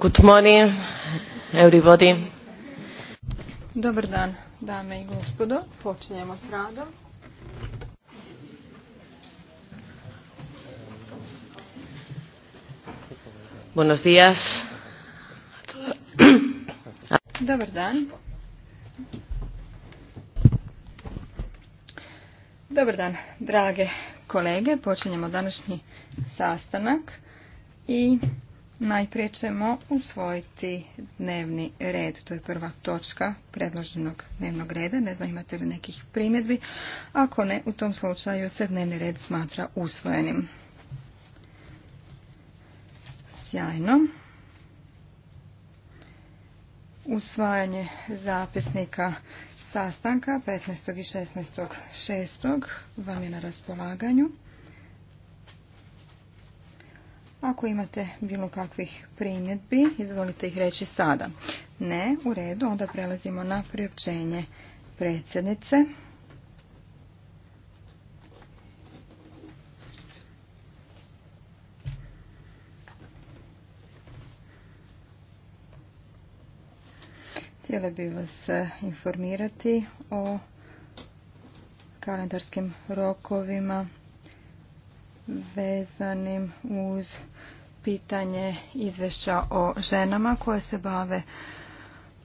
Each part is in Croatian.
Good morning, everybody. Dobar dan, dame i gospodo. Počinjemo s radom. Buenos días. Dobar dan. Dobar dan, drage kolege. Počinjemo današnji sastanak i Najprije ćemo usvojiti dnevni red, to je prva točka predloženog dnevnog reda, ne znam imate li nekih primjedbi, ako ne, u tom slučaju se dnevni red smatra usvojenim. Sjajno. Usvajanje zapisnika sastanka 15. i 6. vam je na raspolaganju. Ako imate bilo kakvih primjedbi, izvolite ih reći sada. Ne, u redu, onda prelazimo na priopćenje predsjednice. Htjela bi vas e, informirati o kalendarskim rokovima vezanim uz pitanje izvješća o ženama koje se bave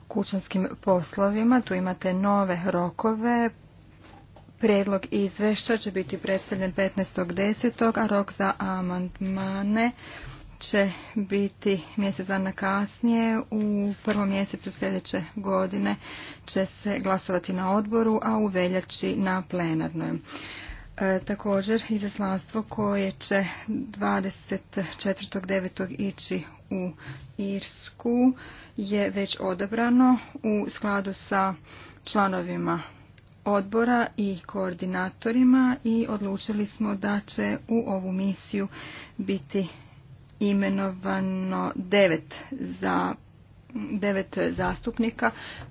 kućanskim poslovima. Tu imate nove rokove. Prijedlog izvješća će biti predstavljen 15.10. a rok za amandmane će biti mjesec dana kasnije. U prvom mjesecu sljedeće godine će se glasovati na odboru, a u veljači na plenarnoj. E, također izaslanstvo koje će 24.9. ići u Irsku je već odabrano u skladu sa članovima odbora i koordinatorima i odlučili smo da će u ovu misiju biti imenovano za, devet zastupnika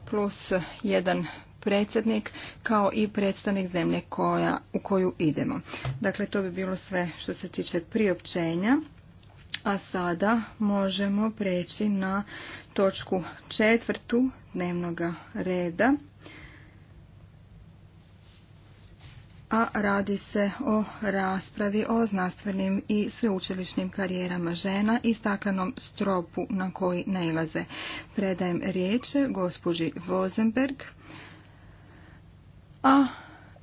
plus jedan predsjednik kao i predstavnik zemlje koja, u koju idemo. Dakle, to bi bilo sve što se tiče priopćenja. A sada možemo preći na točku četvrtu dnevnog reda. a radi se o raspravi o znanstvenim i sveučilišnim karijerama žena i staklenom stropu na koji nailaze. Predajem riječ gospođi Vozenberg, a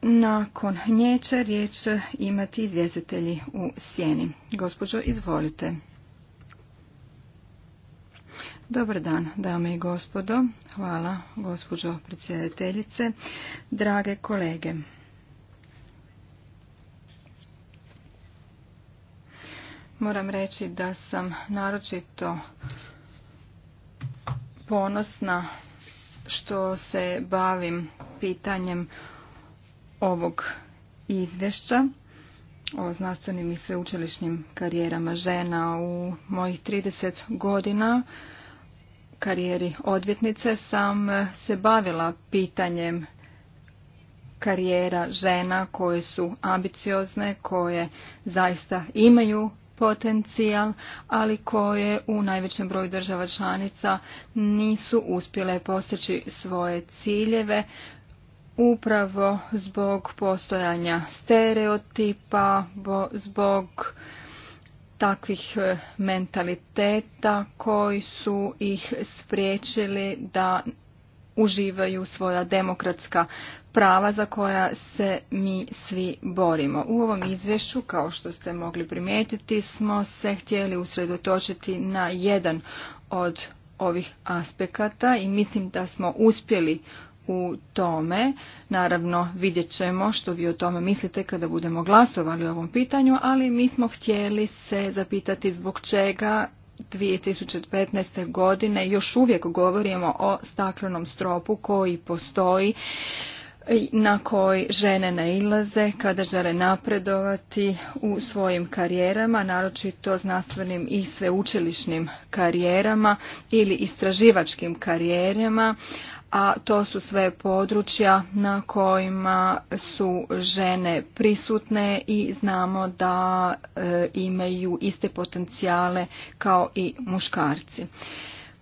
nakon nje će riječ imati izvjestitelji u sjeni. Gospođo, izvolite. Dobar dan, dame i gospodo. Hvala, gospođo predsjedateljice. Drage kolege. Moram reći da sam naročito ponosna što se bavim pitanjem ovog izvješća o znanstvenim i sveučilišnim karijerama žena u mojih 30 godina karijeri odvjetnice sam se bavila pitanjem karijera žena koje su ambiciozne, koje zaista imaju potencijal, ali koje u najvećem broju država članica nisu uspjele postići svoje ciljeve upravo zbog postojanja stereotipa, zbog takvih e, mentaliteta koji su ih spriječili da uživaju svoja demokratska prava za koja se mi svi borimo. U ovom izvješću, kao što ste mogli primijetiti, smo se htjeli usredotočiti na jedan od ovih aspekata i mislim da smo uspjeli u tome. Naravno, vidjet ćemo što vi o tome mislite kada budemo glasovali o ovom pitanju, ali mi smo htjeli se zapitati zbog čega 2015. godine još uvijek govorimo o staklenom stropu koji postoji na koji žene nailaze kada žele napredovati u svojim karijerama, naročito znanstvenim i sveučilišnim karijerama ili istraživačkim karijerama, a to su sve područja na kojima su žene prisutne i znamo da e, imaju iste potencijale kao i muškarci.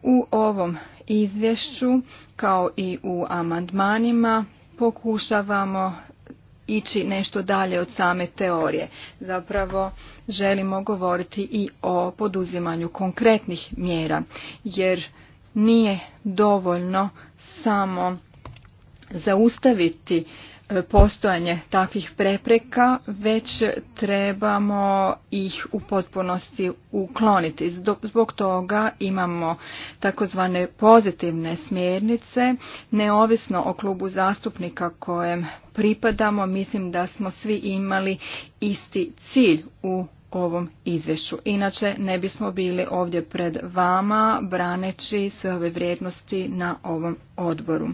U ovom izvješću kao i u amandmanima pokušavamo ići nešto dalje od same teorije. Zapravo želimo govoriti i o poduzimanju konkretnih mjera, jer nije dovoljno samo zaustaviti E, postojanje takvih prepreka, već trebamo ih u potpunosti ukloniti. Zbog toga imamo takozvane pozitivne smjernice, neovisno o klubu zastupnika kojem pripadamo, mislim da smo svi imali isti cilj u ovom izvješću. Inače ne bismo bili ovdje pred vama braneći sve ove vrijednosti na ovom odboru.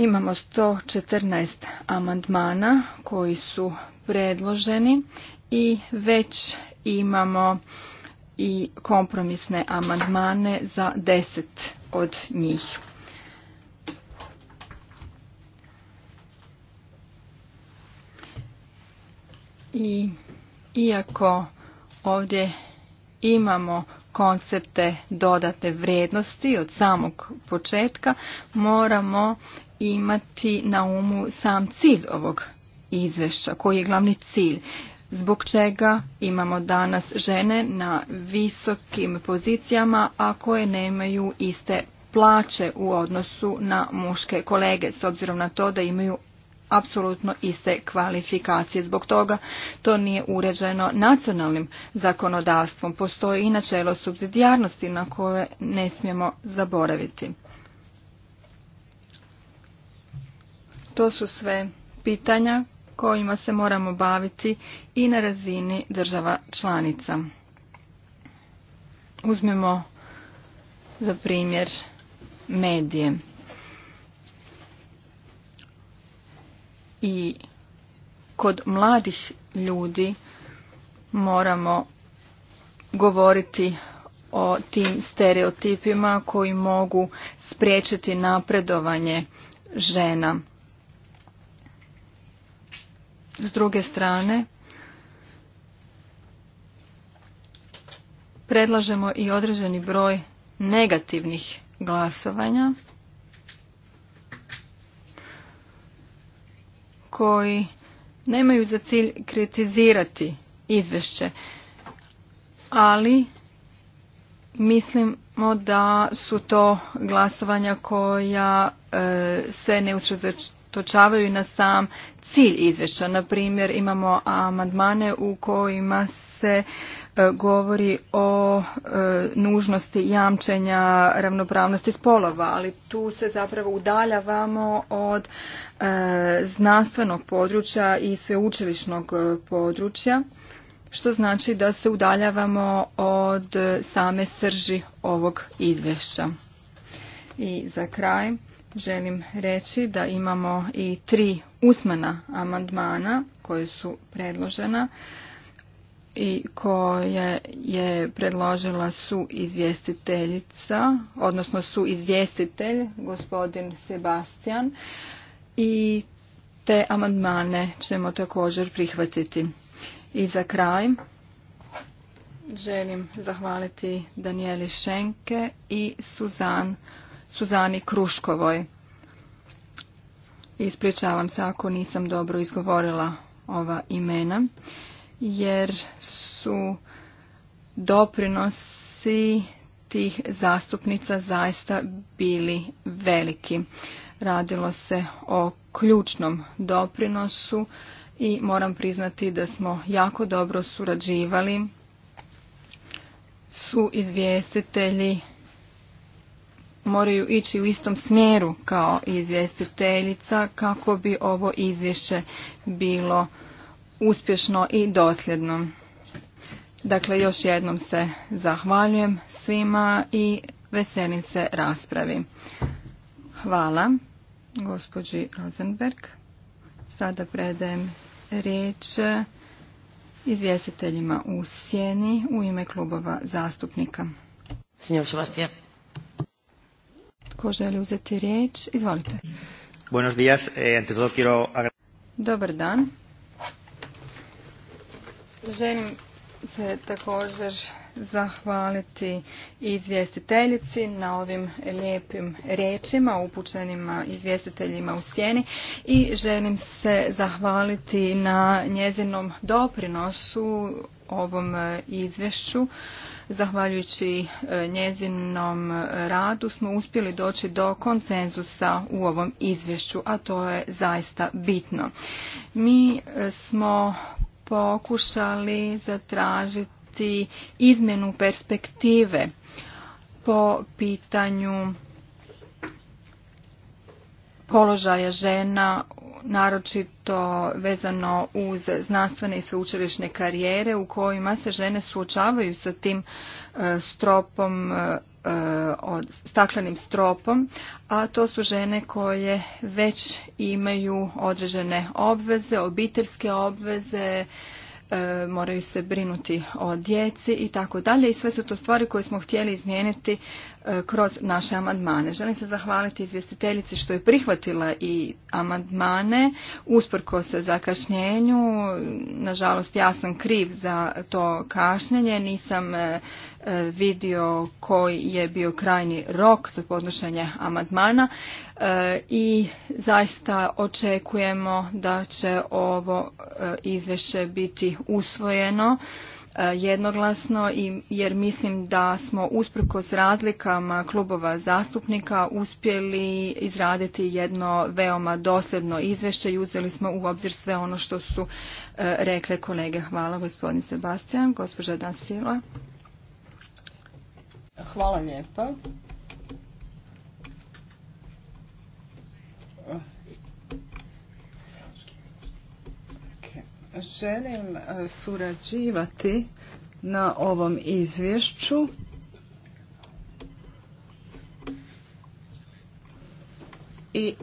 Imamo 114 amandmana koji su predloženi i već imamo i kompromisne amandmane za 10 od njih. I iako ovdje imamo koncepte dodatne vrijednosti od samog početka moramo imati na umu sam cilj ovog izvješća koji je glavni cilj zbog čega imamo danas žene na visokim pozicijama a koje nemaju iste plaće u odnosu na muške kolege s obzirom na to da imaju apsolutno iste kvalifikacije. Zbog toga to nije uređeno nacionalnim zakonodavstvom. Postoji i načelo subsidijarnosti na koje ne smijemo zaboraviti. To su sve pitanja kojima se moramo baviti i na razini država članica. Uzmemo za primjer medije. i kod mladih ljudi moramo govoriti o tim stereotipima koji mogu spriječiti napredovanje žena. S druge strane, predlažemo i određeni broj negativnih glasovanja koji nemaju za cilj kritizirati izvješće, ali mislimo da su to glasovanja koja e, se ne usredočavaju na sam cilj izvješća. Na primjer imamo amandmane u kojima se E, govori o e, nužnosti jamčenja ravnopravnosti spolova, ali tu se zapravo udaljavamo od e, znanstvenog područja i sveučilišnog područja, što znači da se udaljavamo od same srži ovog izvješća. I za kraj želim reći da imamo i tri usmena amandmana koje su predložena i koje je predložila su izvjestiteljica, odnosno su izvjestitelj, gospodin Sebastian, i te amandmane ćemo također prihvatiti. I za kraj želim zahvaliti Danijeli Šenke i Suzan, Suzani Kruškovoj. Ispričavam se ako nisam dobro izgovorila ova imena jer su doprinosi tih zastupnica zaista bili veliki. Radilo se o ključnom doprinosu i moram priznati da smo jako dobro surađivali su izvjestitelji moraju ići u istom smjeru kao izvjestiteljica kako bi ovo izvješće bilo uspješno i dosljedno. Dakle, još jednom se zahvaljujem svima i veselim se raspravi. Hvala, gospođi Rosenberg. Sada predajem riječ izvjestiteljima u sjeni u ime klubova zastupnika. Signor Sebastija. tko želi uzeti riječ? Izvolite. Buenos eh, ante todo quiero... Dobar dan. Želim se također zahvaliti izvjestiteljici na ovim lijepim riječima upućenima izvjestiteljima u sjeni i želim se zahvaliti na njezinom doprinosu ovom izvješću. Zahvaljujući e, njezinom radu smo uspjeli doći do konsenzusa u ovom izvješću, a to je zaista bitno. Mi e, smo pokušali zatražiti izmjenu perspektive po pitanju položaja žena naročito vezano uz znanstvene i sveučilišne karijere u kojima se žene suočavaju sa tim e, stropom e, E, staklenim stropom, a to su žene koje već imaju određene obveze, obiteljske obveze, e, moraju se brinuti o djeci i tako dalje i sve su to stvari koje smo htjeli izmijeniti e, kroz naše amandmane. Želim se zahvaliti izvjestiteljici što je prihvatila i amandmane usprko se zakašnjenju. Nažalost ja sam kriv za to kašnjenje, nisam E, vidio koji je bio krajni rok za podnošenje amandmana e, i zaista očekujemo da će ovo e, izvješće biti usvojeno jednoglasno jer mislim da smo usprkos razlikama klubova zastupnika uspjeli izraditi jedno veoma dosljedno izvješće i uzeli smo u obzir sve ono što su rekle kolege. Hvala gospodin Sebastian, gospođa Dansila. Hvala lijepa. Želim e, surađivati na ovom izvješću. I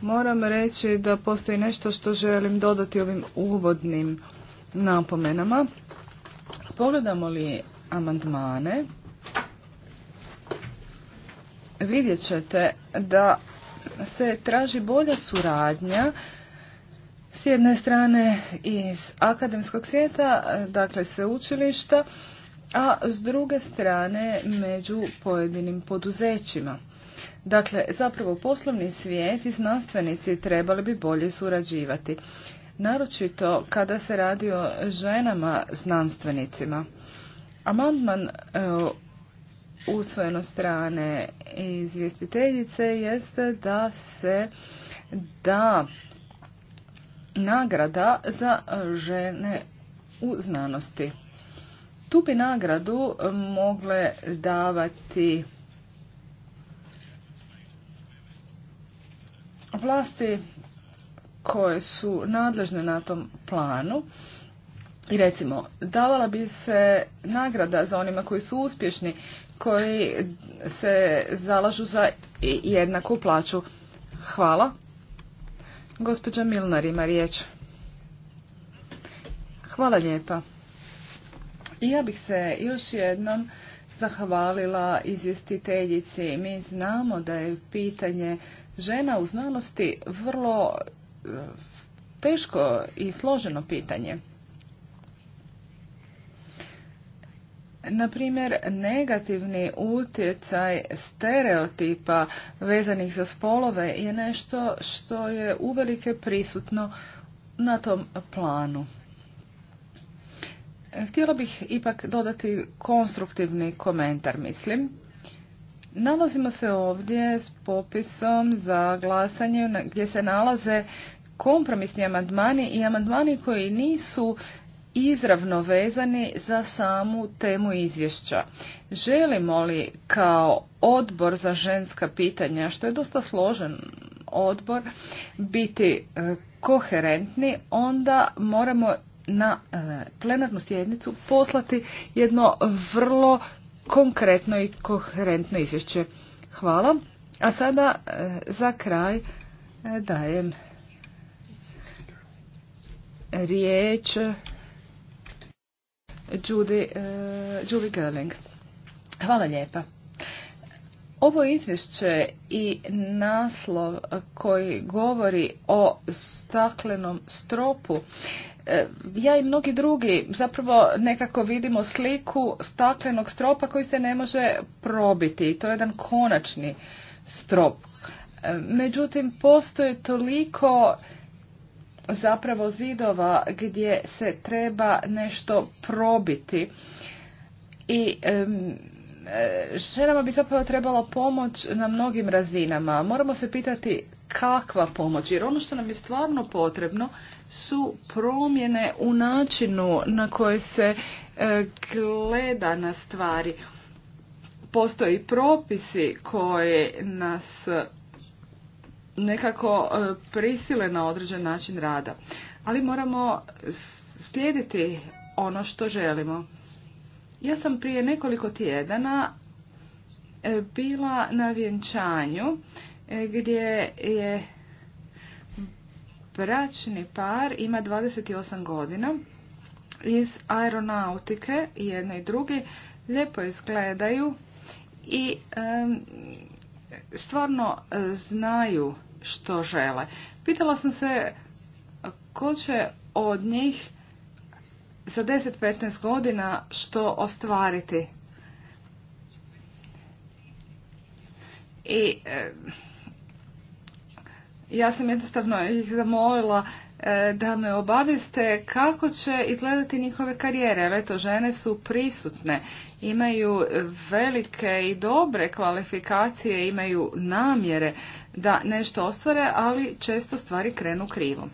moram reći da postoji nešto što želim dodati ovim uvodnim napomenama. Pogledamo li amandmane, vidjet ćete da se traži bolja suradnja s jedne strane iz akademskog svijeta, dakle sveučilišta, a s druge strane među pojedinim poduzećima. Dakle, zapravo poslovni svijet i znanstvenici trebali bi bolje surađivati, naročito kada se radi o ženama znanstvenicima. Amandman e, usvojen od strane izvjestiteljice jeste da se da nagrada za žene u znanosti. Tu bi nagradu mogle davati vlasti koje su nadležne na tom planu i Recimo, davala bi se nagrada za onima koji su uspješni, koji se zalažu za jednaku plaću. Hvala. Gospođa Milnar ima riječ. Hvala lijepa. Ja bih se još jednom zahvalila izvjestiteljici. Mi znamo da je pitanje žena u znanosti vrlo eh, teško i složeno pitanje. Na primjer, negativni utjecaj stereotipa vezanih za spolove je nešto što je uvelike prisutno na tom planu. Htjela bih ipak dodati konstruktivni komentar, mislim. Nalazimo se ovdje s popisom za glasanje gdje se nalaze kompromisni amandmani i amandmani koji nisu izravno vezani za samu temu izvješća. Želimo li kao odbor za ženska pitanja, što je dosta složen odbor, biti e, koherentni, onda moramo na e, plenarnu sjednicu poslati jedno vrlo konkretno i koherentno izvješće. Hvala. A sada e, za kraj dajem riječ Judy, uh, e, Judy Gerling. Hvala lijepa. Ovo izvješće i naslov koji govori o staklenom stropu, e, ja i mnogi drugi zapravo nekako vidimo sliku staklenog stropa koji se ne može probiti i to je jedan konačni strop. E, međutim, postoje toliko zapravo zidova gdje se treba nešto probiti i ženama bi zapravo trebala pomoć na mnogim razinama. Moramo se pitati kakva pomoć, jer ono što nam je stvarno potrebno su promjene u načinu na koje se e, gleda na stvari. Postoji propisi koje nas nekako e, prisile na određen način rada. Ali moramo slijediti ono što želimo. Ja sam prije nekoliko tjedana e, bila na vjenčanju e, gdje je bračni par ima 28 godina iz aeronautike i jedno i drugi lijepo izgledaju i stvarno znaju što žele. Pitala sam se ko će od njih za 10-15 godina što ostvariti. I e, ja sam jednostavno ih zamolila e, da me obaviste kako će izgledati njihove karijere. Jer eto, žene su prisutne, imaju velike i dobre kvalifikacije, imaju namjere da nešto ostvare, ali često stvari krenu krivo.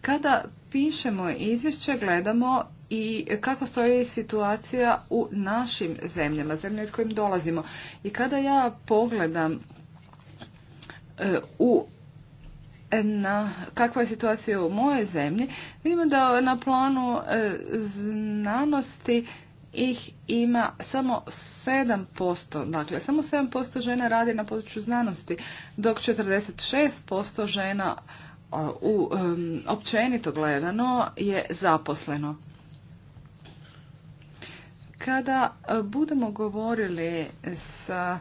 Kada pišemo izvješće, gledamo i kako stoji situacija u našim zemljama, zemlje iz kojim dolazimo. I kada ja pogledam e, u na kakva je situacija u moje zemlji, vidimo da na planu e, znanosti ih ima samo 7%, dakle samo 7% žena radi na području znanosti, dok 46% žena u općenito gledano je zaposleno. Kada budemo govorili sa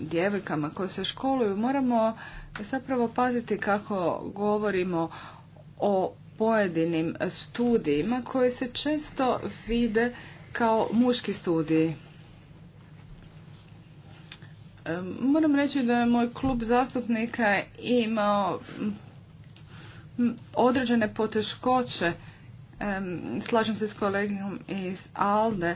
djevojkama koje se školuju, moramo zapravo paziti kako govorimo o pojedinim studijima koje se često vide kao muški studiji. Moram reći da je moj klub zastupnika imao određene poteškoće. Slažem se s kolegom iz ALDE.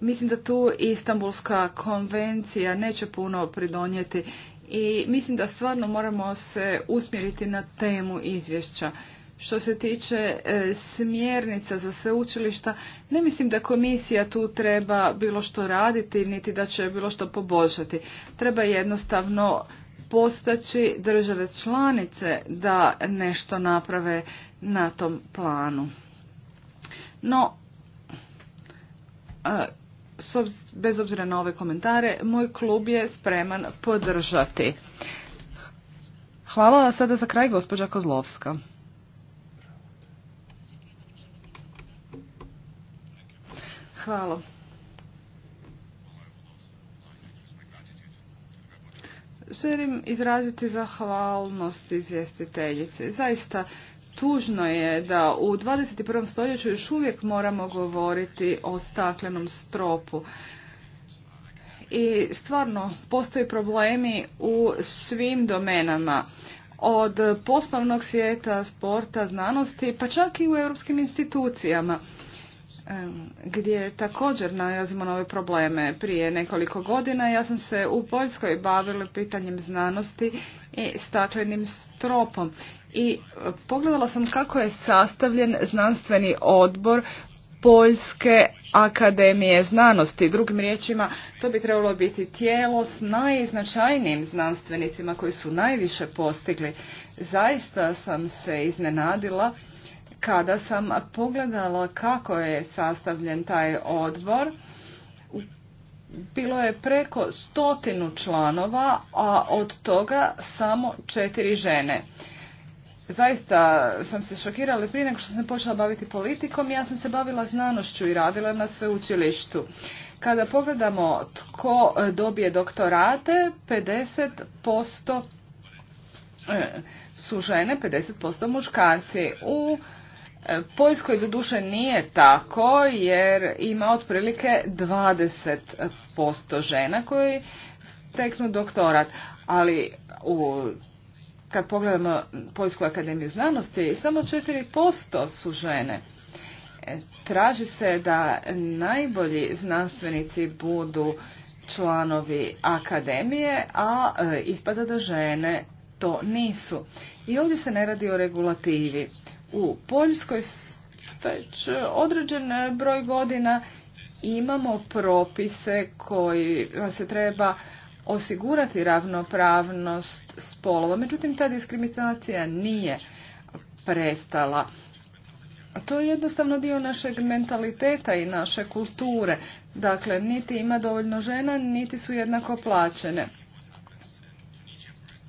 Mislim da tu Istanbulska konvencija neće puno pridonijeti i mislim da stvarno moramo se usmjeriti na temu izvješća što se tiče e, smjernica za sveučilišta, ne mislim da komisija tu treba bilo što raditi, niti da će bilo što poboljšati. Treba jednostavno postaći države članice da nešto naprave na tom planu. No, e, bez obzira na ove komentare, moj klub je spreman podržati. Hvala sada za kraj gospođa Kozlovska. Hvala. Želim izraziti zahvalnost izvjestiteljice. Zaista tužno je da u 21. stoljeću još uvijek moramo govoriti o staklenom stropu. I stvarno postoje problemi u svim domenama od poslovnog svijeta, sporta, znanosti, pa čak i u europskim institucijama gdje također nalazimo nove probleme. Prije nekoliko godina ja sam se u Poljskoj bavila pitanjem znanosti i staklenim stropom. I e, pogledala sam kako je sastavljen znanstveni odbor Poljske akademije znanosti. Drugim riječima, to bi trebalo biti tijelo s najznačajnijim znanstvenicima koji su najviše postigli. Zaista sam se iznenadila kada sam pogledala kako je sastavljen taj odbor, bilo je preko stotinu članova, a od toga samo četiri žene. Zaista sam se šokirala prije nego što sam počela baviti politikom, ja sam se bavila znanošću i radila na sveučilištu. Kada pogledamo tko dobije doktorate, 50% e, su žene, 50% muškarci. U Poljskoj doduše nije tako jer ima otprilike 20% žena koji steknu doktorat, ali u kad pogledamo Poljsku akademiju znanosti, samo 4% su žene. E, traži se da najbolji znanstvenici budu članovi akademije, a e, ispada da žene to nisu. I ovdje se ne radi o regulativi u Poljskoj već e, određen e, broj godina imamo propise koji se treba osigurati ravnopravnost spolova. Međutim, ta diskriminacija nije prestala. To je jednostavno dio našeg mentaliteta i naše kulture. Dakle, niti ima dovoljno žena, niti su jednako plaćene.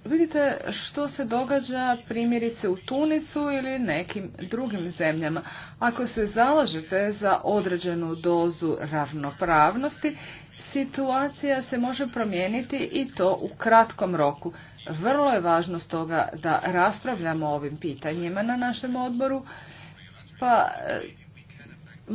Vidite što se događa primjerice u Tunisu ili nekim drugim zemljama. Ako se zalažete za određenu dozu ravnopravnosti, situacija se može promijeniti i to u kratkom roku. Vrlo je važno stoga da raspravljamo o ovim pitanjima na našem odboru, pa e,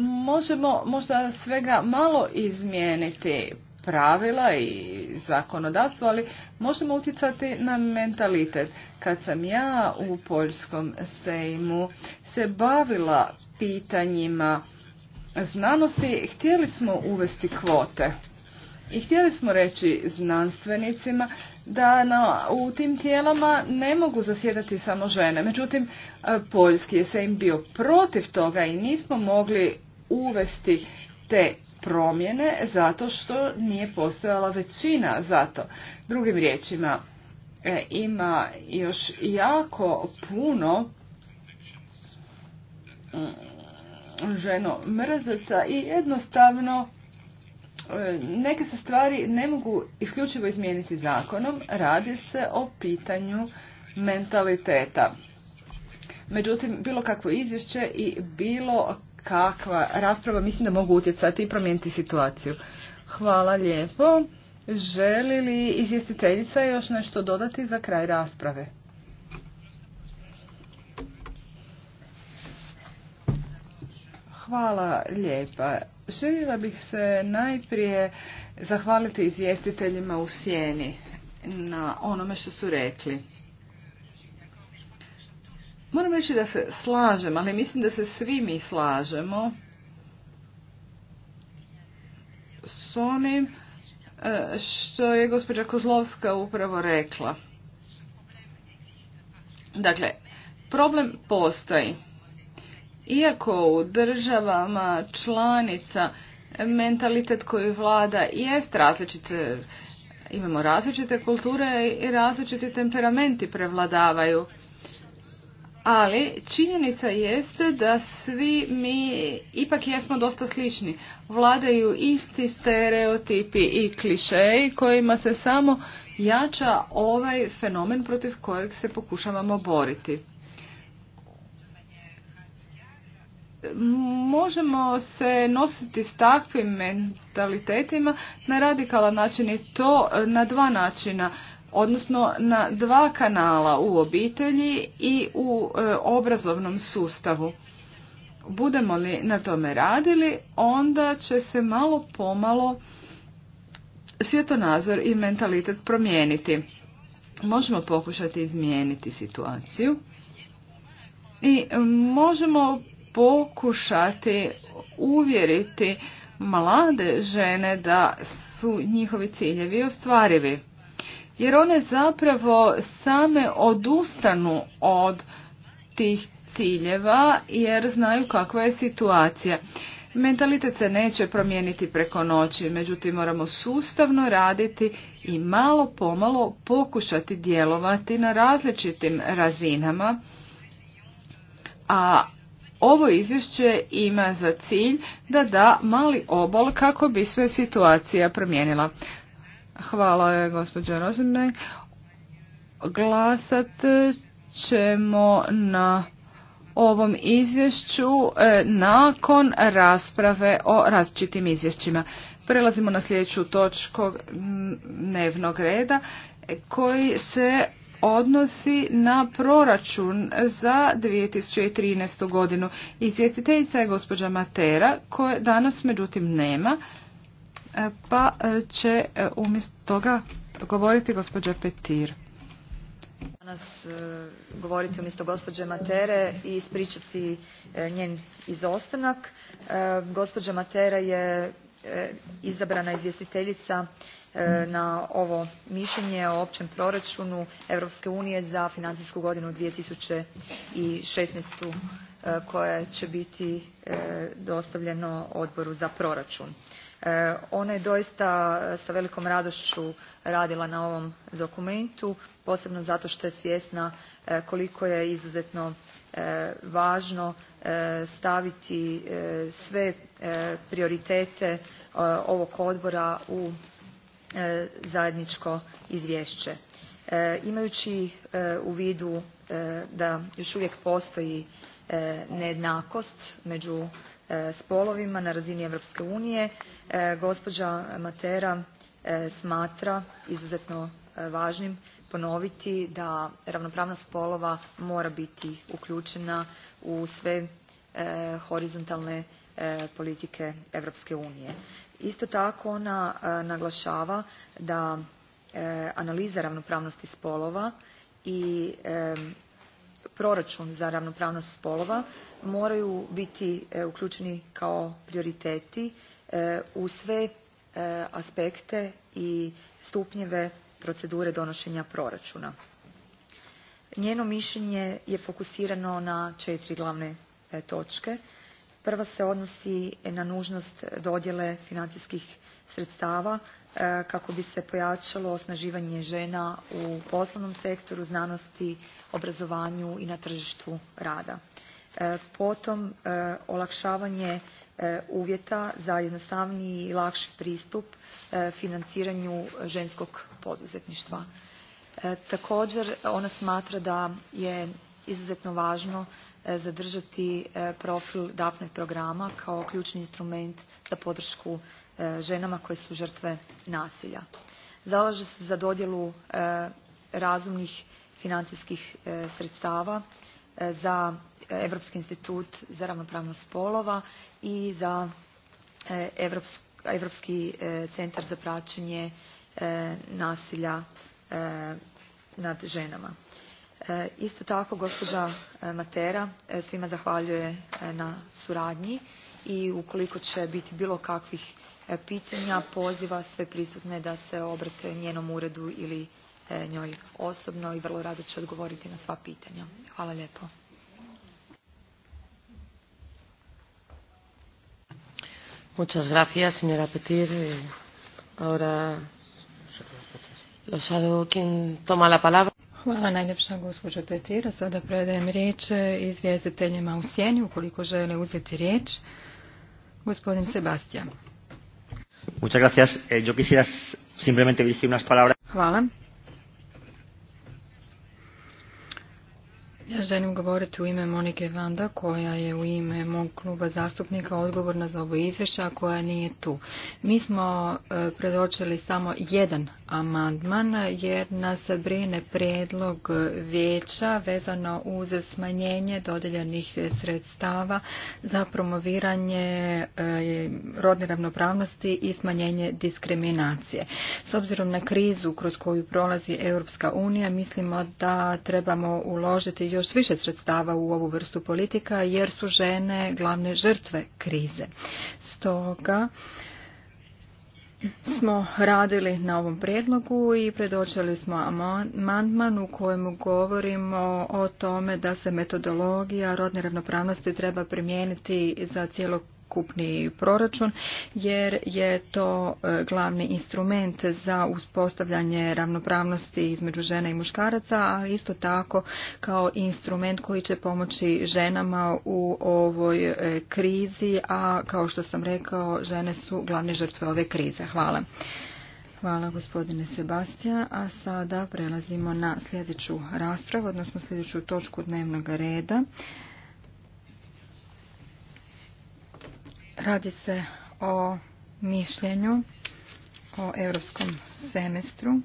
možemo možda svega malo izmijeniti pravila i zakonodavstvo, ali možemo utjecati na mentalitet. Kad sam ja u Poljskom sejmu se bavila pitanjima znanosti, htjeli smo uvesti kvote. I htjeli smo reći znanstvenicima da na, u tim tijelama ne mogu zasjedati samo žene. Međutim, Poljski je sejm bio protiv toga i nismo mogli uvesti te promjene zato što nije postojala većina za to. Drugim riječima, e, ima još jako puno mm, ženo mrzaca i jednostavno e, neke se stvari ne mogu isključivo izmijeniti zakonom, radi se o pitanju mentaliteta. Međutim, bilo kakvo izvješće i bilo kakva rasprava mislim da mogu utjecati i promijeniti situaciju. Hvala lijepo. Želi li izvjestiteljica još nešto dodati za kraj rasprave? Hvala lijepa. Željela bih se najprije zahvaliti izvjestiteljima u sjeni na onome što su rekli. Moram reći da se slažem, ali mislim da se svi mi slažemo s onim e, što je gospođa Kozlovska upravo rekla. Dakle, problem postoji. Iako u državama članica mentalitet koji vlada jest različit, e, imamo različite kulture i različiti temperamenti prevladavaju ali činjenica jeste da svi mi ipak jesmo dosta slični. Vladaju isti stereotipi i klišeji kojima se samo jača ovaj fenomen protiv kojeg se pokušavamo boriti. Možemo se nositi s takvim mentalitetima na radikalan način i to na dva načina odnosno na dva kanala u obitelji i u e, obrazovnom sustavu. Budemo li na tome radili, onda će se malo pomalo svjetonazor i mentalitet promijeniti. Možemo pokušati izmijeniti situaciju i možemo pokušati uvjeriti mlade žene da su njihovi ciljevi ostvarivi jer one zapravo same odustanu od tih ciljeva jer znaju kakva je situacija. Mentalitet se neće promijeniti preko noći, međutim moramo sustavno raditi i malo pomalo pokušati djelovati na različitim razinama. A ovo izvješće ima za cilj da da mali obol kako bi sve situacija promijenila. Hvala, e, gospođo Rosenberg. Glasat ćemo na ovom izvješću e, nakon rasprave o različitim izvješćima. Prelazimo na sljedeću točku dnevnog reda koji se odnosi na proračun za 2013. godinu. Izvjestiteljica je gospođa Matera koje danas međutim nema pa e, će e, umjesto toga govoriti gospođa Petir. Danas e, govoriti umjesto gospođe Matere i ispričati njen izostanak. Gospođa Matera je izabrana izvjestiteljica na ovo mišljenje o općem proračunu Europske unije za financijsku godinu 2016. koje će biti dostavljeno odboru za proračun. E, ona je doista e, sa velikom radošću radila na ovom dokumentu, posebno zato što je svjesna e, koliko je izuzetno važno staviti sve prioritete ovog odbora u zajedničko izvješće. Imajući u vidu da još uvijek postoji nejednakost među E, spolovima na razini Europske unije e, gospođa Matera e, smatra izuzetno važnim ponoviti da ravnopravnost spolova mora biti uključena u sve horizontalne politike Europske unije. Isto tako ona naglašava da analiza ravnopravnosti spolova i proračun za ravnopravnost spolova moraju biti e, uključeni kao prioriteti e, u sve e, aspekte i stupnjeve procedure donošenja proračuna. Njeno mišljenje je fokusirano na četiri glavne točke. Prva se odnosi na nužnost dodjele financijskih sredstava e, kako bi se pojačalo osnaživanje žena u poslovnom sektoru, znanosti, obrazovanju i na tržištu rada. E, potom e, olakšavanje uvjeta za jednostavniji i lakši pristup financiranju ženskog poduzetništva. Također ona smatra da je izuzetno važno e, zadržati e, profil daphne programa kao ključni instrument za podršku e, ženama koje su žrtve nasilja. Zalaže se za dodjelu razumnih financijskih sredstava za Europski institut za ravnopravnost spolova i za Europski centar za praćenje nasilja nad ženama. E, isto tako gospođa e, Matera e, svima zahvaljuje na suradnji i ukoliko će biti bilo kakvih pitanja poziva sve prisutne da se obrate njenom uredu ili njoj osobno i vrlo rado će odgovoriti na sva pitanja. Hvala lijepo. Hvala najljepša gospođa Petira. Sada predajem riječ izvjestiteljima u sjeni ukoliko žele uzeti riječ. Gospodin Sebastian. Muchas gracias. Eh, yo quisiera simplemente dirigir unas palabras. Hvala. Ja želim govoriti u ime Monike Vanda koja je u ime mog kluba zastupnika odgovorna za ovo izvješće, a koja nije tu. Mi smo eh, predočili samo jedan amandman jer nas brine prijedlog vijeća vezano uz smanjenje dodijeljenih sredstava za promoviranje e, rodne ravnopravnosti i smanjenje diskriminacije. S obzirom na krizu kroz koju prolazi Europska unija mislimo da trebamo uložiti još više sredstava u ovu vrstu politika jer su žene glavne žrtve krize. Stoga smo radili na ovom prijedlogu i predočili smo amandman u kojemu govorimo o tome da se metodologija rodne ravnopravnosti treba primijeniti za cijelo ukupni proračun jer je to e, glavni instrument za uspostavljanje ravnopravnosti između žena i muškaraca, a isto tako kao instrument koji će pomoći ženama u ovoj e, krizi, a kao što sam rekao, žene su glavne žrtve ove krize. Hvala. Hvala gospodine Sebastija, a sada prelazimo na sljedeću raspravu, odnosno sljedeću točku dnevnog reda. Radi se o mišljenju o europskom semestru.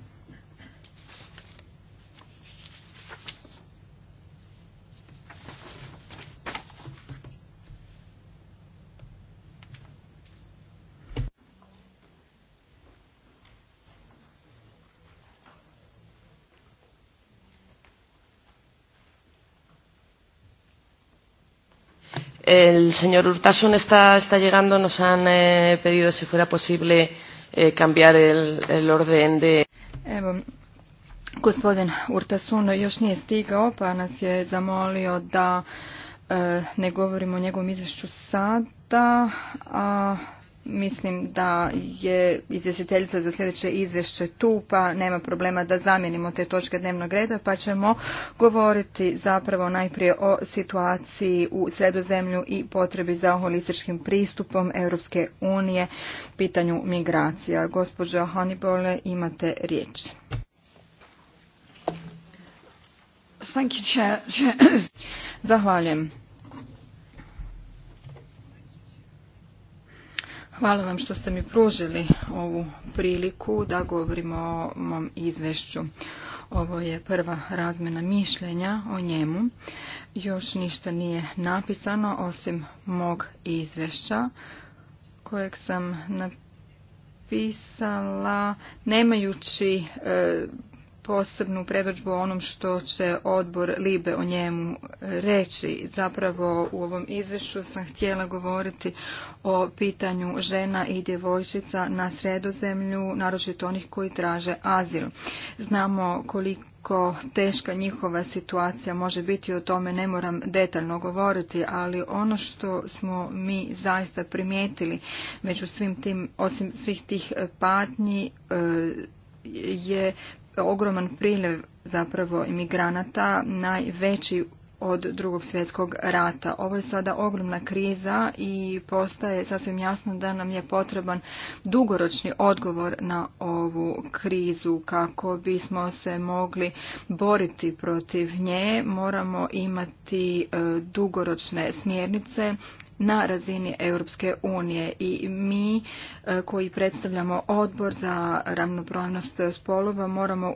El señor Urtasun está, está llegando. Nos han eh, pedido si fuera posible eh, cambiar el, el orden de... Evo, gospodin Urtasun još nije stigao, pa nas je zamolio da eh, ne govorimo o njegovom izvješću sada, a Mislim da je izvjestiteljica za sljedeće izvješće tu, pa nema problema da zamijenimo te točke dnevnog reda, pa ćemo govoriti zapravo najprije o situaciji u sredozemlju i potrebi za holističkim pristupom Europske unije pitanju migracija. Gospođo Hannibole, imate riječ. Zahvaljujem. Hvala vam što ste mi pružili ovu priliku da govorimo o mom izvešću. Ovo je prva razmjena mišljenja o njemu. Još ništa nije napisano osim mog izvešća kojeg sam napisala nemajući e, posebnu predođbu o onom što će odbor Libe o njemu e, reći. Zapravo u ovom izvješću sam htjela govoriti o pitanju žena i djevojčica na sredozemlju, naročito onih koji traže azil. Znamo koliko teška njihova situacija može biti, o tome ne moram detaljno govoriti, ali ono što smo mi zaista primijetili među svim tim, osim svih tih patnji, e, je ogroman priljev zapravo imigranata, najveći od drugog svjetskog rata. Ovo je sada ogromna kriza i postaje sasvim jasno da nam je potreban dugoročni odgovor na ovu krizu. Kako bismo se mogli boriti protiv nje, moramo imati e, dugoročne smjernice na razini Europske unije i mi e, koji predstavljamo odbor za ravnopravnost spolova moramo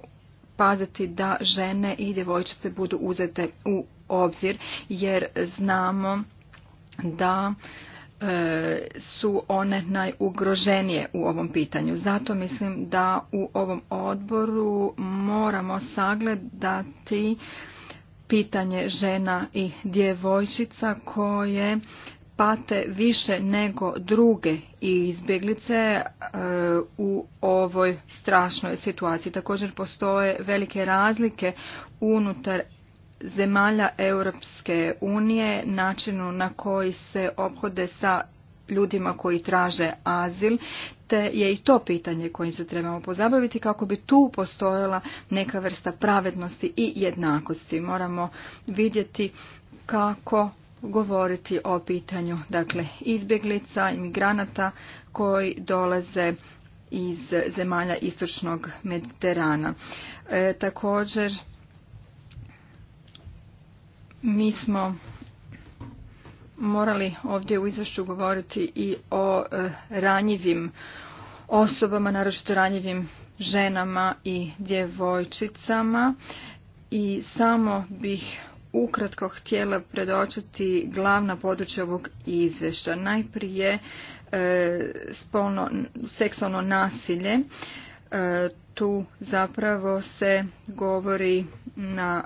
paziti da žene i djevojčice budu uzete u obzir jer znamo da e, su one najugroženije u ovom pitanju. Zato mislim da u ovom odboru moramo sagledati pitanje žena i djevojčica koje pate više nego druge i izbjeglice e, u ovoj strašnoj situaciji. Također postoje velike razlike unutar zemalja Europske unije, načinu na koji se obhode sa ljudima koji traže azil, te je i to pitanje kojim se trebamo pozabaviti kako bi tu postojala neka vrsta pravednosti i jednakosti. Moramo vidjeti kako govoriti o pitanju dakle, izbjeglica, imigranata koji dolaze iz zemalja istočnog Mediterana. E, također, mi smo morali ovdje u izvješću govoriti i o e, ranjivim osobama, naročito ranjivim ženama i djevojčicama i samo bih ukratko htjela predočiti glavna područja ovog izvješća. Najprije e, spolno, seksualno nasilje. E, tu zapravo se govori na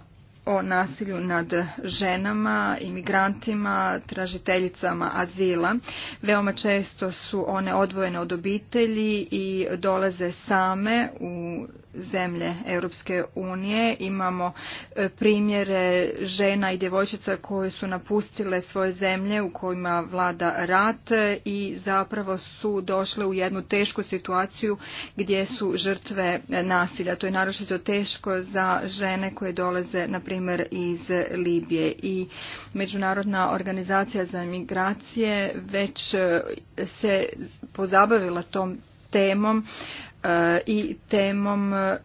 o nasilju nad ženama, imigrantima, tražiteljicama azila. Veoma često su one odvojene od obitelji i dolaze same u zemlje Europske unije. Imamo e, primjere žena i djevojčica koje su napustile svoje zemlje u kojima vlada rat i zapravo su došle u jednu tešku situaciju gdje su žrtve nasilja. To je naročito teško za žene koje dolaze na primjer iz Libije i Međunarodna organizacija za migracije već e, se pozabavila tom temom E, i temom e,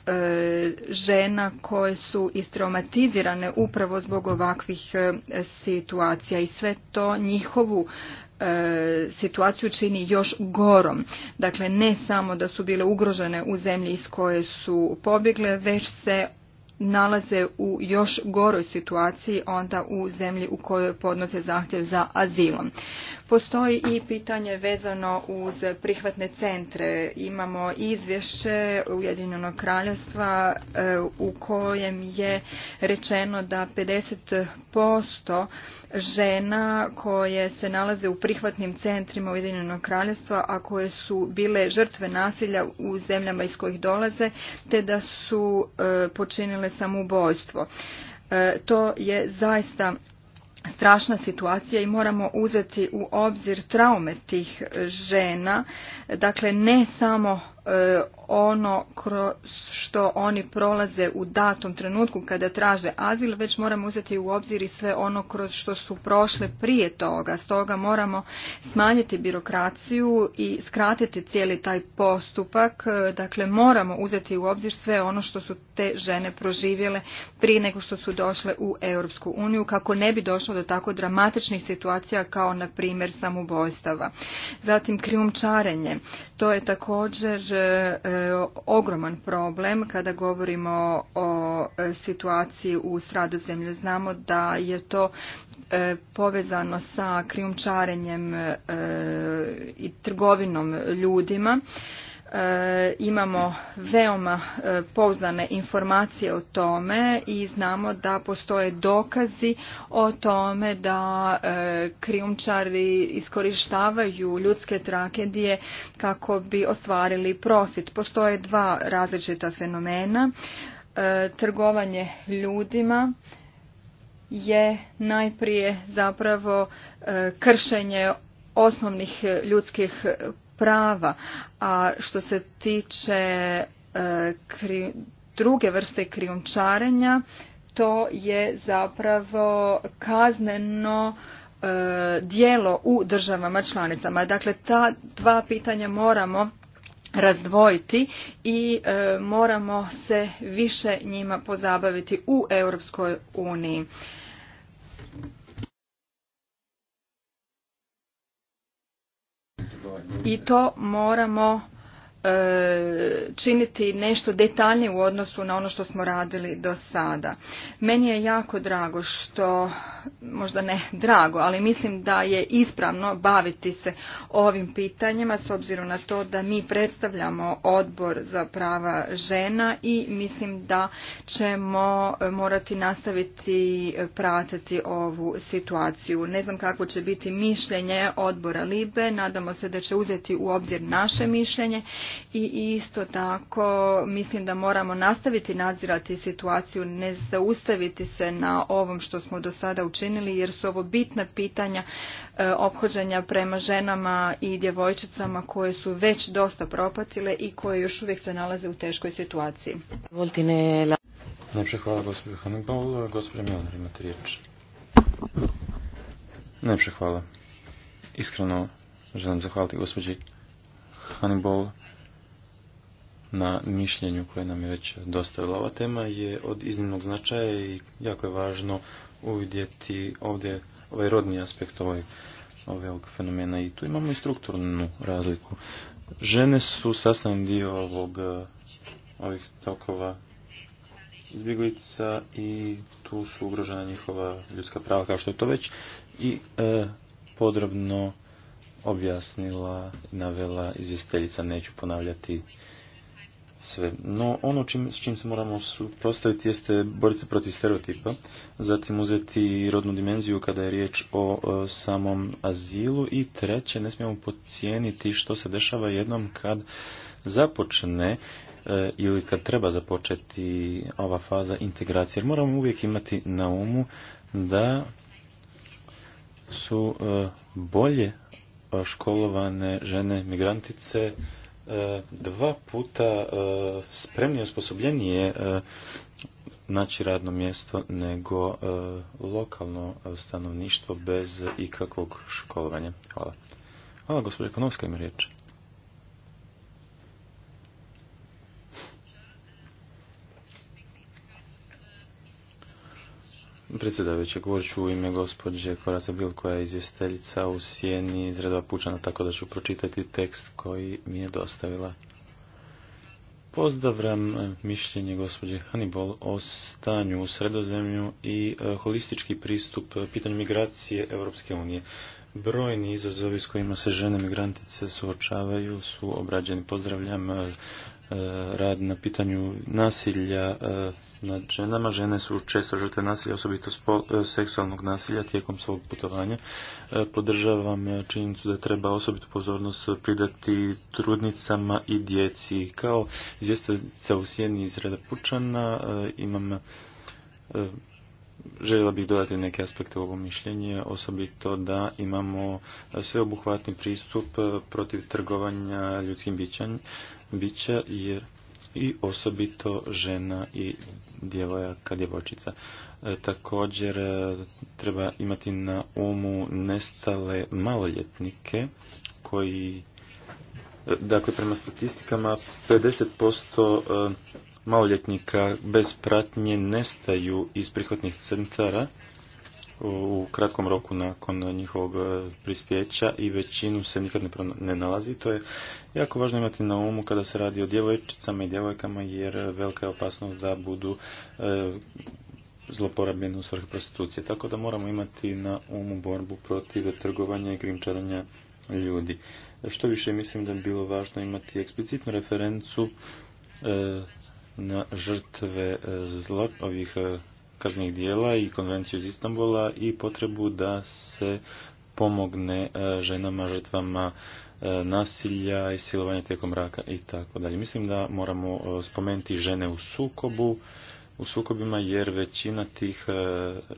žena koje su istraumatizirane upravo zbog ovakvih e, situacija i sve to njihovu situaciju čini još gorom. Dakle, ne samo da su bile ugrožene u zemlji iz koje su pobjegle, već se nalaze u još goroj situaciji onda u zemlji u kojoj podnose zahtjev za azilom. Postoji i pitanje vezano uz prihvatne centre. Imamo izvješće Ujedinjenog kraljevstva e, u kojem je rečeno da 50% žena koje se nalaze u prihvatnim centrima Ujedinjenog kraljevstva, a koje su bile žrtve nasilja u zemljama iz kojih dolaze, te da su e, počinile samoubojstvo. E, to je zaista strašna situacija i moramo uzeti u obzir traume tih žena, dakle ne samo E, ono kroz što oni prolaze u datom trenutku kada traže azil, već moramo uzeti u obzir i sve ono kroz što su prošle prije toga. Stoga moramo smanjiti birokraciju i skratiti cijeli taj postupak. E, dakle, moramo uzeti u obzir sve ono što su te žene proživjele prije nego što su došle u Europsku uniju, kako ne bi došlo do tako dramatičnih situacija kao, na primjer, samobojstava. Zatim, krijumčarenje. To je također E, ogroman problem kada govorimo o e, situaciji u zemlje. Znamo da je to e, povezano sa krijumčarenjem i trgovinom ljudima E, imamo veoma e, pouzdane informacije o tome i znamo da postoje dokazi o tome da e, krijumčari iskorištavaju ljudske tragedije kako bi ostvarili profit. Postoje dva različita fenomena. Trgovanje ljudima je najprije zapravo kršenje osnovnih ljudskih prava. A što se tiče e, druge vrste krijumčarenja, to je zapravo kazneno e, dijelo u državama članicama. Dakle, ta dva pitanja moramo razdvojiti i e, moramo se više njima pozabaviti u Europskoj uniji. i to moramo E, činiti nešto detaljnije u odnosu na ono što smo radili do sada. Meni je jako drago što, možda ne drago, ali mislim da je ispravno baviti se ovim pitanjima s obzirom na to da mi predstavljamo odbor za prava žena i mislim da ćemo morati nastaviti pratiti ovu situaciju. Ne znam kako će biti mišljenje odbora Libe, nadamo se da će uzeti u obzir naše mišljenje i isto tako mislim da moramo nastaviti nadzirati situaciju, ne zaustaviti se na ovom što smo do sada učinili jer su ovo bitna pitanja e, ophođenja prema ženama i djevojčicama koje su već dosta propatile i koje još uvijek se nalaze u teškoj situaciji. Znači, hvala Hannibal, Milner imate riječ. hvala. Iskreno želim zahvaliti gospođi Hannibal na mišljenju koje nam je već dostavila. Ova tema je od iznimnog značaja i jako je važno uvidjeti ovdje ovaj rodni aspekt ovog fenomena i tu imamo i strukturnu razliku. Žene su sastavni dio ovog, ovih tokova izbjeglica i tu su ugrožena njihova ljudska prava kao što je to već i e, podrobno objasnila, navela izvjestiteljica, neću ponavljati sve. No, ono čim, s čim se moramo suprotstaviti jeste boriti protiv stereotipa, zatim uzeti rodnu dimenziju kada je riječ o, e, samom azilu i treće, ne smijemo pocijeniti što se dešava jednom kad započne e, ili kad treba započeti ova faza integracije. Jer moramo uvijek imati na umu da su e, bolje školovane žene migrantice E, dva puta e, spremnije i osposobljenije e, naći radno mjesto nego lokalno stanovništvo bez ikakvog školovanja. Hvala. Hvala, gospođa Konovska ima riječ. Predsjedavajući, govorit ću u ime gospođe Koraza Bil, koja je u Sijeni iz redova Pučana, tako da ću pročitati tekst koji mi je dostavila. Pozdravljam e, mišljenje gospođe Hannibal o stanju u sredozemlju i e, holistički pristup pitanju migracije Europske unije. Brojni izazovi s kojima se žene migrantice suočavaju su obrađeni. Pozdravljam e, rad na pitanju nasilja nad ženama. Žene su često žrtve nasilja, osobito e, seksualnog nasilja tijekom svog putovanja. E, podržavam e, činjenicu da treba osobitu pozornost pridati trudnicama i djeci. Kao izvjestiteljica u sjeni iz reda Pučana imam Željela bih dodati neke aspekte u ovo mišljenje, osobito da imamo sveobuhvatni pristup protiv trgovanja ljudskim bića jer i osobito žena i djevojaka, djevojčica. E, također e, treba imati na umu nestale maloljetnike koji e, dakle prema statistikama 50% maloljetnika bez pratnje nestaju iz prihvatnih centara u kratkom roku nakon njihovog e, prispjeća i većinu se nikad ne nalazi. To je jako važno imati na umu kada se radi o djevojčicama i djevojkama jer velika je opasnost da budu e, zloporabljene u svrhu prostitucije. Tako da moramo imati na umu borbu protiv trgovanja i grimčaranja ljudi. Što više mislim da bi bilo važno imati eksplicitnu referencu e, na žrtve zlo, ovih kaznih dijela i konvenciju iz Istanbula i potrebu da se pomogne e, ženama, žrtvama e, nasilja i silovanja tijekom raka i tako dalje. Mislim da moramo e, spomenuti žene u sukobu, u sukobima jer većina tih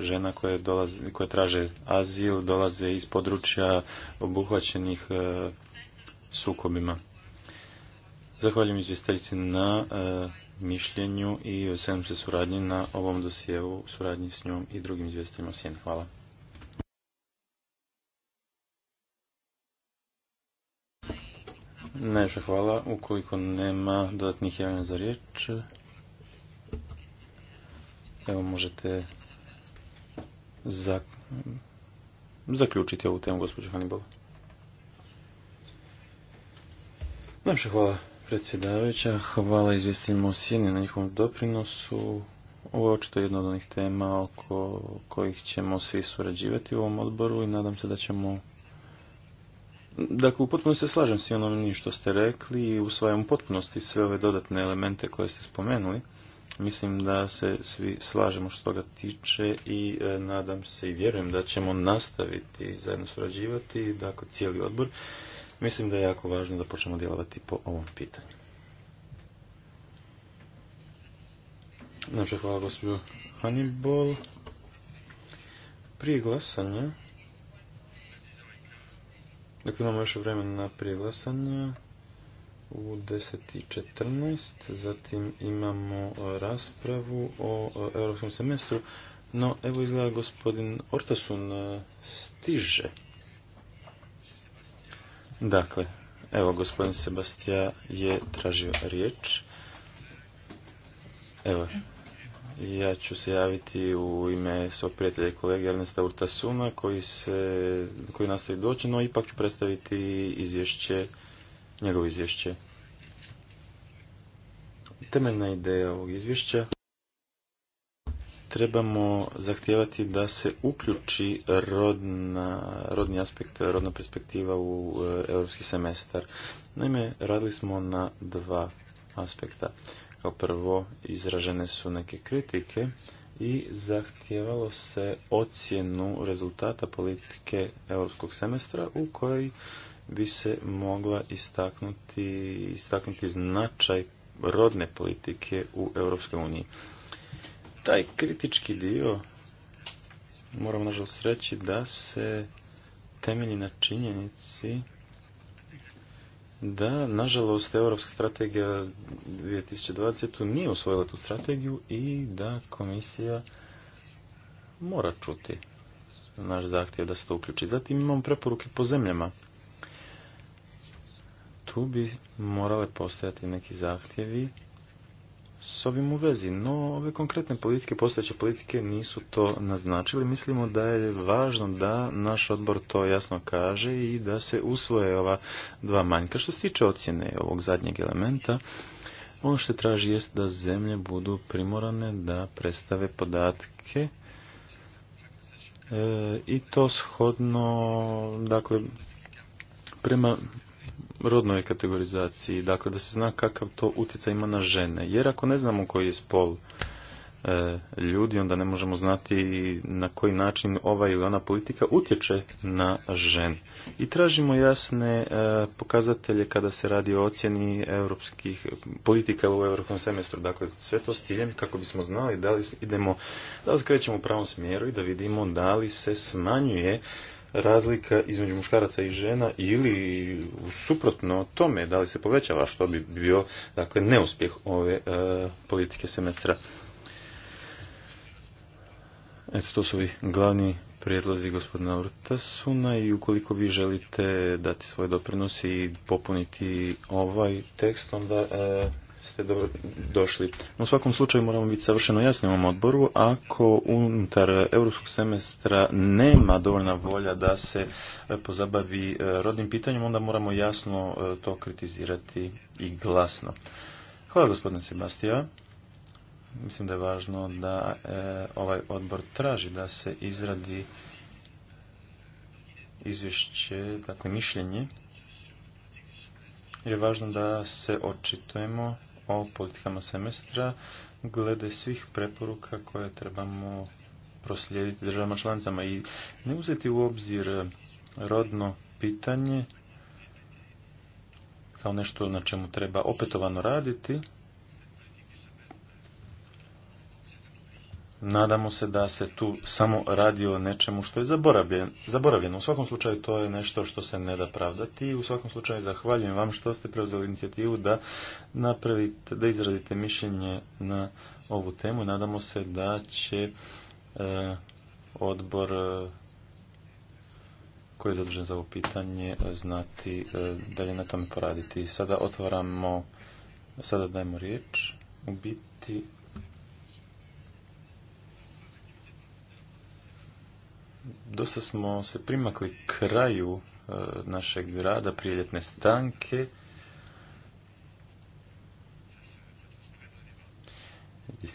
žena koje, dolaze, koje traže azil dolaze iz područja obuhvaćenih sukobima. Zahvaljujem izvjestiteljici na mišljenju i veselim se suradnji na ovom dosijevu, suradnji s njom i drugim izvjestima sin Hvala. Najviše hvala. Ukoliko nema dodatnih javljanja za riječ, evo možete za, zaključiti ovu temu, gospođo Hannibal. Najviše hvala predsjedavajuća. Hvala izvjestiteljima u Sjeni na njihovom doprinosu. Ovo je očito jedna od onih tema oko kojih ćemo svi surađivati u ovom odboru i nadam se da ćemo... Dakle, u potpunosti se slažem s onom što ste rekli i usvajam u potpunosti sve ove dodatne elemente koje ste spomenuli. Mislim da se svi slažemo što toga tiče i e, nadam se i vjerujem da ćemo nastaviti zajedno surađivati, dakle cijeli odbor. Mislim da je jako važno da počnemo djelovati po ovom pitanju. Znači, hvala gospođu Hannibal. Prije glasanja, dakle imamo još vremena prije glasanja, u 10.14. Zatim imamo e, raspravu o e, europskom semestru. No, evo izgleda gospodin Ortasun e, stiže. Dakle, evo gospodin Sebastija je tražio riječ. Evo, ja ću se javiti u ime svog prijatelja i kolege Ernesta Urtasuma koji, se, koji nastoji doći, no ipak ću predstaviti izvješće, njegovo izvješće. Temeljna ideja ovog izvješća trebamo zahtijevati da se uključi rodna, rodni aspekt, rodna perspektiva u e, europski semestar. Naime, radili smo na dva aspekta. Kao prvo, izražene su neke kritike i zahtijevalo se ocjenu rezultata politike europskog semestra u kojoj bi se mogla istaknuti, istaknuti značaj rodne politike u Europskoj uniji taj kritički dio moram nažalost reći da se temelji na činjenici da, nažalost, Europska strategija 2020. nije usvojila tu strategiju i da komisija mora čuti naš zahtjev da se to uključi. Zatim imamo preporuke po zemljama. Tu bi morale postojati neki zahtjevi s ovim u vezi, no ove konkretne politike, postojeće politike nisu to naznačili. Mislimo da je važno da naš odbor to jasno kaže i da se usvoje ova dva manjka. Što se tiče ocjene ovog zadnjeg elementa, ono što traži jest da zemlje budu primorane da predstave podatke e, i to shodno, dakle, prema rodnoj kategorizaciji, dakle da se zna kakav to utjecaj ima na žene. Jer ako ne znamo koji je spol e, ljudi, onda ne možemo znati na koji način ova ili ona politika utječe na žene. I tražimo jasne e, pokazatelje kada se radi o ocjeni europskih politika u europskom semestru. Dakle, sve to s kako bismo znali da li idemo, da li skrećemo u pravom smjeru i da vidimo da li se smanjuje razlika između muškaraca i žena ili suprotno tome da li se povećava što bi bio dakle neuspjeh ove e, politike semestra. Eto to su vi glavni prijedlozi gospodina Vrtasuna i ukoliko vi želite dati svoje doprinos i popuniti ovaj tekst onda e, ste dobro došli. U svakom slučaju moramo biti savršeno jasni u ovom odboru. Ako unutar europskog semestra nema dovoljna volja da se e, pozabavi e, rodnim pitanjem, onda moramo jasno e, to kritizirati i glasno. Hvala gospodine Sebastija. Mislim da je važno da ovaj odbor traži da se izradi izvješće, dakle mišljenje je važno da se očitujemo o politikama semestra glede svih preporuka koje trebamo proslijediti državama članicama i ne uzeti u obzir rodno pitanje kao nešto na čemu treba opetovano raditi nadamo se da se tu samo radi o nečemu što je zaboravljeno. U svakom slučaju to je nešto što se ne da pravdati i u svakom slučaju zahvaljujem vam što ste preuzeli inicijativu da napravite, da izradite mišljenje na ovu temu i nadamo se da će e, odbor e, koji je zadužen za ovo pitanje e, znati e, li na tome poraditi. Sada otvaramo, sada dajemo riječ u biti dosta smo se primakli kraju e, našeg rada prijeljetne stanke.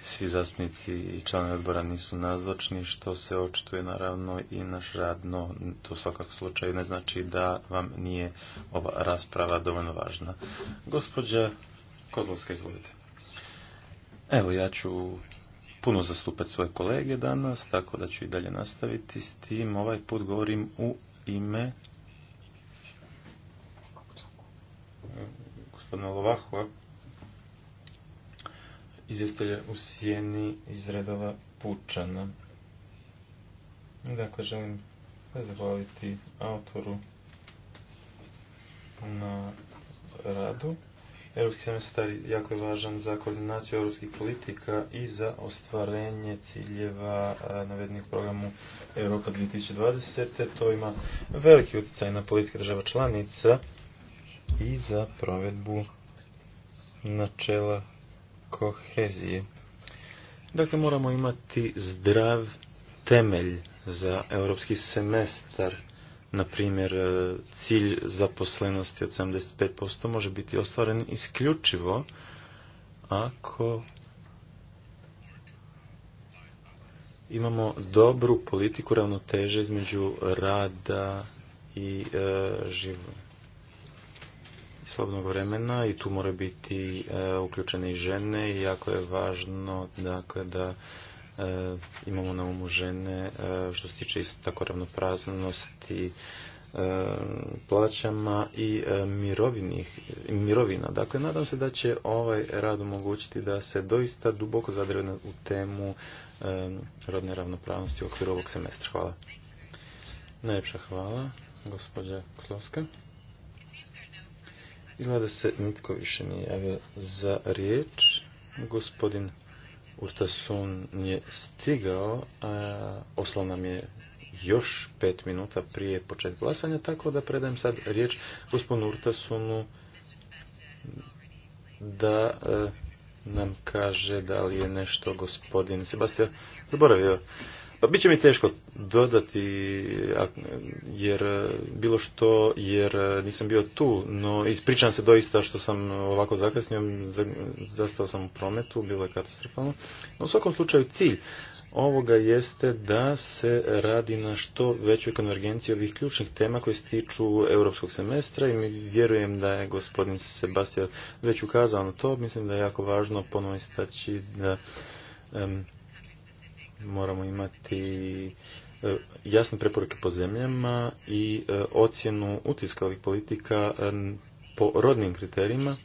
Svi zastupnici i članovi odbora nisu nazvačni, što se očituje naravno i naš radno. To u svakakvom slučaju ne znači da vam nije ova rasprava dovoljno važna. Gospođa Kozlovska, izvolite. Evo, ja ću puno zastupati svoje kolege danas, tako da ću i dalje nastaviti s tim. Ovaj put govorim u ime gospodina Lovahova, izvjestelja u sjeni iz redova Pučana. Dakle, želim zahvaliti autoru na radu Europski semestar jako je važan za koordinaciju europskih politika i za ostvarenje ciljeva navednih programu Europa 2020. To ima veliki utjecaj na politike država članica i za provedbu načela kohezije. Dakle, moramo imati zdrav temelj za europski semestar na primjer, e, cilj zaposlenosti od 75% može biti ostvaren isključivo ako imamo dobru politiku ravnoteže između rada i e, vremena i tu mora biti e, uključene i žene i jako je važno dakle da E, imamo na umu žene e, što se tiče isto tako ravnopravnosti e, plaćama i mirovinih, mirovina. Dakle, nadam se da će ovaj rad omogućiti da se doista duboko zadrve u temu rodne ravnopravnosti u okviru ovog semestra. Hvala. Najljepša hvala, gospođa Kloska. Izgleda se nitko više nije javio za riječ. Gospodin Urtasun je stigao, a oslao nam je još pet minuta prije počet glasanja, tako da predajem sad riječ gospodinu Urtasunu da e, nam kaže da li je nešto gospodin Sebastian zaboravio. Pa bit će mi teško dodati jer e, bilo što jer e, nisam bio tu, no ispričam se doista što sam ovako zakasnio, zastao sam u prometu, bilo je katastrofalno. No, u svakom slučaju cilj ovoga jeste da se radi na što većoj konvergenciji ovih ključnih tema koje se tiču europskog semestra i vjerujem da je gospodin Sebastian već ukazao na to. Mislim da je jako važno ponovno istaći da moramo imati e, jasne preporuke po zemljama i e, ocjenu utiska ovih politika e, po rodnim kriterijima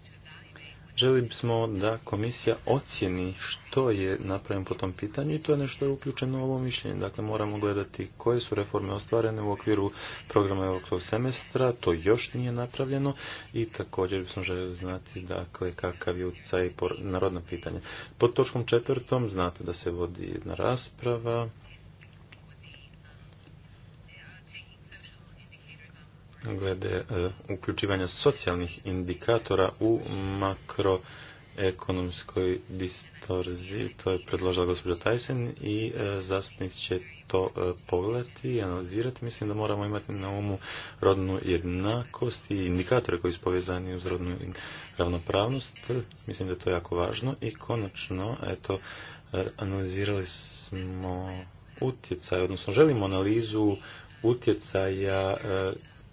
Želim smo da komisija ocjeni što je napravljeno po tom pitanju i to je nešto je uključeno u ovo mišljenje. Dakle, moramo gledati koje su reforme ostvarene u okviru programa europskog semestra, to još nije napravljeno i također bismo željeli znati dakle, kakav je utjecaj narodno pitanje. Pod točkom četvrtom znate da se vodi jedna rasprava glede e, uključivanja socijalnih indikatora u makroekonomskoj distorziji. To je predložila gospođa Tajsen i e, zastupnici će to e, pogledati i analizirati. Mislim da moramo imati na umu rodnu jednakost i indikatore koji su povezani uz rodnu ravnopravnost. Mislim da je to jako važno. I konačno, eto, analizirali smo utjecaj, odnosno želimo analizu utjecaja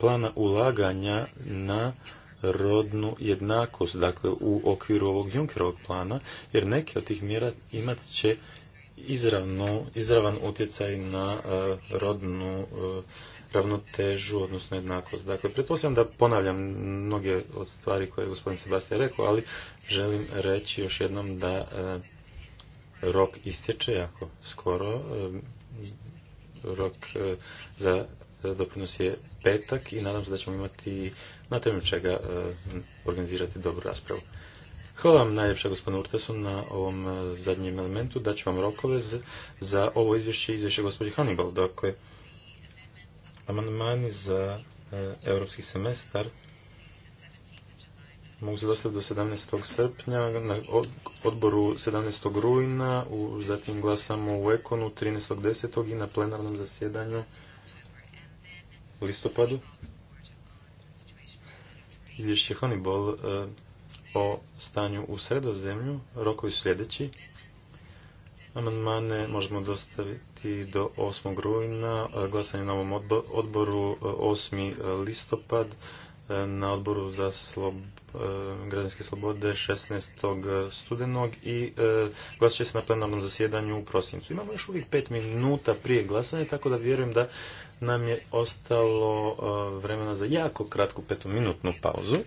plana ulaganja na rodnu jednakost, dakle u okviru ovog Junkerovog plana, jer neke od tih mjera imat će izravno, izravan utjecaj na e, rodnu e, ravnotežu, odnosno jednakost. Dakle, pretpostavljam da ponavljam mnoge od stvari koje je gospodin Sebastian rekao, ali želim reći još jednom da e, rok istječe jako skoro. Rok za doprinos je petak i nadam se da ćemo imati na temelju čega e, organizirati dobru raspravu. Hvala vam najljepša gospodinu Urtesu na ovom e, zadnjem elementu. Daću vam rokove za ovo izvješće, izvješće gospođe Hannibal. Dakle, amandmani za e, europski semestar mogu se dostati do 17. srpnja, na odboru 17. rujna, zatim glasamo u Ekonu 13.10. i na plenarnom zasjedanju listopadu izvješće Honeyball e, o stanju u sredozemlju. Rokovi sljedeći. Amandmane možemo dostaviti do 8. rujna, glasanje na ovom odboru 8. E, e, listopad, na odboru za slob, građanske slobode 16. studenog i glasat će se na plenarnom zasjedanju u prosincu. Imamo još uvijek 5 minuta prije glasanja, tako da vjerujem da nam je ostalo e, vremena za jako kratku petominutnu pauzu.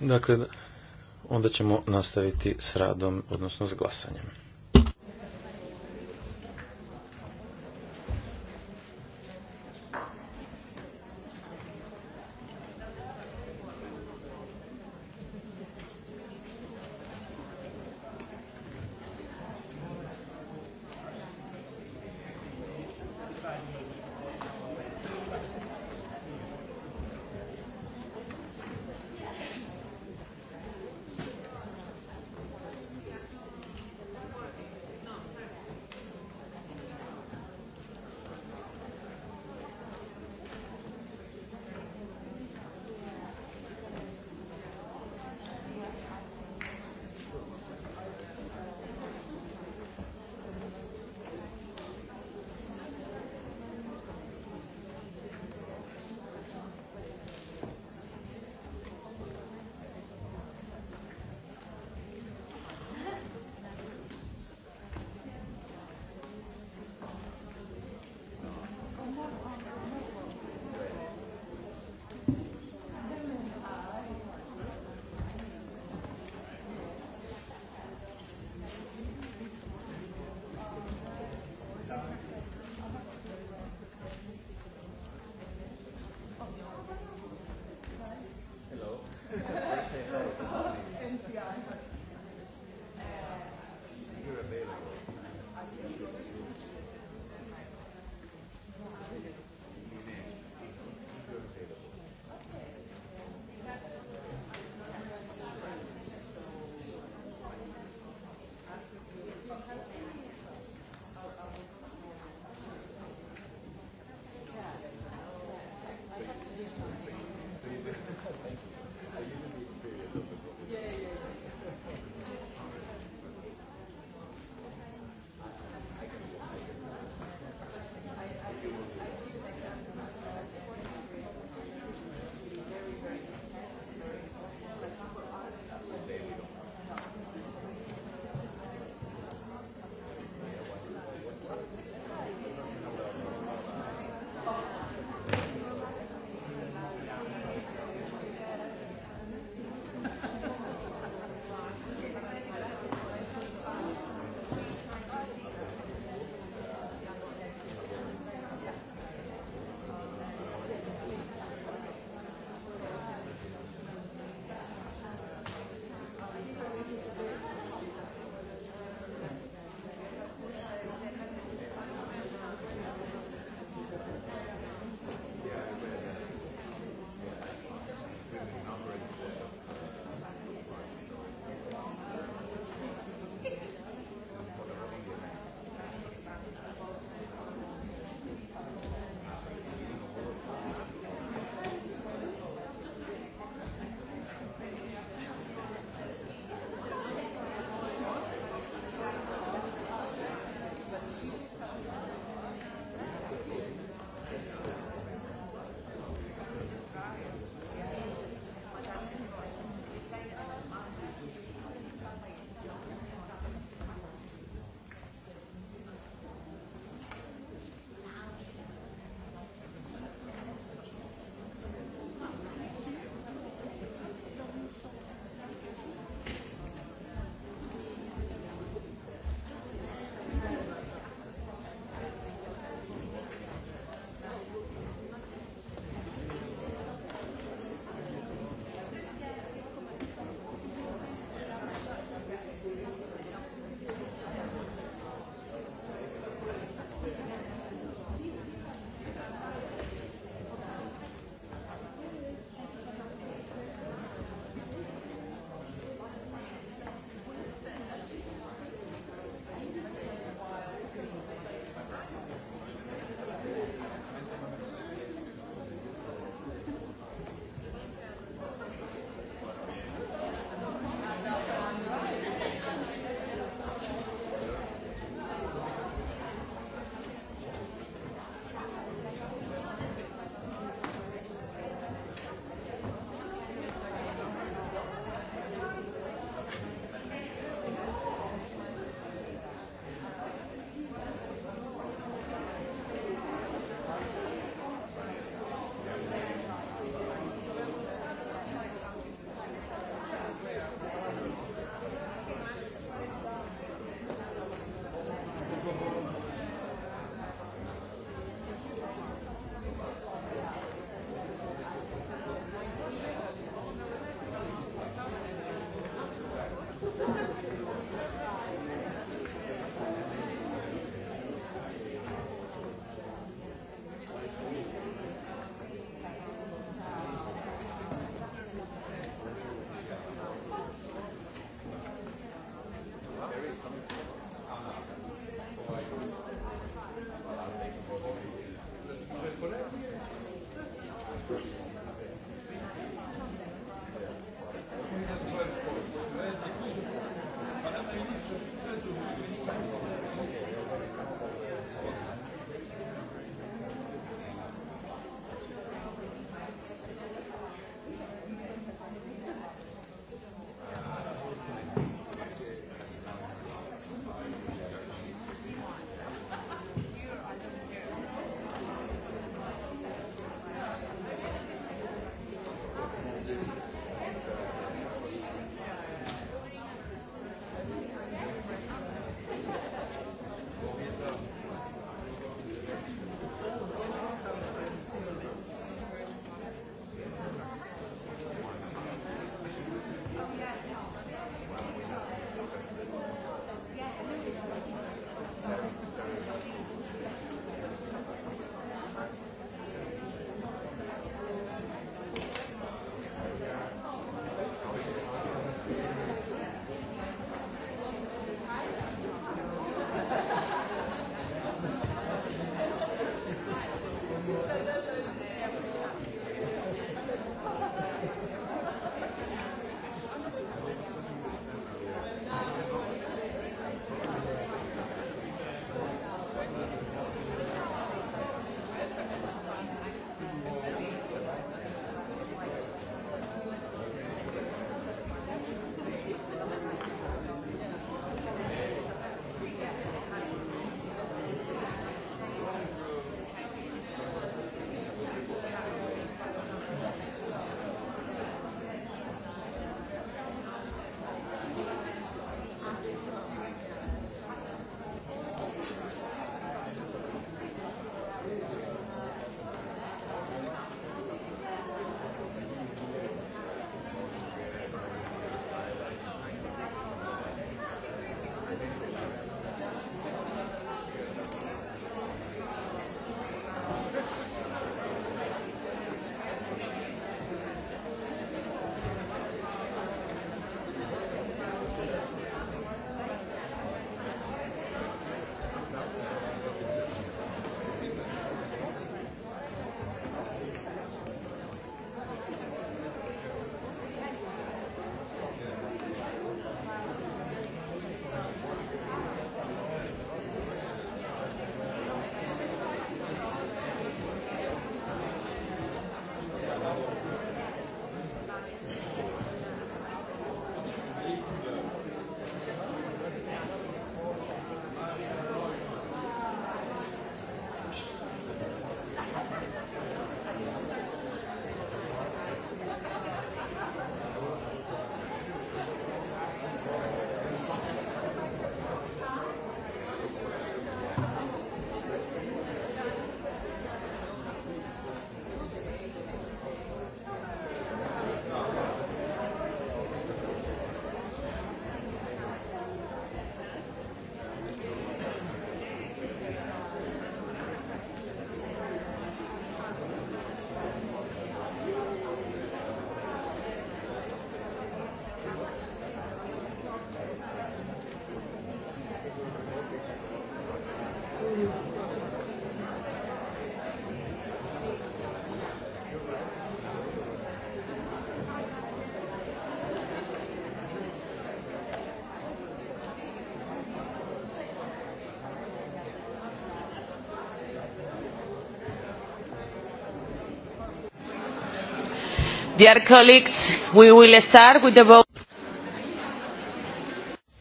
Dakle, onda ćemo nastaviti s radom, odnosno s glasanjem.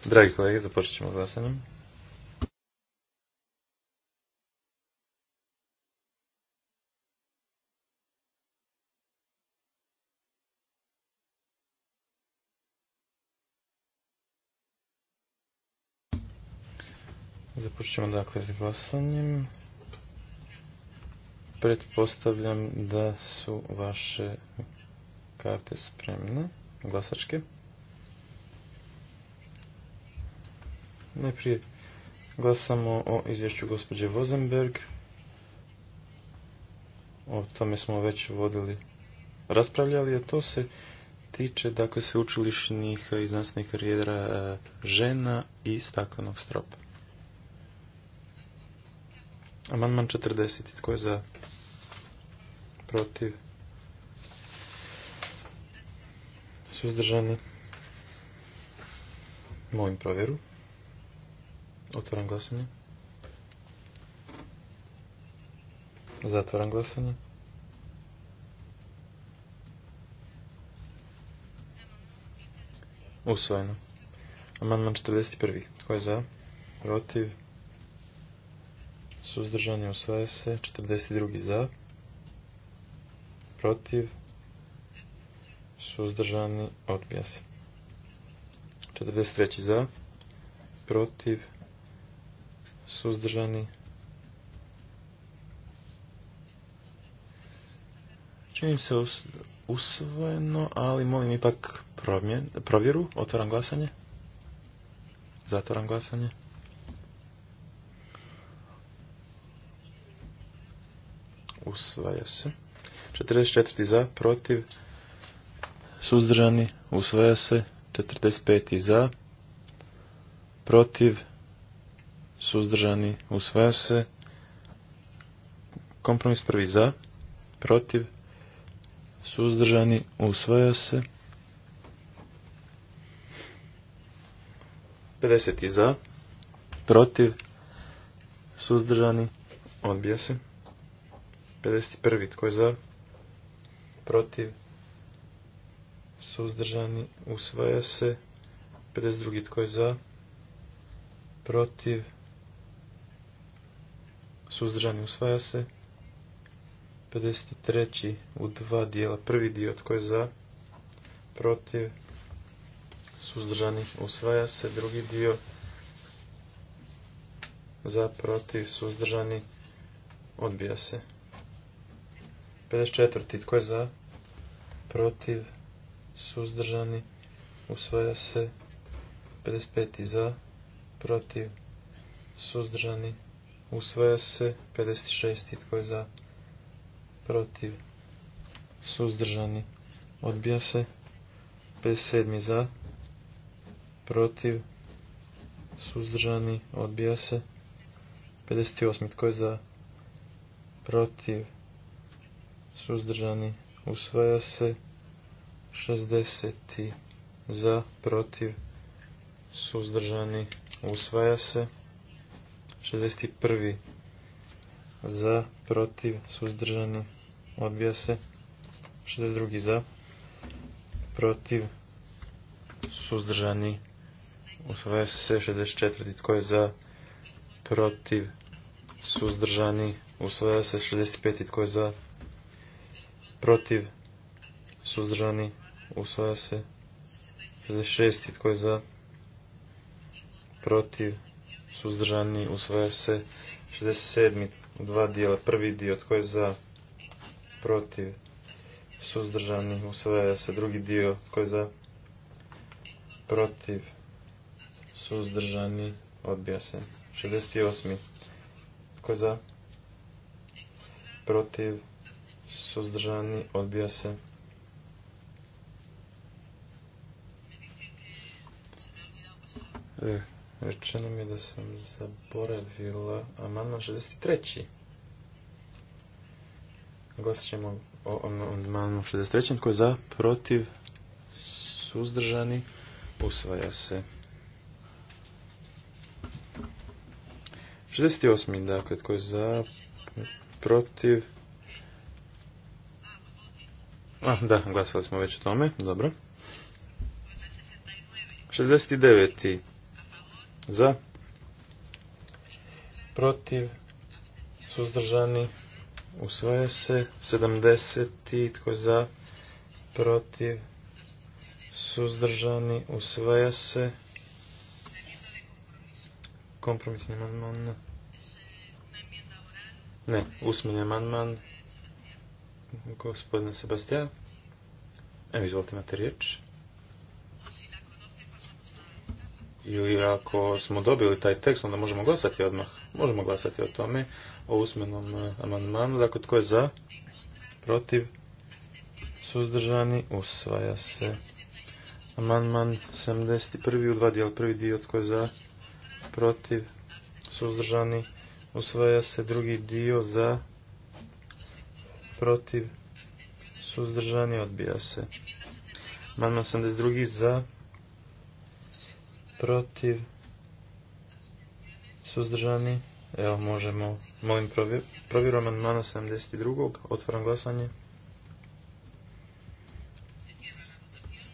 Dragi kolege, započet ćemo glasanjem. Započet ćemo dakle s glasanjem. Pretpostavljam da su vaše karte spremne, glasačke. Najprije glasamo o izvješću gospođe Vozenberg. O tome smo već vodili raspravljali, a to se tiče dakle sveučilišnih i znanstvenih karijera e, žena i staklenog stropa. Amandman 40. Tko je za? Protiv? suzdržani. Molim provjeru. Otvaram glasanje. Zatvaram glasanje. Usvojeno. Amandman 41. Ko je za? Protiv? Suzdržani usvaja se. 42. za? Protiv? suzdržani, odbija se. 43. za, protiv, suzdržani. Čini se usvojeno, ali molim ipak promjen, provjeru. Otvaram glasanje. Zatvaram glasanje. Usvaja se. 44. za, protiv, suzdržani, usvaja se, 45. za, protiv, suzdržani, usvaja se, kompromis prvi za, protiv, suzdržani, usvaja se, 50. za, protiv, suzdržani, odbija se, 51. tko je za, protiv, suzdržani, usvaja se. 52. tko je za, protiv, suzdržani, usvaja se. 53. u dva dijela, prvi dio tko je za, protiv, suzdržani, usvaja se. Drugi dio za, protiv, suzdržani, odbija se. 54. tko je za, protiv, suzdržani, usvaja se 55. za, protiv, suzdržani, usvaja se 56. tko je za, protiv, suzdržani, odbija se 57. za, protiv, suzdržani, odbija se 58. tko je za, protiv, suzdržani, usvaja se 60. za, protiv, suzdržani, usvaja se. 61. za, protiv, suzdržani, odbija se. 62. za, protiv, suzdržani, usvaja se. 64. tko je za, protiv, suzdržani, usvaja se. 65. tko je za, protiv, suzdržani, usvaja se. 66. Tko je za? Protiv, suzdržani, usvaja se. 67. U dva dijela. Prvi dio. Tko je za? Protiv, suzdržani, usvaja se. Drugi dio. Tko je za? Protiv, suzdržani, odbija se. 68. Tko je za? Protiv, suzdržani, odbija se. E, rečeno mi je da sam zaboravila amandman 63. Glasit ćemo o amandmanu 63. Koji je za, protiv, suzdržani, usvaja se. 68. Dakle, koji je za, protiv... A, da, glasali smo već o tome, dobro. 69 za, protiv, suzdržani, usvaja se, 70. tko za, protiv, suzdržani, usvaja se, kompromisni amandman, ne, usmeni amandman, gospodina Sebastija, evo izvolite imate riječ. ili ako smo dobili taj tekst, onda možemo glasati odmah. Možemo glasati o tome, o usmenom e, amandmanu. Dakle, tko je za, protiv, suzdržani, usvaja se. Amandman 71. u dva dijela. Prvi dio tko je za, protiv, suzdržani, usvaja se. Drugi dio za, protiv, suzdržani, odbija se. Amandman 72. za, protiv, suzdržani, evo možemo, molim provjeru provjer, amandmana 72. Otvaram glasanje.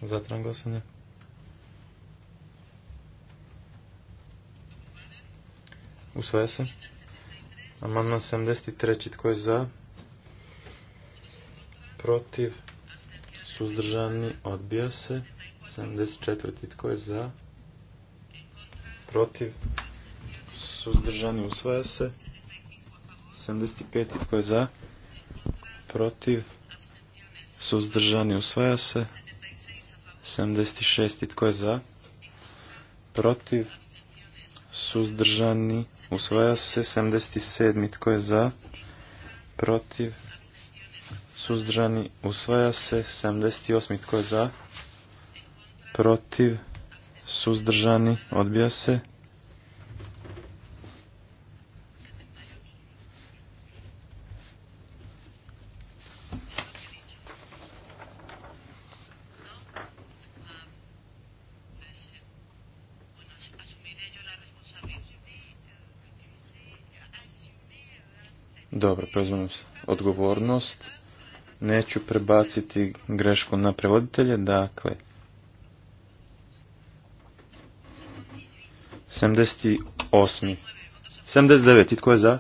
Zatvaram glasanje. Usvaja se. Amandman 73. Tko je za? Protiv. Suzdržani. Odbija se. 74. Tko je za? protiv, suzdržani, usvaja se. 75. Tko je za? Protiv, suzdržani, usvaja se. 76. Tko je za? Protiv, suzdržani, usvaja se. 77. Tko je za? Protiv, suzdržani, usvaja se. 78. Tko je za? Protiv, suzdržani, odbija se. Dobro, preuzmem odgovornost. Neću prebaciti grešku na prevoditelje, dakle, 78. 79. tko je za?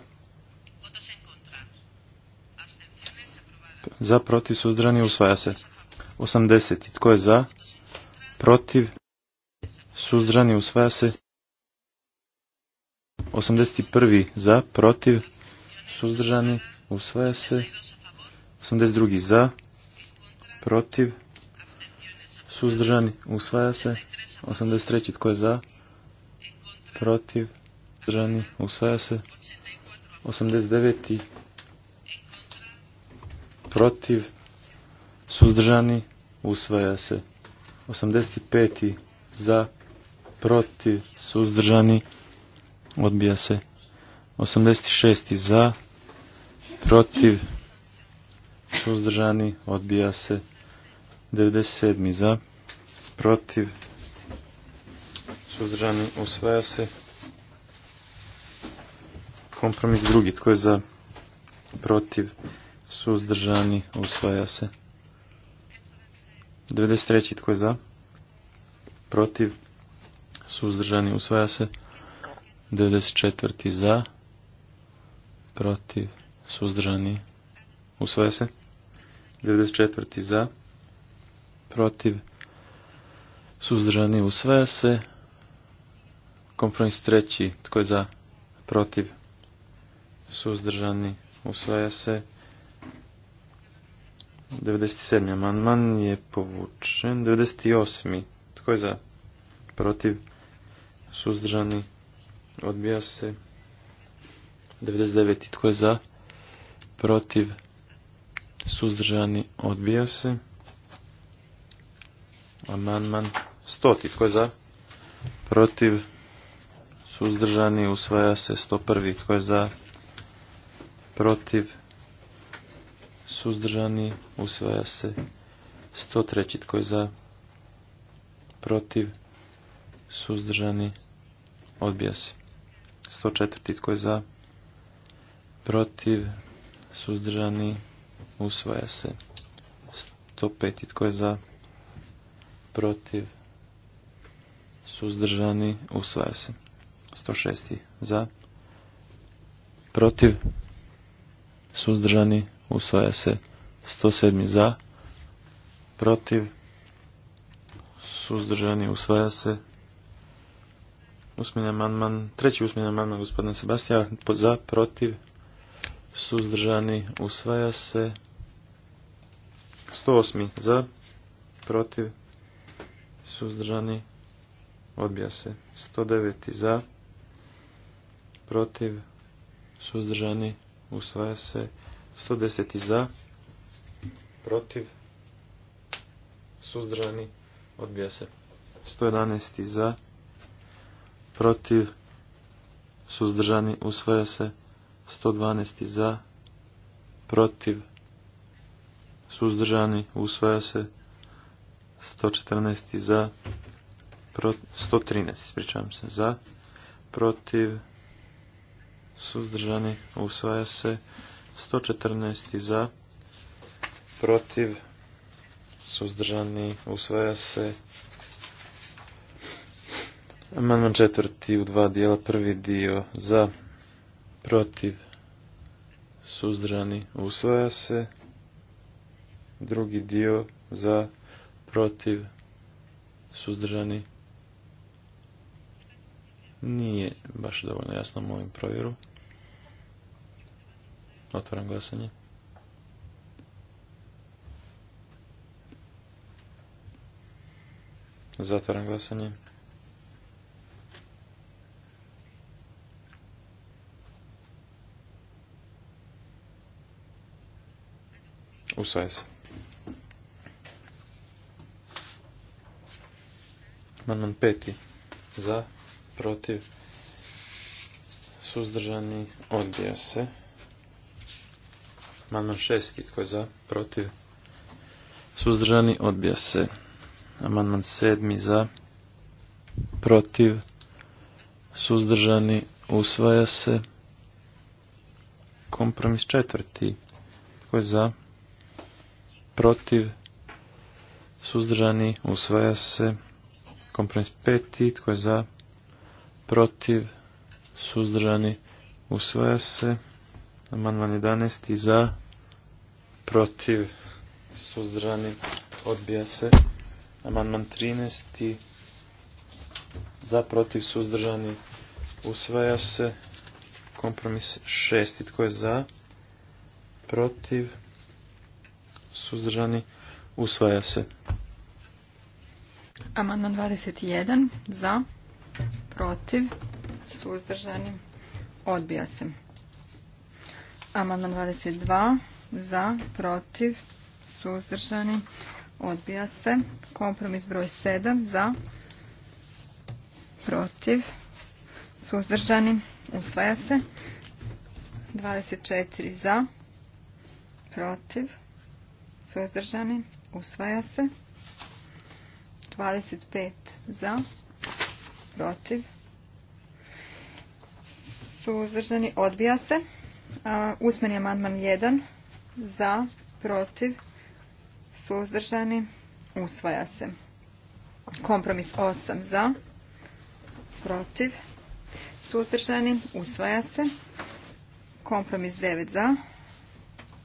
Za, protiv, suzdržani, usvaja se. 80. tko je za? Protiv, suzdržani, usvaja se. 81. Za, protiv, suzdržani, usvaja se. 82. Za, protiv, suzdržani, usvaja se. 83. Tko je za? protiv, suzdržani, usvaja se. 89. protiv, suzdržani, usvaja se. 85. za, protiv, suzdržani, odbija se. 86. za, protiv, suzdržani, odbija se. 97. za, protiv, suzdržani, usvaja se. Kompromis drugi, tko je za, protiv, suzdržani, usvaja se. 93. tko je za, protiv, suzdržani, usvaja se. 94. za, protiv, suzdržani, usvaja se. 94. za, protiv, suzdržani, usvaja se. Kompromis treći. Tko je za? Protiv? Suzdržani? Usvaja se. 97. amandman je povučen. 98. Tko je za? Protiv? Suzdržani? Odbija se. 99. Tko je za? Protiv? Suzdržani? Odbija se. Amandman 100. Tko je za? Protiv? suzdržani, usvaja se 101. Tko je za, protiv, suzdržani, usvaja se 103. Tko je za, protiv, suzdržani, odbija se. 104. Tko je za, protiv, suzdržani, usvaja se. 105. Tko je za, protiv, suzdržani, usvaja se. 106. za, protiv, suzdržani, usvaja se 107. za, protiv, suzdržani, usvaja se usmjeni amandman, treći usmjeni amandman gospodina Sebastija, za, protiv, suzdržani, usvaja se 108. za, protiv, suzdržani, odbija se 109. za, protiv, suzdržani, usvaja se. 110 za, protiv, suzdržani, odbija se. 111 za, protiv, suzdržani, usvaja se. 112 za, protiv, suzdržani, usvaja se. 114 za, 113, ispričavam se, za, protiv, suzdržani, usvaja se. 114. za, protiv, suzdržani, usvaja se. Amandman četvrti u dva dijela, prvi dio za, protiv, suzdržani, usvaja se. Drugi dio za, protiv, suzdržani, nije baš dovoljno jasno molim provjeru. Otvaram glasanje. Zatvaram glasanje. Usvaja se. Manon peti. Za protiv, suzdržani, odbija se. Amandman šesti, tko je za, protiv, suzdržani, odbija se. Amandman sedmi, za, protiv, suzdržani, usvaja se. Kompromis četvrti, tko je za, protiv, suzdržani, usvaja se. Kompromis peti, tko je za, protiv, suzdržani, usvaja se. Amandman 11. za, protiv, suzdržani, odbija se. Amandman 13. za, protiv, suzdržani, usvaja se. Kompromis 6. Tko je za, protiv, suzdržani, usvaja se. Amandman 21. za, protiv, suzdržani, odbija se. Amandman 22 za, protiv, suzdržani, odbija se. Kompromis broj 7 za, protiv, suzdržani, usvaja se. 24 za, protiv, suzdržani, usvaja se. 25 za, protiv, suzdržani, odbija se. Usmeni amandman 1 za, protiv, suzdržani, usvaja se. Kompromis 8 za, protiv, suzdržani, usvaja se. Kompromis 9 za,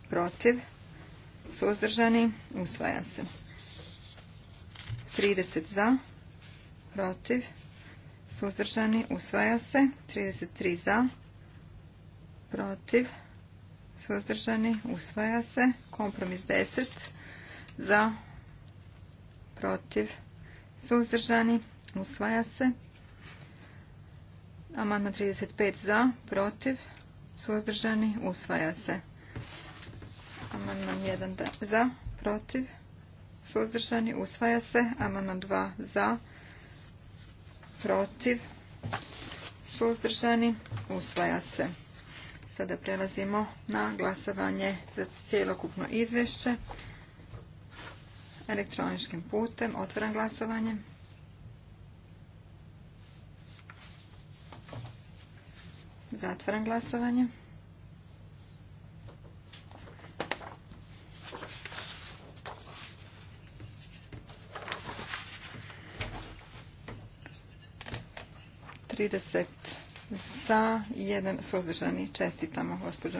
protiv, suzdržani, usvaja se. 30 za, protiv, suzdržani, usvaja se. 33 za, protiv, suzdržani, usvaja se. Kompromis 10 za, protiv, suzdržani, usvaja se. Amandman 35 za, protiv, suzdržani, usvaja se. Amandman 1 za, protiv, suzdržani, usvaja se. Amandman 2 za, protiv protiv, suzdržani, usvaja se. Sada prelazimo na glasovanje za cijelokupno izvješće. Elektroničkim putem otvaram glasovanje. Zatvaram glasovanje. 30 za, jedan suzdržani. Čestitamo, gospođo.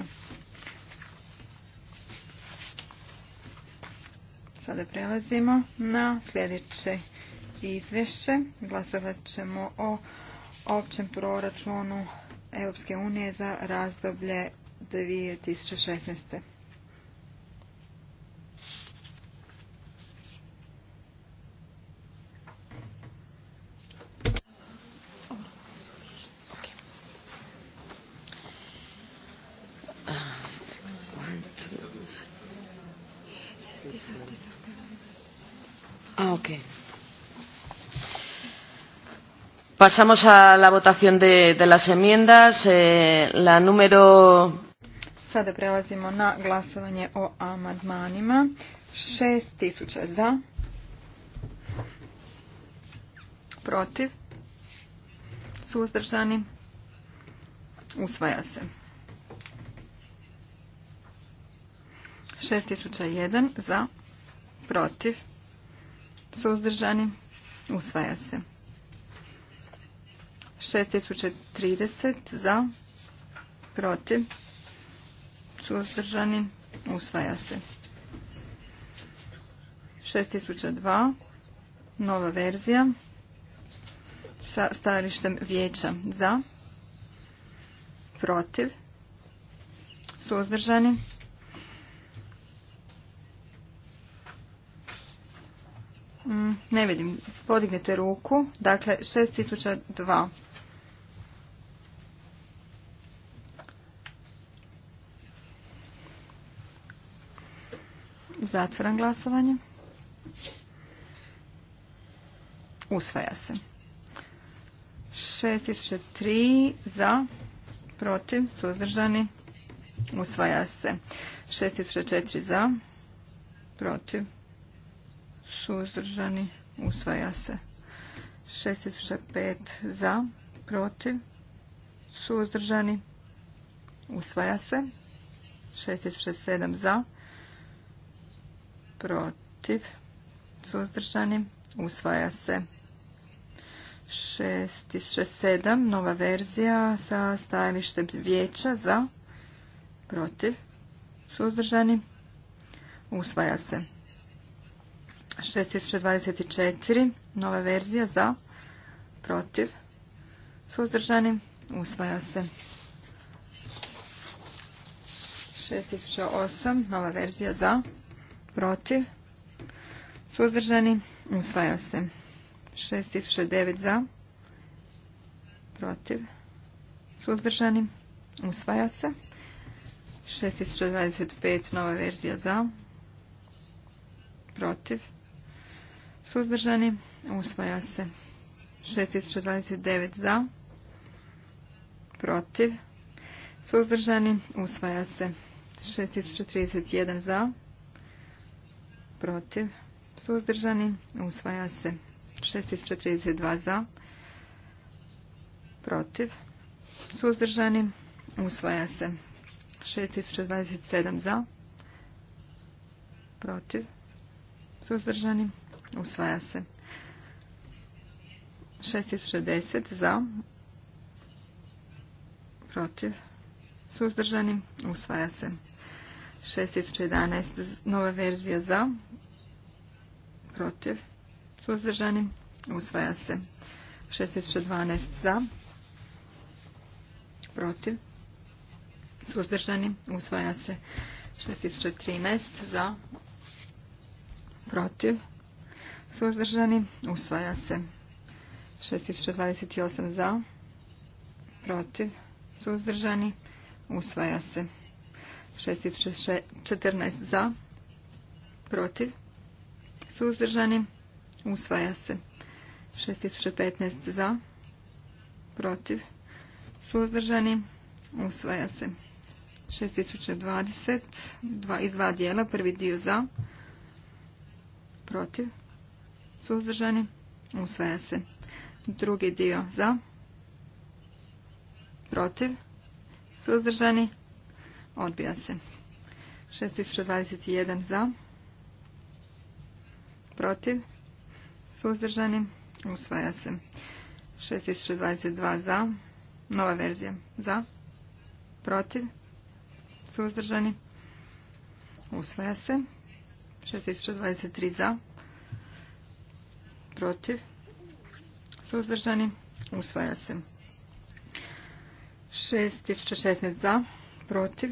Sada prelazimo na sljedeće izvješće. Glasovat ćemo o općem proračunu Europske unije za razdoblje 2016. Pasamos a la votación de, de las enmiendas. Eh, la número... Sada prelazimo na glasovanje o amadmanima. 6000 za. Protiv. Suzdržani. Usvaja se. 6001 za. Protiv. Suzdržani. Usvaja se. 6030 za, protiv, suzdržani, usvaja se. 6002, nova verzija, sa stajalištem vijeća za, protiv, suzdržani, mm, Ne vidim. Podignite ruku. Dakle, 6002. Zatvaram glasovanje. Usvaja se. 6003 za, protiv, suzdržani. Usvaja se. 6004 za, protiv, suzdržani. Usvaja se. 6005 za, protiv, suzdržani. Usvaja se. 6007 za, protiv protiv, suzdržani, usvaja se. 6007, nova verzija sa stajalištem vijeća za, protiv, suzdržani, usvaja se. 6024, nova verzija za, protiv, suzdržani, usvaja se. 6008, nova verzija za, protiv, suzdržani, usvaja se. 6009 za, protiv, suzdržani, usvaja se. 6025 nova verzija za, protiv, suzdržani, usvaja se. 6029 za, protiv, suzdržani, usvaja se. 6031 za, protiv, suzdržani, usvaja se. 632 za, protiv, suzdržani, usvaja se. 6027 za, protiv, suzdržani, usvaja se. 6010 za, protiv, suzdržani, usvaja se. 6011 nova verzija za protiv suzdržani usvaja se 6012 za protiv suzdržani usvaja se 6013 za protiv suzdržani usvaja se 6028 za protiv suzdržani usvaja se 6014 za, protiv, suzdržani, usvaja se. 6015 za, protiv, suzdržani, usvaja se. 6020 iz dva dijela, prvi dio za, protiv, suzdržani, usvaja se. Drugi dio za, protiv, suzdržani, Odbija se. 6021 za. Protiv. Suzdržani. Usvaja se. 6022 za. Nova verzija. Za. Protiv. Suzdržani. Usvaja se. 6023 za. Protiv. Suzdržani. Usvaja se. 6016 za protiv,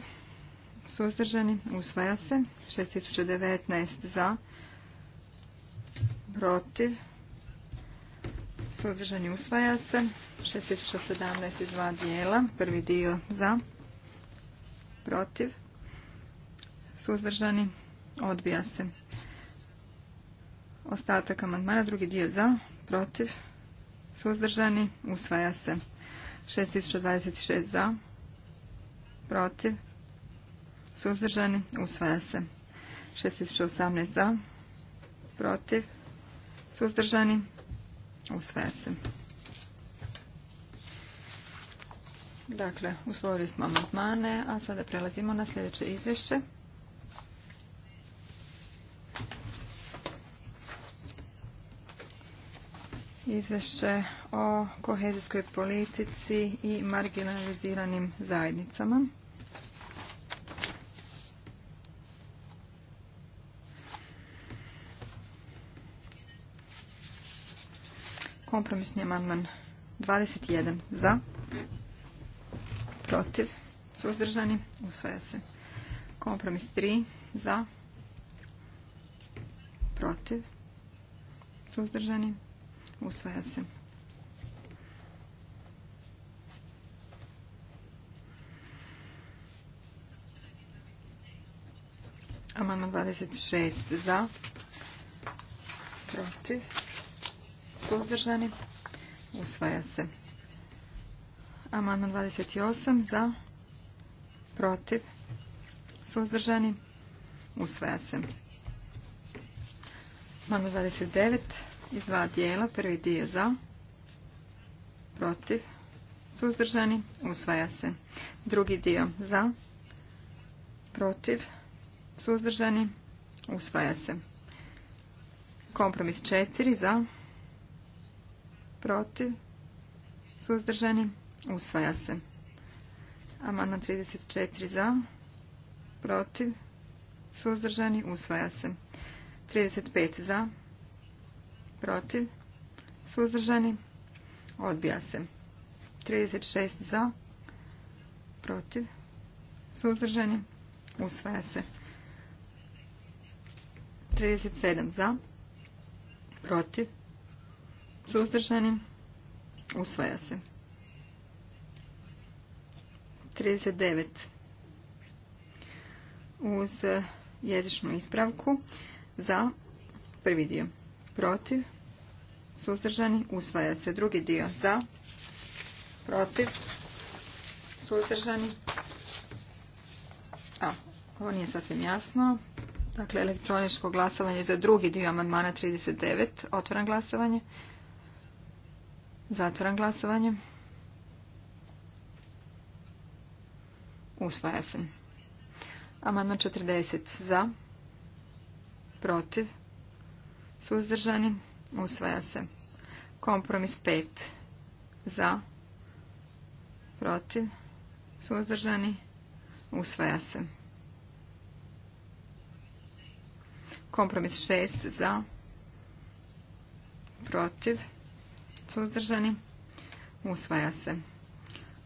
suzdržani, usvaja se. 6019 za, protiv, suzdržani, usvaja se. 6017 iz dva dijela, prvi dio za, protiv, suzdržani, odbija se. Ostatak amandmana, drugi dio za, protiv, suzdržani, usvaja se. 6026 za, protiv, suzdržani, usvaja se. 618 za, protiv, suzdržani, usvaja se. Dakle, usvojili smo amandmane, a sada prelazimo na sljedeće izvješće. izvješće o kohezijskoj politici i marginaliziranim zajednicama. Kompromisni amandman 21 za, protiv, suzdržani, usvaja se. Kompromis 3 za, protiv, suzdržani, Usvaja se. Amandman 26 za. Protiv. Suzdržani. Usvaja se. Amandman 28 za. Protiv. Suzdržani. Usvaja se. Amano 29 iz dva dijela. Prvi dio za, protiv, suzdržani, usvaja se. Drugi dio za, protiv, suzdržani, usvaja se. Kompromis četiri za, protiv, suzdržani, usvaja se. Amandman 34 za, protiv, suzdržani, usvaja se. 35 za, protiv, protiv, suzdržani, odbija se. 36 za, protiv, suzdržani, usvaja se. 37 za, protiv, suzdržani, usvaja se. 39 uz jezičnu ispravku za prvi dio protiv, suzdržani, usvaja se. Drugi dio za, protiv, suzdržani. A, ovo nije sasvim jasno. Dakle, elektroničko glasovanje za drugi dio amandmana 39. Otvoran glasovanje. Zatvoran glasovanje. Usvaja se. Amandman 40 za. Protiv. Suzdržani? Usvaja se. Kompromis 5. Za? Protiv? Suzdržani? Usvaja se. Kompromis 6. Za? Protiv? Suzdržani? Usvaja se.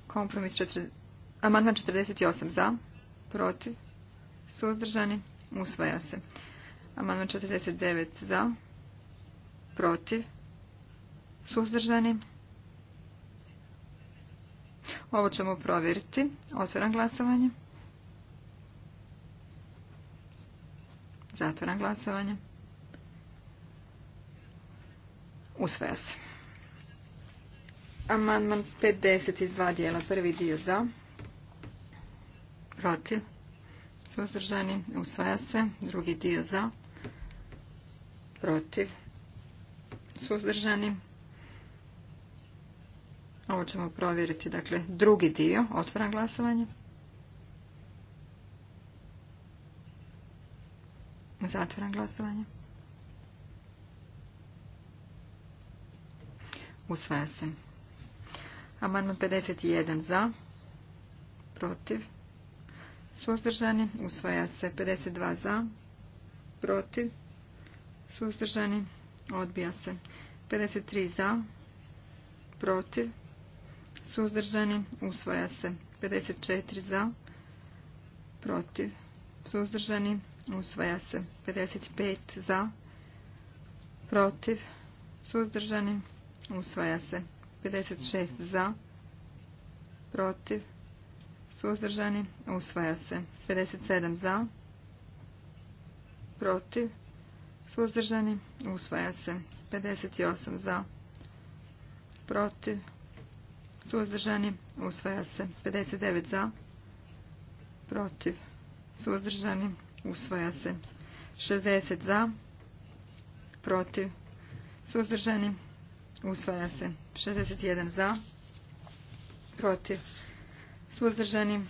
Kompromis 4... Amandman 48 za, protiv, suzdržani, usvaja se. Amandman 49 za. Protiv. Suzdržani. Ovo ćemo provjeriti. Otvoram glasovanje. Zatvoram glasovanje. Usvaja se. Amandman 50 iz dva dijela. Prvi dio za. Protiv. Suzdržani. Usvaja se. Drugi dio za protiv, suzdržani. Ovo ćemo provjeriti, dakle, drugi dio, otvoran glasovanje. Zatvoran glasovanje. Usvaja se. Amandman 51 za, protiv, suzdržani. Usvaja se 52 za, protiv, Suzdržani. Odbija se. 53 za. Protiv. Suzdržani. Usvaja se. 54 za. Protiv. Suzdržani. Usvaja se. 55 za. Protiv. Suzdržani. Usvaja se. 56 za. Protiv. Suzdržani. Usvaja se. 57 za. Protiv. Suzdržani. Usvaja se. 58 za. Protiv. Suzdržani. Usvaja se. 59 za. Protiv. Suzdržani. Usvaja se. 60 za. Protiv. Suzdržani. Usvaja se. 61 za. Protiv. Suzdržani.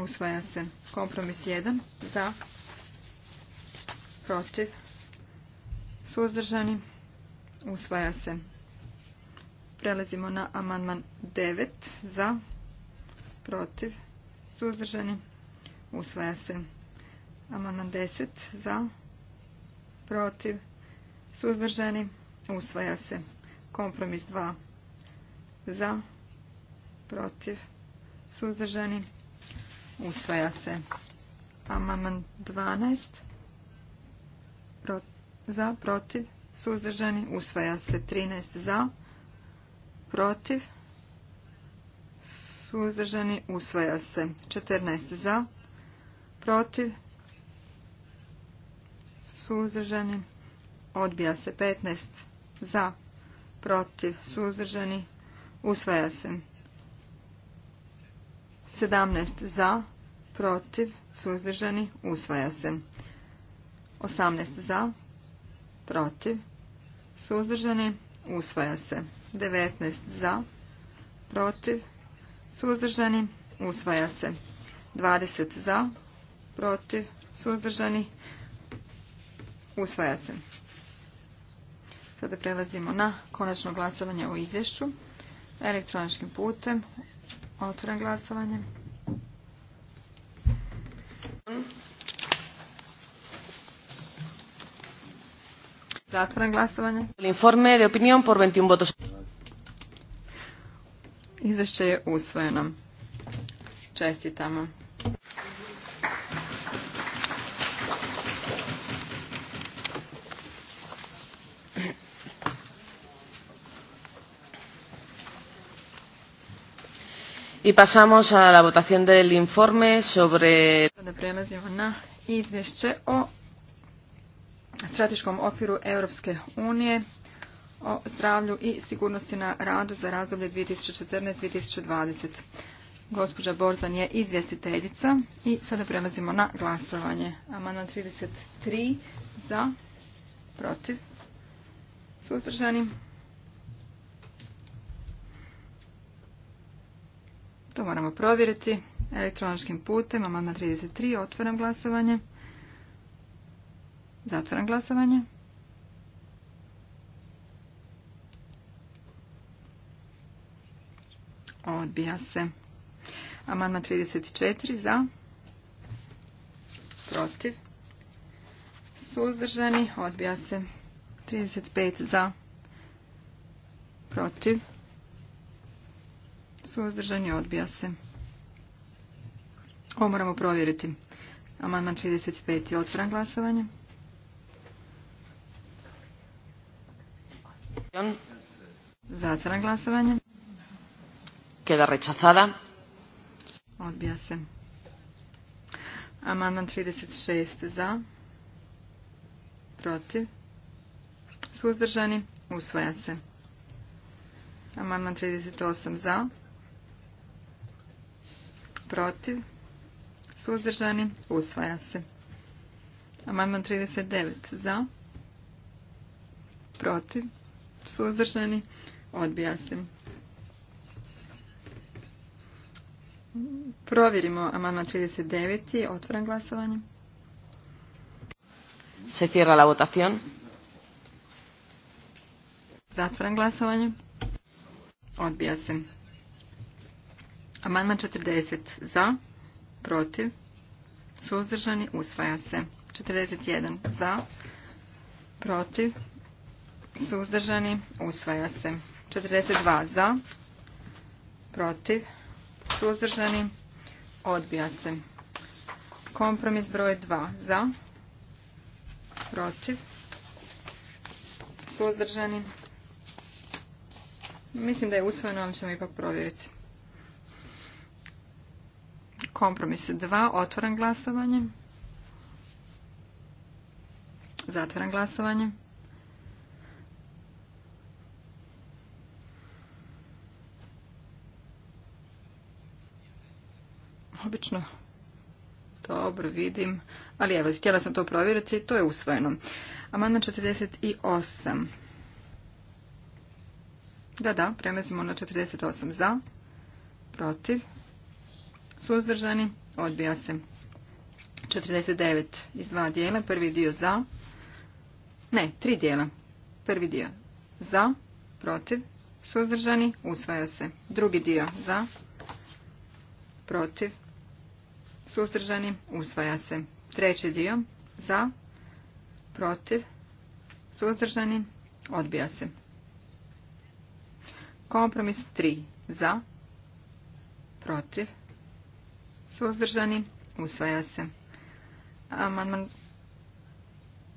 Usvaja se. Kompromis 1. Za protiv, suzdržani, usvaja se. Prelazimo na amandman 9 za, protiv, suzdržani, usvaja se. Amandman 10 za, protiv, suzdržani, usvaja se. Kompromis 2 za, protiv, suzdržani, usvaja se. Amandman 12 za, protiv, suzdržani, usvaja se. 13 za, protiv, suzdržani, usvaja se. 14 za, protiv, suzdržani, odbija se. 15 za, protiv, suzdržani, usvaja se. 17 za, protiv, suzdržani, usvaja se. 18 za, protiv, suzdržani, usvaja se. 19 za, protiv, suzdržani, usvaja se. 20 za, protiv, suzdržani, usvaja se. Sada prelazimo na konačno glasovanje o izvješću. Elektroničkim putem otvoren glasovanje. Zatvoren glasovanje. Informe de opinion por 21 votos. Izvješće je usvojeno. Čestitamo. I pasamos a la votación del informe sobre... Sada prelazimo na izvješće o strateškom okviru Europske unije o zdravlju i sigurnosti na radu za razdoblje 2014-2020. Gospođa Borzan je izvjestiteljica i sada prelazimo na glasovanje. Amandman 33 za, protiv, suzdržani. To moramo provjeriti elektroničkim putem. Amandman 33, otvaram glasovanje. Zatvoram glasovanje. Odbija se. Amandman 34 za. Protiv. Suzdržani. Odbija se. 35 za. Protiv. Suzdržani. Odbija se. Ovo moramo provjeriti. Amandman 35. otvoran glasovanje. Zatvaram glasovanje. Queda rechazada. Odbija se. Amandman 36 za. Protiv. Suzdržani. Usvaja se. Amandman 38 za. Protiv. Suzdržani. Usvaja se. Amandman 39 za. Protiv suzdržani, odbija se. Provjerimo amandman 39. Otvoram glasovanje. Se cierra la votación. Zatvoram glasovanje. Odbija se. Amandman 40. Za. Protiv. Suzdržani. Usvaja se. 41. Za. Protiv suzdržani, usvaja se. 42 za, protiv, suzdržani, odbija se. Kompromis broj 2 za, protiv, suzdržani. Mislim da je usvojeno, ali ćemo ipak provjeriti. Kompromis 2, otvoran glasovanje. Zatvoran glasovanje. obično dobro vidim, ali evo, htjela sam to provjeriti i to je usvojeno. Amandman 48. Da, da, prelazimo na 48 za, protiv, suzdržani, odbija se. 49 iz dva dijela, prvi dio za, ne, tri dijela, prvi dio za, protiv, suzdržani, usvaja se. Drugi dio za, protiv, suzdržani, usvaja se. Treći dio, za, protiv, suzdržani, odbija se. Kompromis 3, za, protiv, suzdržani, usvaja se. Amandman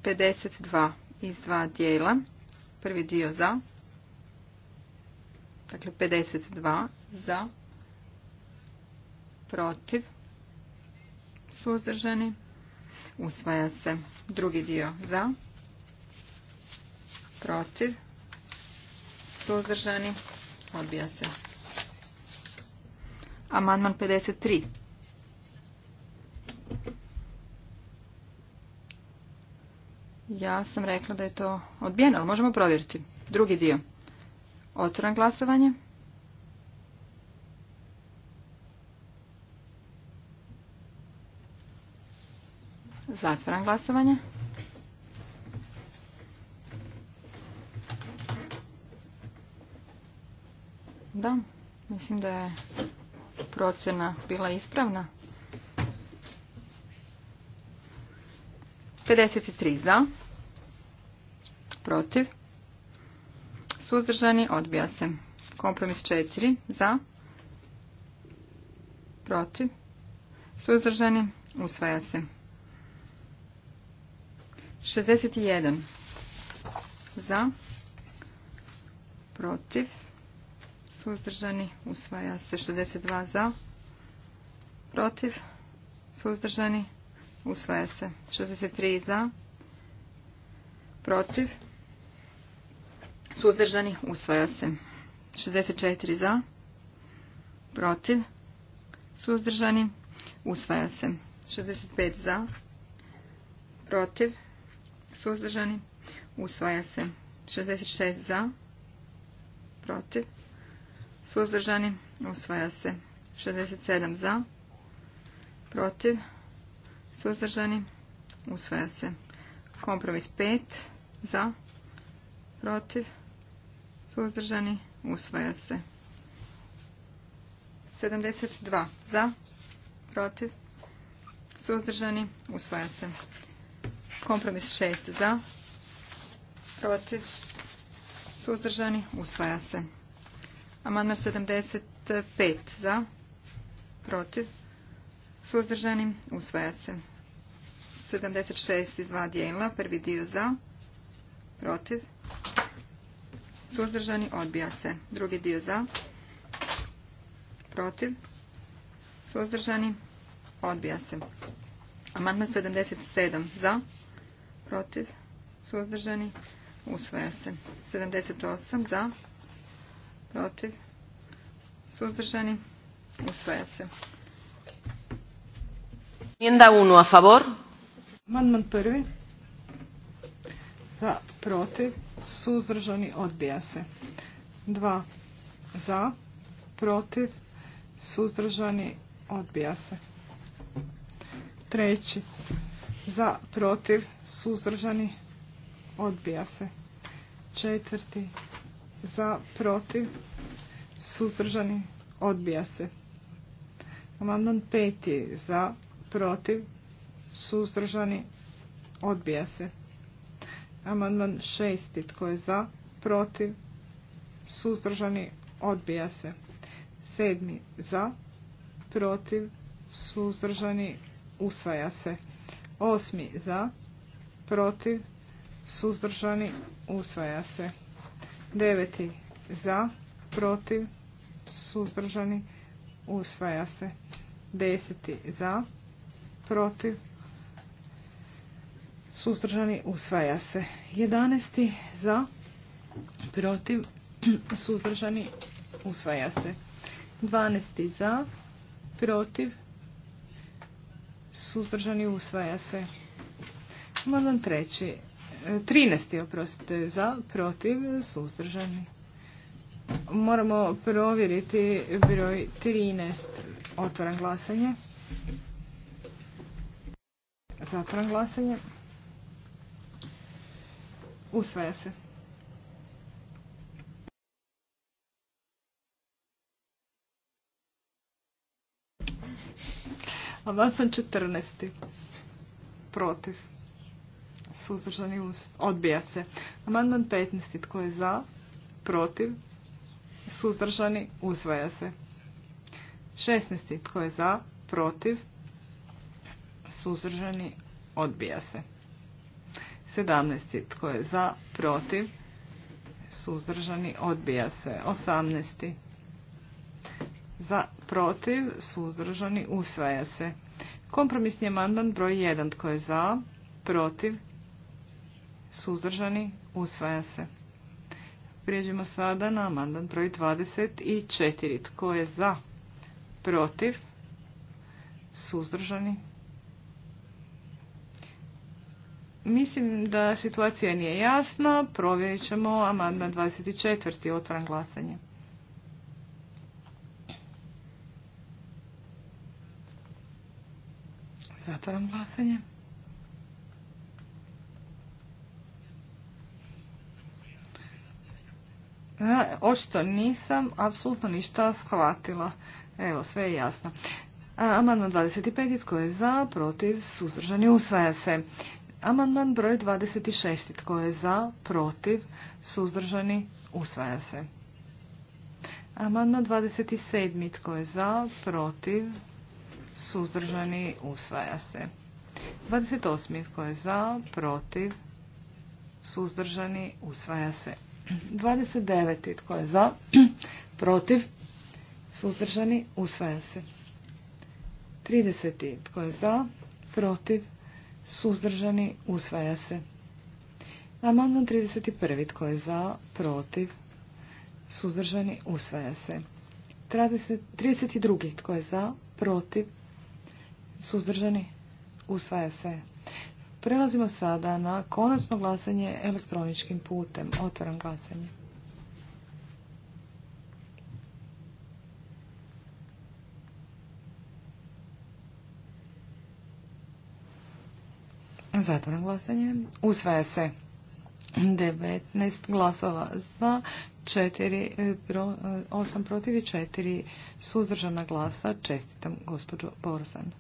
52 iz dva dijela. Prvi dio za, dakle 52 za, protiv, suzdržani, usvaja se. Drugi dio za, protiv, suzdržani, odbija se. Amandman 53. Ja sam rekla da je to odbijeno, ali možemo provjeriti. Drugi dio. Otvoram glasovanje. Zatvaram glasovanje. Da, mislim da je procjena bila ispravna. 53 za, protiv, suzdržani, odbija se. Kompromis 4 za, protiv, suzdržani, usvaja se. 61 za, protiv, suzdržani, usvaja se 62 za, protiv, suzdržani, usvaja se 63 za, protiv, suzdržani, usvaja se 64 za, protiv, suzdržani, usvaja se 65 za, protiv, suzdržani, usvaja se. 66 za, protiv, suzdržani, usvaja se. 67 za, protiv, suzdržani, usvaja se. Kompromis 5 za, protiv, suzdržani, usvaja se. 72 za, protiv, suzdržani, usvaja se. Kompromis šest za, protiv, suzdržani, usvaja se. Amandman 75 za, protiv, suzdržani, usvaja se. 76 iz dva dijela, prvi dio za, protiv, suzdržani, odbija se. Drugi dio za, protiv, suzdržani, odbija se. Amandman 77 za, protiv, protiv, suzdržani, usvaja se. 78 za, protiv, suzdržani, usvaja se. Enmienda 1 a favor. Amandman prvi. Za, protiv, suzdržani, odbija se. 2 za, protiv, suzdržani, odbija se. Treći za, protiv, suzdržani, odbija se. Četvrti za, protiv, suzdržani, odbija se. Amandman peti za, protiv, suzdržani, odbija se. Amandman šesti tko je za, protiv, suzdržani, odbija se. Sedmi za, protiv, suzdržani, usvaja se. Osmi za, protiv, suzdržani, usvaja se. Deveti za, protiv, suzdržani, usvaja se. Deseti za, protiv, suzdržani, usvaja se. Jedanesti za, protiv, suzdržani, usvaja se. Dvanesti za, protiv, suzdržani usvaja se. Amandman treći. E, Trinesti, oprostite za, protiv, suzdržani. Moramo provjeriti broj 13. Otvaram glasanje. Zatvaram glasanje. Usvaja se. Amandman 14. Protiv. Suzdržani odbija se. Amandman 15. Tko je za? Protiv. Suzdržani usvaja se. 16. Tko je za? Protiv. Suzdržani odbija se. 17. Tko je za? Protiv. Suzdržani odbija se. 18. Za, protiv, suzdržani, usvaja se. Kompromisni amandman broj 1. Tko je za, protiv, suzdržani, usvaja se. Prijeđemo sada na amandman broj 24. Tko je za, protiv, suzdržani, Mislim da situacija nije jasna. Provjerit ćemo amandman 24. otvoren glasanje. Zatvaram glasanje. E, očito nisam apsolutno ništa shvatila. Evo, sve je jasno. E, amandman 25. Tko je za? Protiv? Suzdržani? Usvaja se. Amandman broj 26. Tko je za? Protiv? Suzdržani? Usvaja se. Amandman 27. Tko je za? Protiv? suzdržani, usvaja se. 28. Tko je za, protiv, suzdržani, usvaja se. 29. Tko je za, protiv, suzdržani, usvaja se. 30. Tko je za, protiv, suzdržani, usvaja se. Amandman 31. Tko je za, protiv, suzdržani, usvaja se. 32. Tko je za, protiv, Suzdržani? Usvaja se. Prelazimo sada na konačno glasanje elektroničkim putem. Otvaram glasanje. Zatvoram glasanje. Usvaja se 19 glasova za, 8 e, e, protiv i 4 suzdržana glasa. Čestitam gospođo Borzan.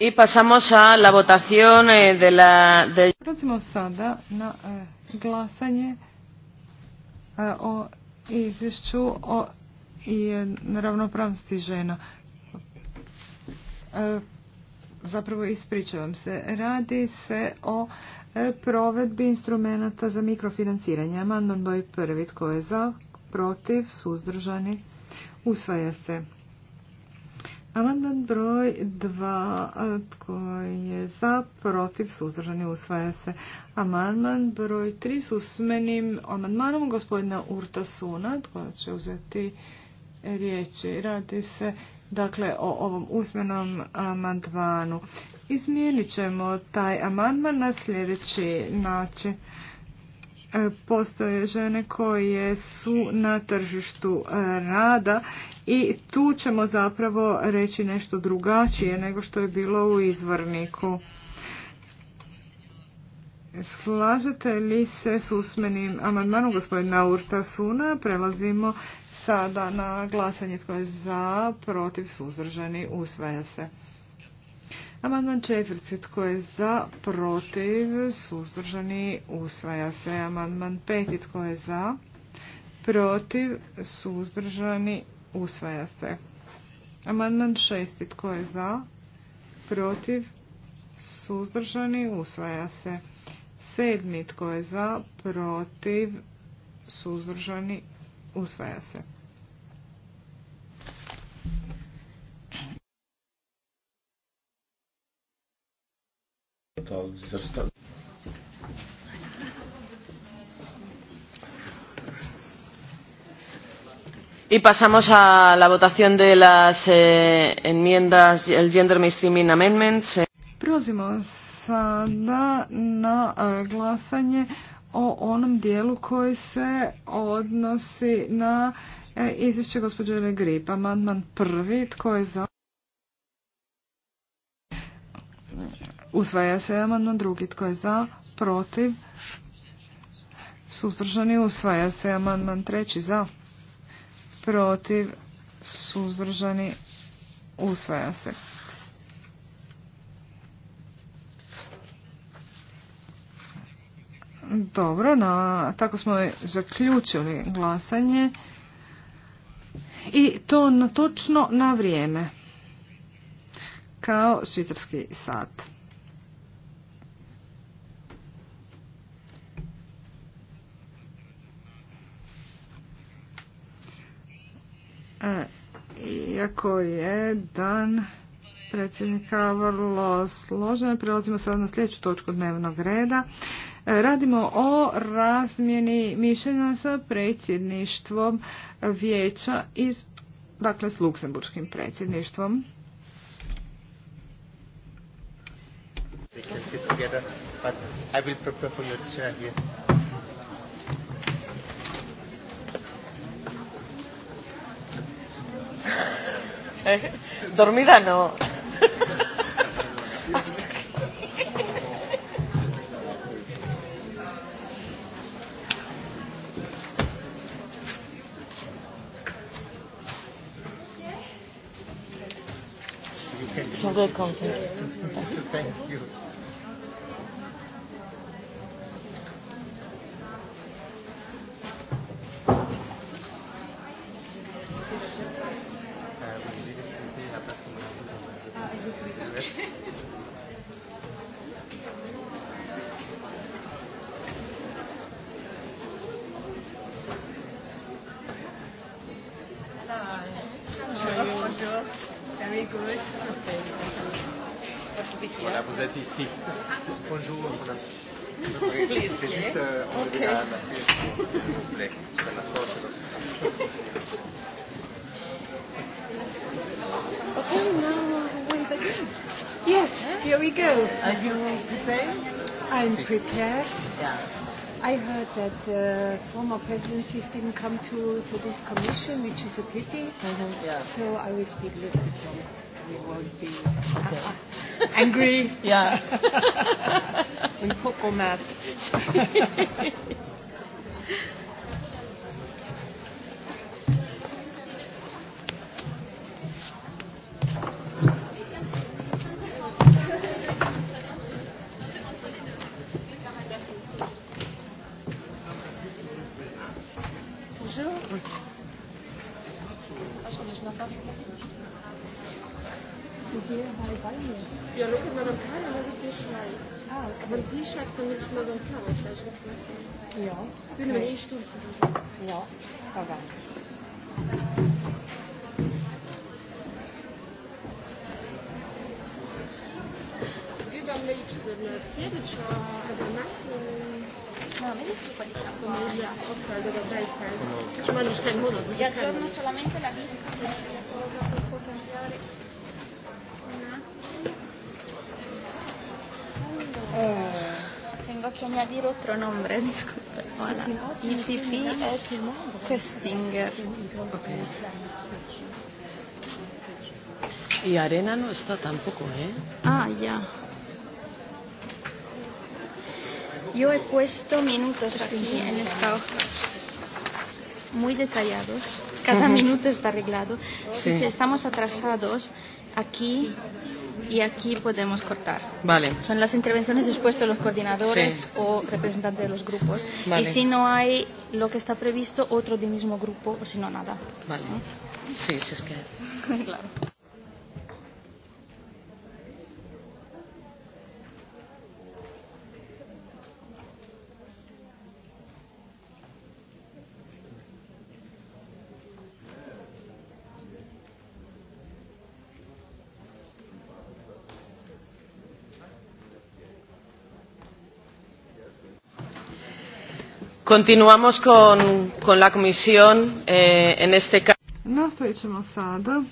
I pasamos a la eh, sada na eh, glasanje eh, o izvješću o i ravnopravnosti žena. Zapravo ispričavam se. Radi se o provedbi instrumenta za mikrofinanciranje. Amandman broj prvi. Tko je za? Protiv? Suzdržani? Usvaja se. Amandman broj 2, tko je za, protiv, suzdržani, usvaja se. Amandman broj 3 s usmenim amandmanom gospodina Urta Suna, tko će uzeti riječi. Radi se dakle o ovom usmenom amandmanu. Izmijenit ćemo taj amandman na sljedeći način. E, postoje žene koje su na tržištu e, rada i tu ćemo zapravo reći nešto drugačije nego što je bilo u izvorniku. Slažete li se s usmenim amandmanom gospodina Suna? Prelazimo sada na glasanje tko je za, protiv, suzdržani, usvaja se. Amandman četvrti tko je za, protiv, suzdržani, usvaja se. Amandman pet, tko je za, protiv, suzdržani, usvaja se. Amandman šesti tko je za, protiv, suzdržani, usvaja se. Sedmi tko je za, protiv, suzdržani, usvaja se. I Y pasamos a la votación de las eh, enmiendas, el Gender Mainstreaming Amendments. Prelazimo sada na eh, glasanje o onom dijelu koji se odnosi na eh, izvješće gospođe gripa Amandman prvi, tko je za? Usvaja se amandman drugi. Tko je za? Protiv? Suzdržani usvaja se amandman treći za. Protiv? Suzdržani usvaja se. Dobro, na, tako smo zaključili glasanje i to na točno na vrijeme kao švicarski sat. E, iako je dan predsjednika vrlo složen, prelazimo sad na sljedeću točku dnevnog reda. E, radimo o razmjeni mišljenja sa predsjedništvom vijeća iz, dakle s luksemburškim predsjedništvom. Dormida no. Thank you. Here we go. Are you prepared? I'm prepared. I heard that uh former presidencies didn't come to, to this commission, which is a pity. Mm -hmm. yeah. So I will speak a little bit longer. We won't be okay. angry. yeah. we put on Köstinger. Okay. Y Arena no está tampoco, ¿eh? Ah, ya. Yo he puesto minutos aquí en esta hoja. Muy detallados. Cada minuto está arreglado. Sí. Si estamos atrasados aquí y aquí podemos cortar. Vale. Son las intervenciones después de los coordinadores sí. o representantes de los grupos. Vale. Y si no hay lo que está previsto, otro del mismo grupo o si no nada. Vale. ¿Eh? Sí, es que. claro. Continuamos con, con la comisión eh, en este caso. Nastavit ćemo sada.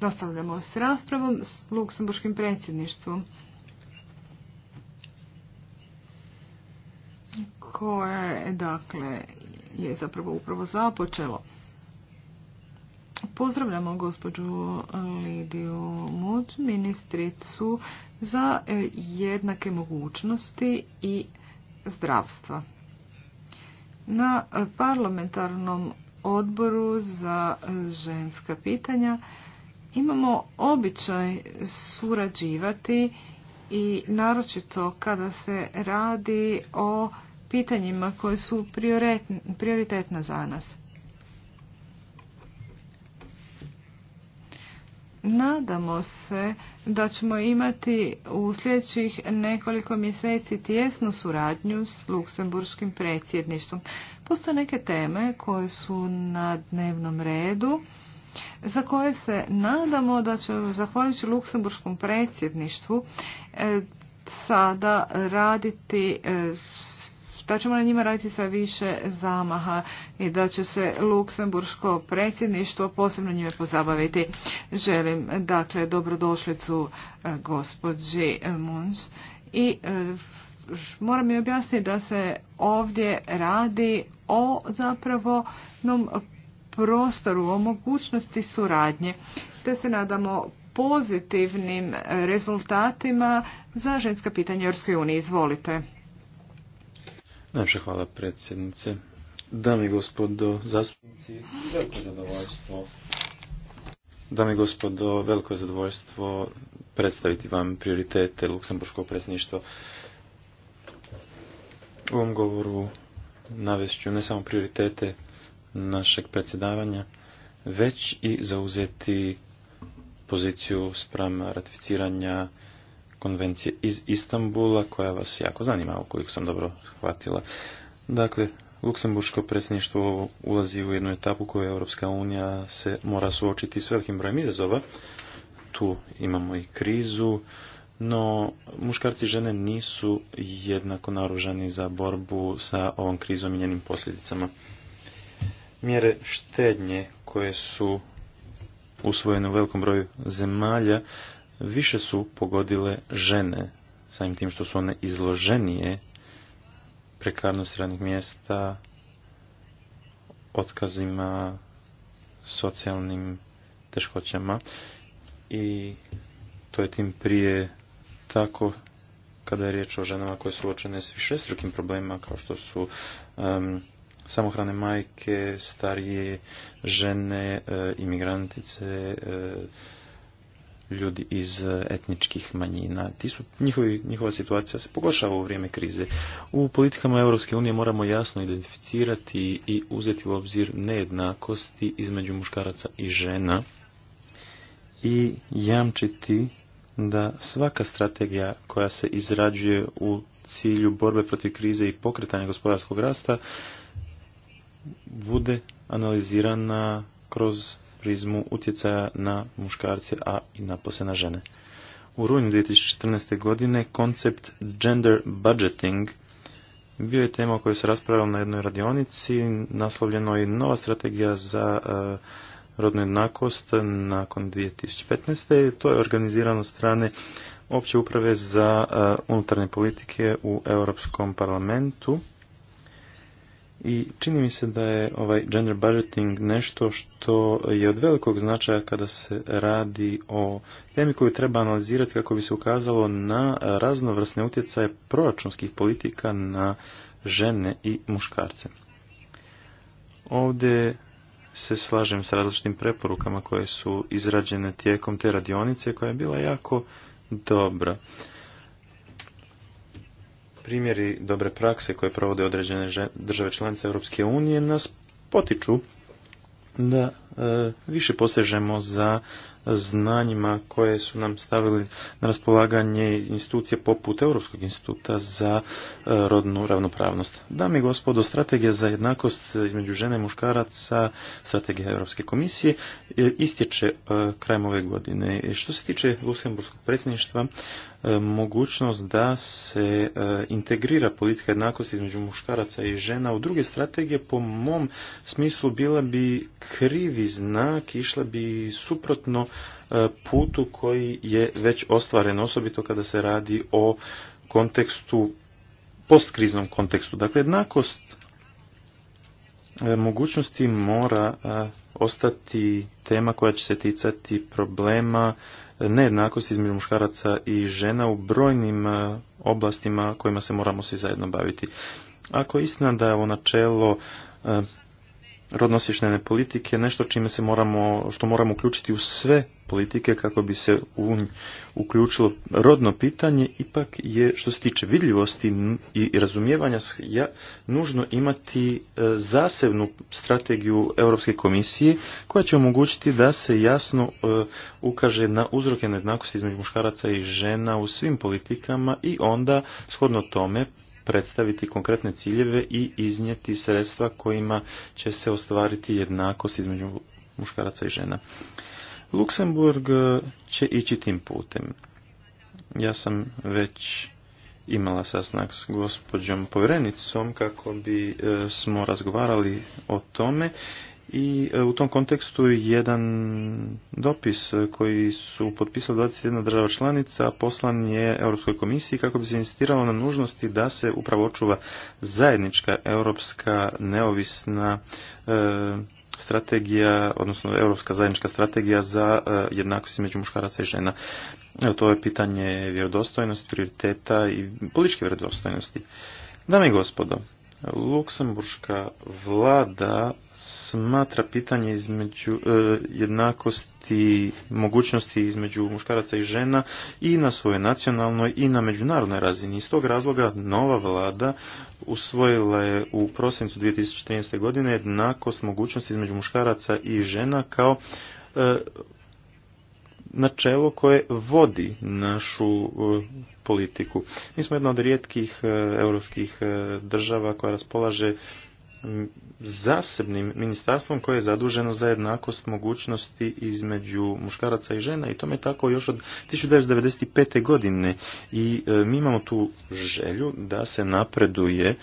Nastavljamo s raspravom s luksemburškim predsjedništvom. Koje, dakle, je zapravo upravo započelo. Pozdravljamo gospođu e, Lidiju Muć, ministricu za e, jednake mogućnosti i zdravstva. Na parlamentarnom odboru za ženska pitanja imamo običaj surađivati i naročito kada se radi o pitanjima koje su prioritetna za nas. Nadamo se da ćemo imati u sljedećih nekoliko mjeseci tjesnu suradnju s luksemburškim predsjedništvom. Postoje neke teme koje su na dnevnom redu za koje se nadamo da će zahvaljujući luksemburškom predsjedništvu e, sada raditi e, da ćemo na njima raditi sve više zamaha i da će se luksemburško predsjedništvo posebno njime pozabaviti. Želim dakle dobrodošlicu e, gospođi Munch i e, moram mi objasniti da se ovdje radi o zapravo jednom prostoru, o mogućnosti suradnje, te se nadamo pozitivnim rezultatima za ženska pitanja Jorskoj Izvolite. Najpše hvala predsjednice. Dame i gospodo zastupnici, veliko zadovoljstvo. Dame i gospodo, veliko je zadovoljstvo predstaviti vam prioritete luksemburško predsjedništva. U ovom govoru ću ne samo prioritete našeg predsjedavanja, već i zauzeti poziciju spram ratificiranja konvencije iz Istambula koja vas jako zanima, ukoliko sam dobro shvatila. Dakle, Luksemburško predsjedništvo ulazi u jednu etapu koju Europska unija se mora suočiti s velikim brojem izazova. Tu imamo i krizu, no muškarci i žene nisu jednako naružani za borbu sa ovom krizom i njenim posljedicama. Mjere štednje koje su usvojene u velikom broju zemalja više su pogodile žene, samim tim što su one izloženije prekarnosti radnih mjesta, otkazima, socijalnim teškoćama i to je tim prije tako kada je riječ o ženama koje su uočene s višestrukim problema, kao što su samohrane majke, starije žene, e, imigrantice, e, ljudi iz e, etničkih manjina. Ti njihovi, njihova situacija se pogoršava u vrijeme krize. U politikama Europske unije moramo jasno identificirati i uzeti u obzir nejednakosti između muškaraca i žena i jamčiti da svaka strategija koja se izrađuje u cilju borbe protiv krize i pokretanja gospodarskog rasta bude analizirana kroz prizmu utjecaja na muškarce, a i napose na žene. U rujnu 2014. godine koncept gender budgeting bio je tema o kojoj se raspravljalo na jednoj radionici, naslovljeno je nova strategija za e, rodnu jednakost nakon 2015. To je organizirano strane opće uprave za e, unutarnje politike u Europskom parlamentu i čini mi se da je ovaj gender budgeting nešto što je od velikog značaja kada se radi o temi koju treba analizirati kako bi se ukazalo na raznovrsne utjecaje proračunskih politika na žene i muškarce. Ovdje se slažem s različitim preporukama koje su izrađene tijekom te radionice koja je bila jako dobra primjeri dobre prakse koje provode određene države članice Europske unije nas potiču da e, više posežemo za znanjima koje su nam stavili na raspolaganje institucije poput Europskog instituta za e, rodnu ravnopravnost. Dame i gospodo, strategija za jednakost između žene i muškaraca, strategija Europske komisije, e, istječe e, krajem ove godine. Što se tiče Luksemburskog predsjedništva, mogućnost da se integrira politika jednakosti između muškaraca i žena u druge strategije po mom smislu bila bi krivi znak, išla bi suprotno E, putu koji je već ostvaren, osobito kada se radi o kontekstu, postkriznom kontekstu. Dakle, jednakost e, mogućnosti mora e, ostati tema koja će se ticati problema nejednakosti između muškaraca i žena u brojnim oblastima kojima se moramo svi zajedno baviti. Ako je istina da je ovo načelo rodno politike nešto čime se moramo, što moramo uključiti u sve politike kako bi se u, uključilo rodno pitanje, ipak je što se tiče vidljivosti i razumijevanja ja, nužno imati e, zasebnu strategiju Europske komisije koja će omogućiti da se jasno e, ukaže na uzroke nejednakosti između muškaraca i žena u svim politikama i onda shodno tome predstaviti konkretne ciljeve i iznijeti sredstva kojima će se ostvariti jednakost između muškaraca i žena. Luksemburg e, će ići tim putem. Ja sam već imala sasnak s gospođom povjerenicom kako bi e, smo razgovarali o tome i e, u tom kontekstu jedan dopis e, koji su potpisali 21 država članica poslan je Europskoj komisiji kako bi se insistiralo na nužnosti da se upravo očuva zajednička europska neovisna e, strategija, odnosno europska zajednička strategija za e, jednakost između muškaraca i žena. Evo, to je pitanje vjerodostojnosti, prioriteta i političke vjerodostojnosti. Dame i gospodo, Luksemburška vlada smatra pitanje između e, jednakosti, mogućnosti između muškaraca i žena i na svojoj nacionalnoj i na međunarodnoj razini. Iz tog razloga nova vlada usvojila je u prosincu 2013. godine jednakost mogućnosti između muškaraca i žena kao e, načelo koje vodi našu e, politiku. Mi smo jedna od rijetkih europskih država koja raspolaže zasebnim ministarstvom koje je zaduženo za jednakost mogućnosti između muškaraca i žena i tome tako još od 1995. godine i e, mi imamo tu želju da se napreduje e,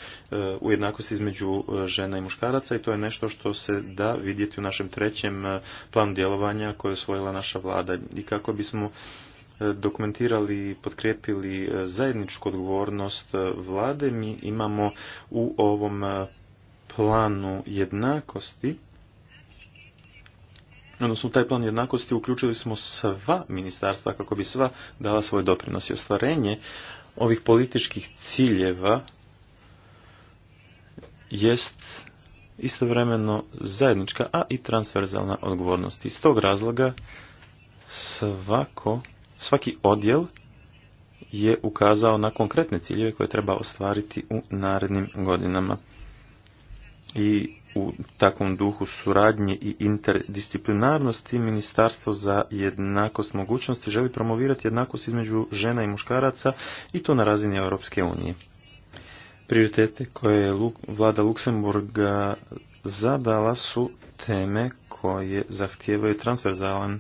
u jednakosti između e, žena i muškaraca i to je nešto što se da vidjeti u našem trećem e, planu djelovanja koje je osvojila naša vlada i kako bismo dokumentirali i potkrijepili zajedničku odgovornost vlade. Mi imamo u ovom planu jednakosti, odnosno u taj plan jednakosti uključili smo sva ministarstva kako bi sva dala svoj doprinos i ostvarenje ovih političkih ciljeva jest istovremeno zajednička, a i transverzalna odgovornost. Iz tog razloga svako, svaki odjel je ukazao na konkretne ciljeve koje treba ostvariti u narednim godinama i u takvom duhu suradnje i interdisciplinarnosti Ministarstvo za jednakost mogućnosti želi promovirati jednakost između žena i muškaraca i to na razini Europske unije. Prioritete koje je vlada Luksemburga zadala su teme koje zahtijevaju transverzalan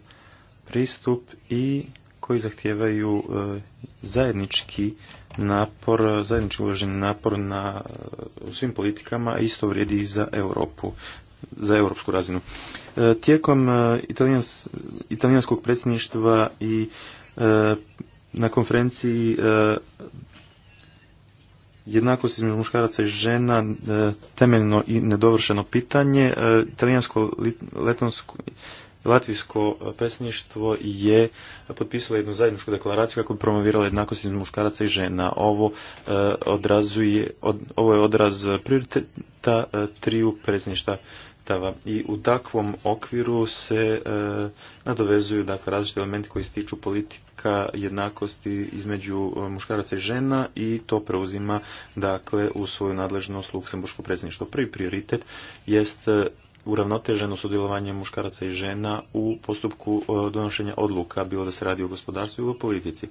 pristup i koji zahtijevaju e, zajednički napor, zajednički uloženi napor na e, svim politikama, a isto vrijedi i za Europu za europsku razinu. E, tijekom italijanskog predsjedništva i na konferenciji jednakost između muškaraca i žena temeljno i nedovršeno pitanje. Italijansko letonsko Latvijsko eh, predsjedništvo je potpisalo jednu zajedničku deklaraciju kako bi promovirala jednakost između muškaraca i žena. Ovo, eh, odrazuje, ovo je odraz prioriteta eh, triju predsjedništva i u takvom okviru se nadovezuju dakle, različiti elementi koji se tiču politika jednakosti između muškaraca i žena i to preuzima dakle, u svoju nadležnost Luksemburško predsjedništvo. Prvi prioritet jest uravnoteženo sudjelovanje muškaraca i žena u postupku e, donošenja odluka, bilo da se radi o gospodarstvu ili o politici.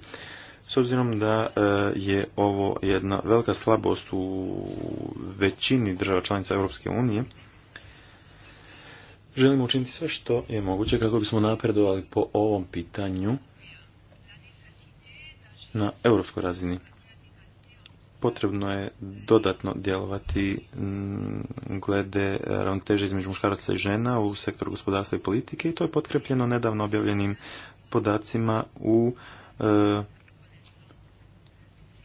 S obzirom da e, je ovo jedna velika slabost u većini država članica Europske unije, želimo učiniti sve što je moguće kako bismo napredovali po ovom pitanju na europskoj razini potrebno je dodatno djelovati mm, glede ravnoteže između muškaraca i žena u sektoru gospodarstva i politike i to je potkrepljeno nedavno objavljenim podacima u e,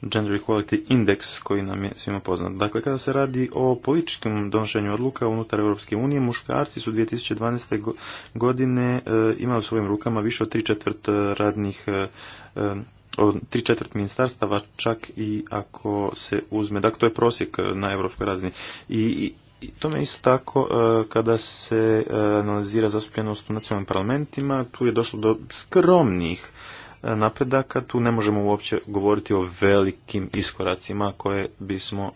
Gender Equality Index koji nam je svima poznat. Dakle, kada se radi o političkom donošenju odluka unutar Europske unije, muškarci su 2012. godine e, imali u svojim rukama više od tri četvrt radnih e, tri četvrt ministarstava čak i ako se uzme, dakle to je prosjek eh, na europskoj razini i i tome isto tako eh, kada se eh, analizira zastupljenost u nacionalnim parlamentima, tu je došlo do skromnih napredaka, tu ne možemo uopće govoriti o velikim iskoracima koje bismo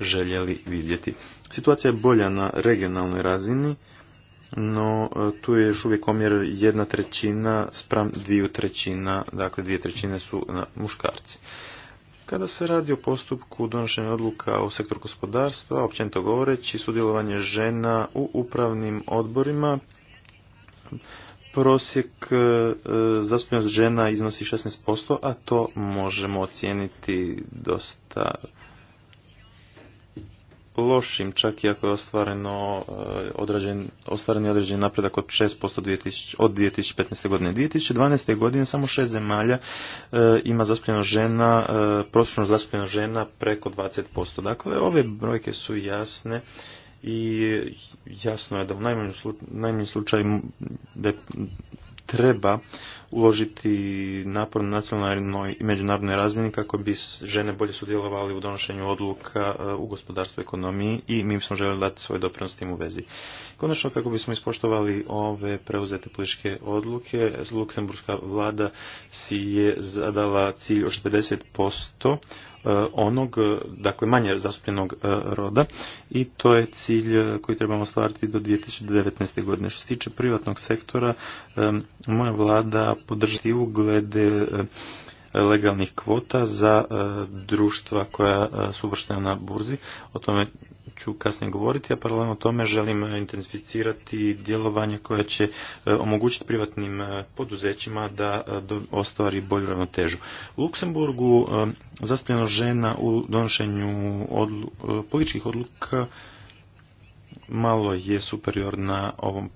željeli vidjeti. Situacija je bolja na regionalnoj razini, no e, tu je još uvijek omjer jedna trećina spram dviju trećina, dakle dvije trećine su na muškarci. Kada se radi o postupku donošenja odluka u sektoru gospodarstva, općenito govoreći, sudjelovanje žena u upravnim odborima, prosjek e, zastupnost žena iznosi 16%, a to možemo ocijeniti dosta lošim, čak i ako je ostvareno e, određen, ostvaren određen napredak od 6% od 2015. godine. 2012. godine samo šest zemalja e, ima zastupljeno žena, e, prosječno zastupljeno žena preko 20%. Dakle, ove brojke su jasne i jasno je da u najmanjim slučaju, da je treba uložiti napor na nacionalnoj i međunarodnoj razini kako bi žene bolje sudjelovali u donošenju odluka e, u gospodarstvu i ekonomiji i mi smo željeli dati svoj doprinos tim u vezi. Konačno, kako bismo ispoštovali ove preuzete političke odluke, luksemburska vlada si je zadala cilj od 40% E, onog, e, dakle manje zastupljenog e, roda i to je cilj koji trebamo ostvariti do 2019. godine. Što se tiče privatnog sektora, moja vlada podržati glede legalnih kvota za e, društva koja e, su uvrštena na burzi. O tome ću kasnije govoriti, a paralelno tome želim e, intensificirati djelovanje koje će omogućiti privatnim poduzećima da ostvari bolju ravnotežu. U Luksemburgu zastupljeno žena u donošenju političkih odluka malo je superior na ovom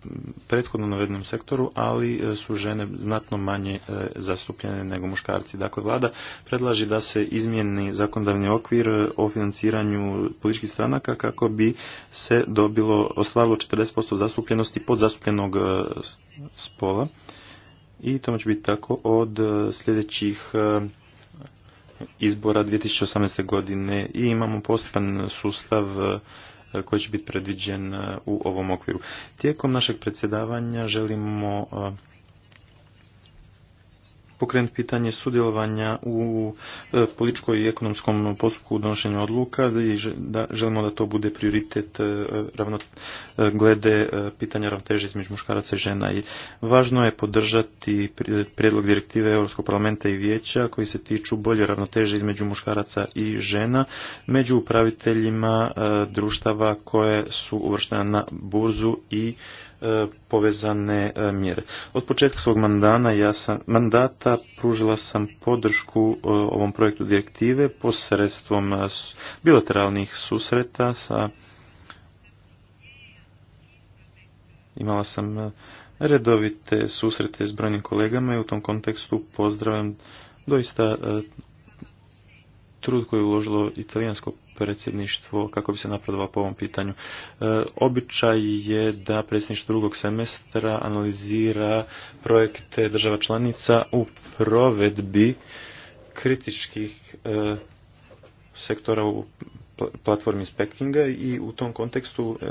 prethodno navedenom sektoru, ali e, su žene znatno manje e, zastupljene nego muškarci. Dakle, vlada predlaži da se izmijeni zakonodavni okvir e, o financiranju političkih stranaka kako bi se dobilo, ostvarilo 40% zastupljenosti podzastupljenog spola. I to će biti tako od sljedećih izbora 2018. godine i imamo postupan sustav E, koji će biti predviđen e, u ovom okviru. Tijekom našeg predsjedavanja želimo e, pokrenuti pitanje sudjelovanja u e, političkoj i ekonomskom postupku donošenja odluka i želimo da to bude prioritet e, ravno, e, glede pitanja ravnoteže između muškaraca i žena. I važno je podržati prijedlog direktive Europskog parlamenta i vijeća koji se tiču bolje ravnoteže između muškaraca i žena među upraviteljima društava koje su uvrštene na burzu i povezane e, mjere. Od početka svog mandana, ja sam, mandata pružila sam podršku e, ovom projektu direktive posredstvom e, bilateralnih susreta sa imala sam redovite susrete s brojnim kolegama i u tom kontekstu pozdravljam doista trud koji je uložilo italijansko predsjedništvo kako bi se napredovalo po ovom pitanju. E, običaj je da predsjedništvo drugog semestra analizira projekte država članica u provedbi kritičkih e, sektora u platformi Spekinga i u tom kontekstu e,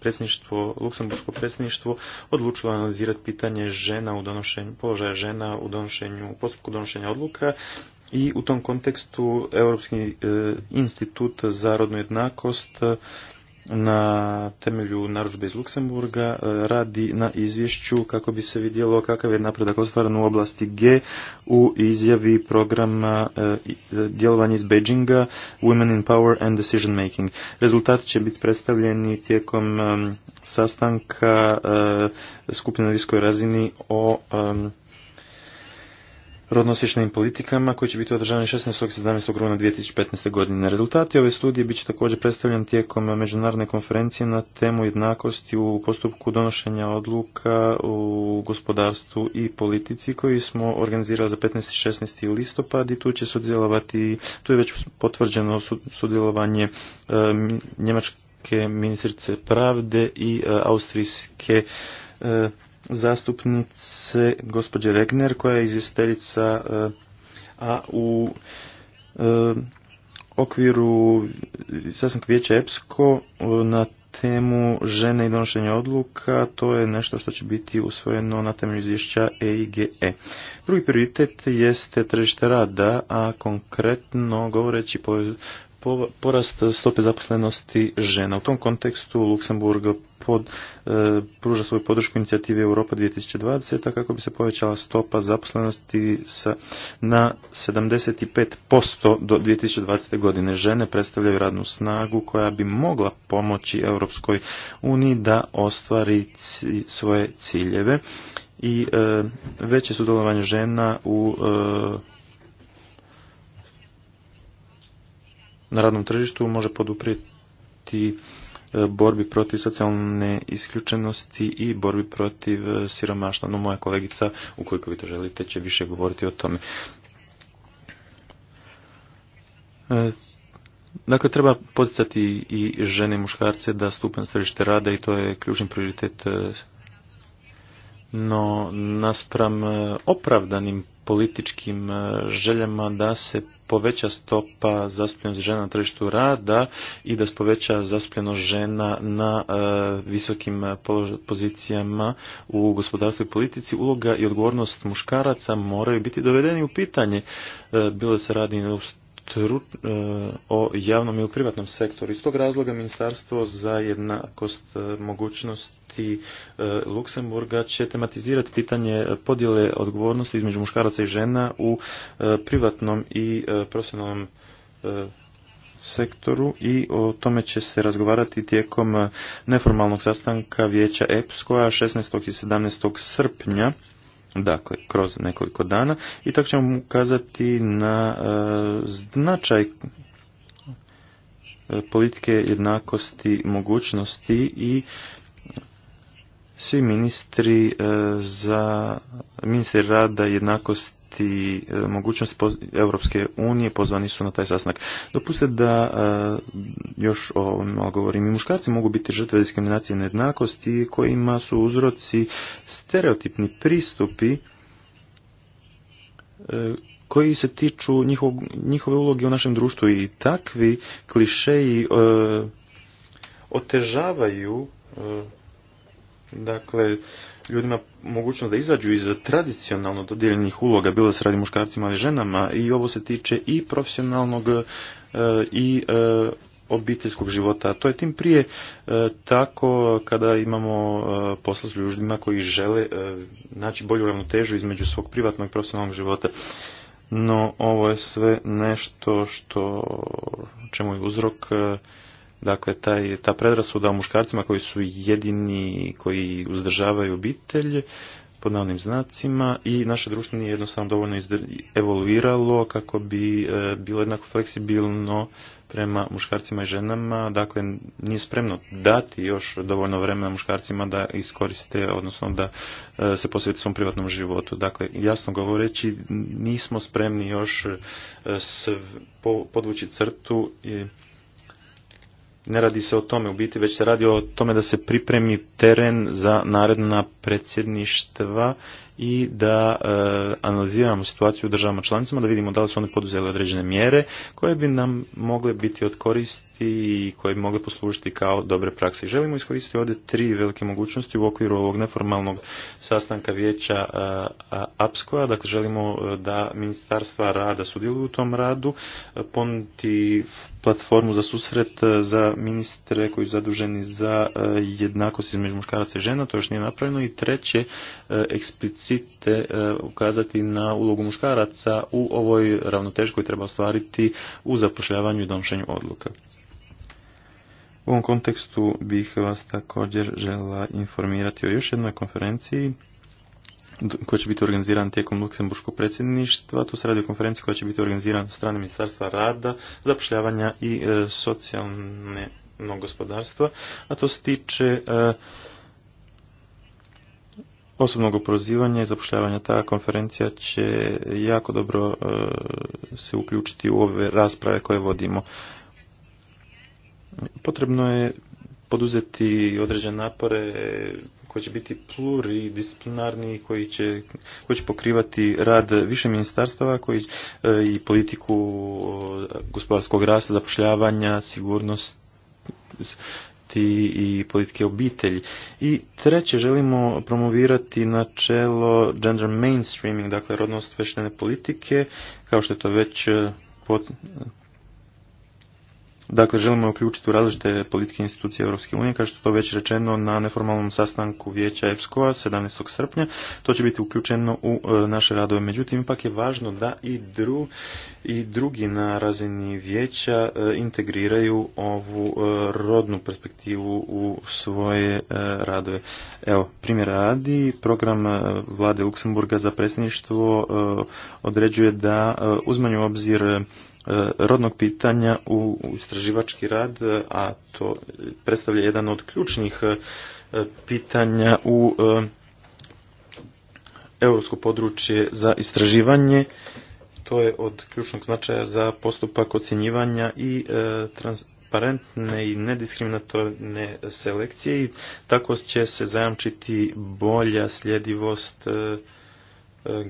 predsjedništvo, luksemburško predsjedništvo odlučilo analizirati pitanje žena u donošenju, položaja žena u donošenju, postupku donošenja odluka i u tom kontekstu Europski e, institut za rodnu jednakost e, na temelju naručbe iz Luksemburga e, radi na izvješću kako bi se vidjelo kakav je napredak ostvaren u oblasti G u izjavi programa djelovanja iz Beijinga Women in Power and Decision Making. Rezultati će biti predstavljeni tijekom sastanka skupine na viskoj razini o rodnosječnim politikama koji će biti održani 16. i 17. rujna 2015. godine. Rezultati ove studije bit će također predstavljeni tijekom međunarodne konferencije na temu jednakosti u postupku donošenja odluka u gospodarstvu i politici koji smo organizirali za 15. i 16. listopad i tu će sudjelovati, tu je već potvrđeno sudjelovanje e, Njemačke ministrice pravde i e, austrijske e, zastupnice gospođe Regner koja je izvjestiteljica eh, a u eh, okviru sasvim vijeća EPSCO eh, na temu žene i donošenja odluka, to je nešto što će biti usvojeno na temelju izvješća EIGE. E. Drugi prioritet jeste tržište rada, a konkretno govoreći porast stope zaposlenosti žena. U tom kontekstu Luksemburg pod, e, pruža svoju podršku inicijative Europa 2020 kako bi se povećala stopa zaposlenosti sa, na 75% do 2020. godine. Žene predstavljaju radnu snagu koja bi mogla pomoći Europskoj uniji da ostvari svoje ciljeve i e, veće sudjelovanje žena u e, na radnom tržištu može poduprijeti e, borbi protiv socijalne isključenosti i borbi protiv e, siromaštva. No, moja kolegica, ukoliko vi to želite, će više govoriti o tome. E, dakle, treba poticati i žene i muškarce da stupe na tržište rada i to je ključni prioritet. No, naspram opravdanim političkim željama da se poveća stopa zastupljenosti žena na tržištu rada i da se poveća zastupljenost žena na e, visokim e, pozicijama u i politici, uloga i odgovornost muškaraca moraju biti dovedeni u pitanje. E, bilo da se radi E, o javnom i u privatnom sektoru. Iz tog razloga Ministarstvo za jednakost e, mogućnosti e, Luksemburga će tematizirati pitanje podjele odgovornosti između muškaraca i žena u privatnom i profesionalnom sektoru i o tome će se razgovarati tijekom neformalnog sastanka vijeća EPSCO-a 16. i 17. srpnja dakle, kroz nekoliko dana i tako ćemo ukazati na e, značaj e, politike jednakosti mogućnosti i svi ministri e, za ministri rada jednakosti e, mogućnosti Europske unije pozvani su na taj sastanak. Dopustite da e, još o malo govorim. I muškarci mogu biti žrtve diskriminacije i nejednakosti kojima su uzroci stereotipni pristupi koji se tiču njihove uloge u našem društvu i takvi klišeji otežavaju dakle, ljudima mogućnost da izađu iz tradicionalno dodijeljenih uloga, bilo da se radi muškarcima ili ženama, i ovo se tiče i profesionalnog e, i e, obiteljskog života. To je tim prije e, tako kada imamo e, posla s ljudima koji žele e, naći bolju ravnotežu između svog privatnog i profesionalnog života. No ovo je sve nešto što čemu je uzrok Dakle, taj, ta predrasuda o muškarcima koji su jedini koji uzdržavaju obitelj pod navnim znacima i naše društvo nije jednostavno dovoljno evoluiralo kako bi e, bilo jednako fleksibilno prema muškarcima i ženama, dakle nije spremno dati još dovoljno vremena muškarcima da iskoriste, odnosno da e, se posvete svom privatnom životu. Dakle, jasno govoreći, nismo spremni još e, s, podvući crtu i ne radi se o tome u biti, već se radi o tome da se pripremi teren za naredna predsjedništva i da eh, analiziramo situaciju u državama članicama, da vidimo da li su one poduzele određene mjere koje bi nam mogle biti od koristi i koje bi mogle poslužiti kao dobre prakse. Želimo iskoristiti ovdje tri velike mogućnosti u okviru ovog neformalnog sastanka vijeća eh, APSKOA, dakle želimo eh, da ministarstva rada sudjeluju u tom radu, poniti platformu za susret za ministre koji su zaduženi za jednakost između muškaraca i žena, to još nije napravljeno i treće eksplicitno politici e, ukazati na ulogu muškaraca u ovoj ravnoteži koju treba ostvariti u zapošljavanju i donošenju odluka. U ovom kontekstu bih vas također žela informirati o još jednoj konferenciji koja će biti organizirana tijekom Luksemburškog predsjedništva. Tu se radi o konferenciji koja će biti organizirana od strane Ministarstva rada, zapošljavanja i e, socijalne gospodarstva, a to se tiče e, osobnog oporezivanja i zapošljavanja. Ta konferencija će jako dobro e, se uključiti u ove rasprave koje vodimo. Potrebno je poduzeti određene napore koji će biti pluridisciplinarni, koji će, koji će pokrivati rad više ministarstava koji, e, i politiku e, gospodarskog rasta, zapošljavanja, sigurnost, i politike obitelji. I treće, želimo promovirati načelo gender mainstreaming, dakle rodno osveštene politike, kao što je to već Dakle, želimo uključiti u različite politike institucije Europske unije, kao što je to već rečeno na neformalnom sastanku vijeća EPSCO-a 17. srpnja. To će biti uključeno u e, naše radove. Međutim, ipak je važno da i, dru, i drugi na razini vijeća e, integriraju ovu e, rodnu perspektivu u svoje radove. Evo, primjer radi, program vlade Luksemburga za predsjedništvo određuje da uzmanju obzir E, rodnog pitanja u istraživački rad, e, a to predstavlja jedan od ključnih e, pitanja u europsko područje za istraživanje. To je od ključnog značaja za postupak ocjenjivanja i transparentne i nediskriminatorne selekcije i tako će se zajamčiti bolja sljedivost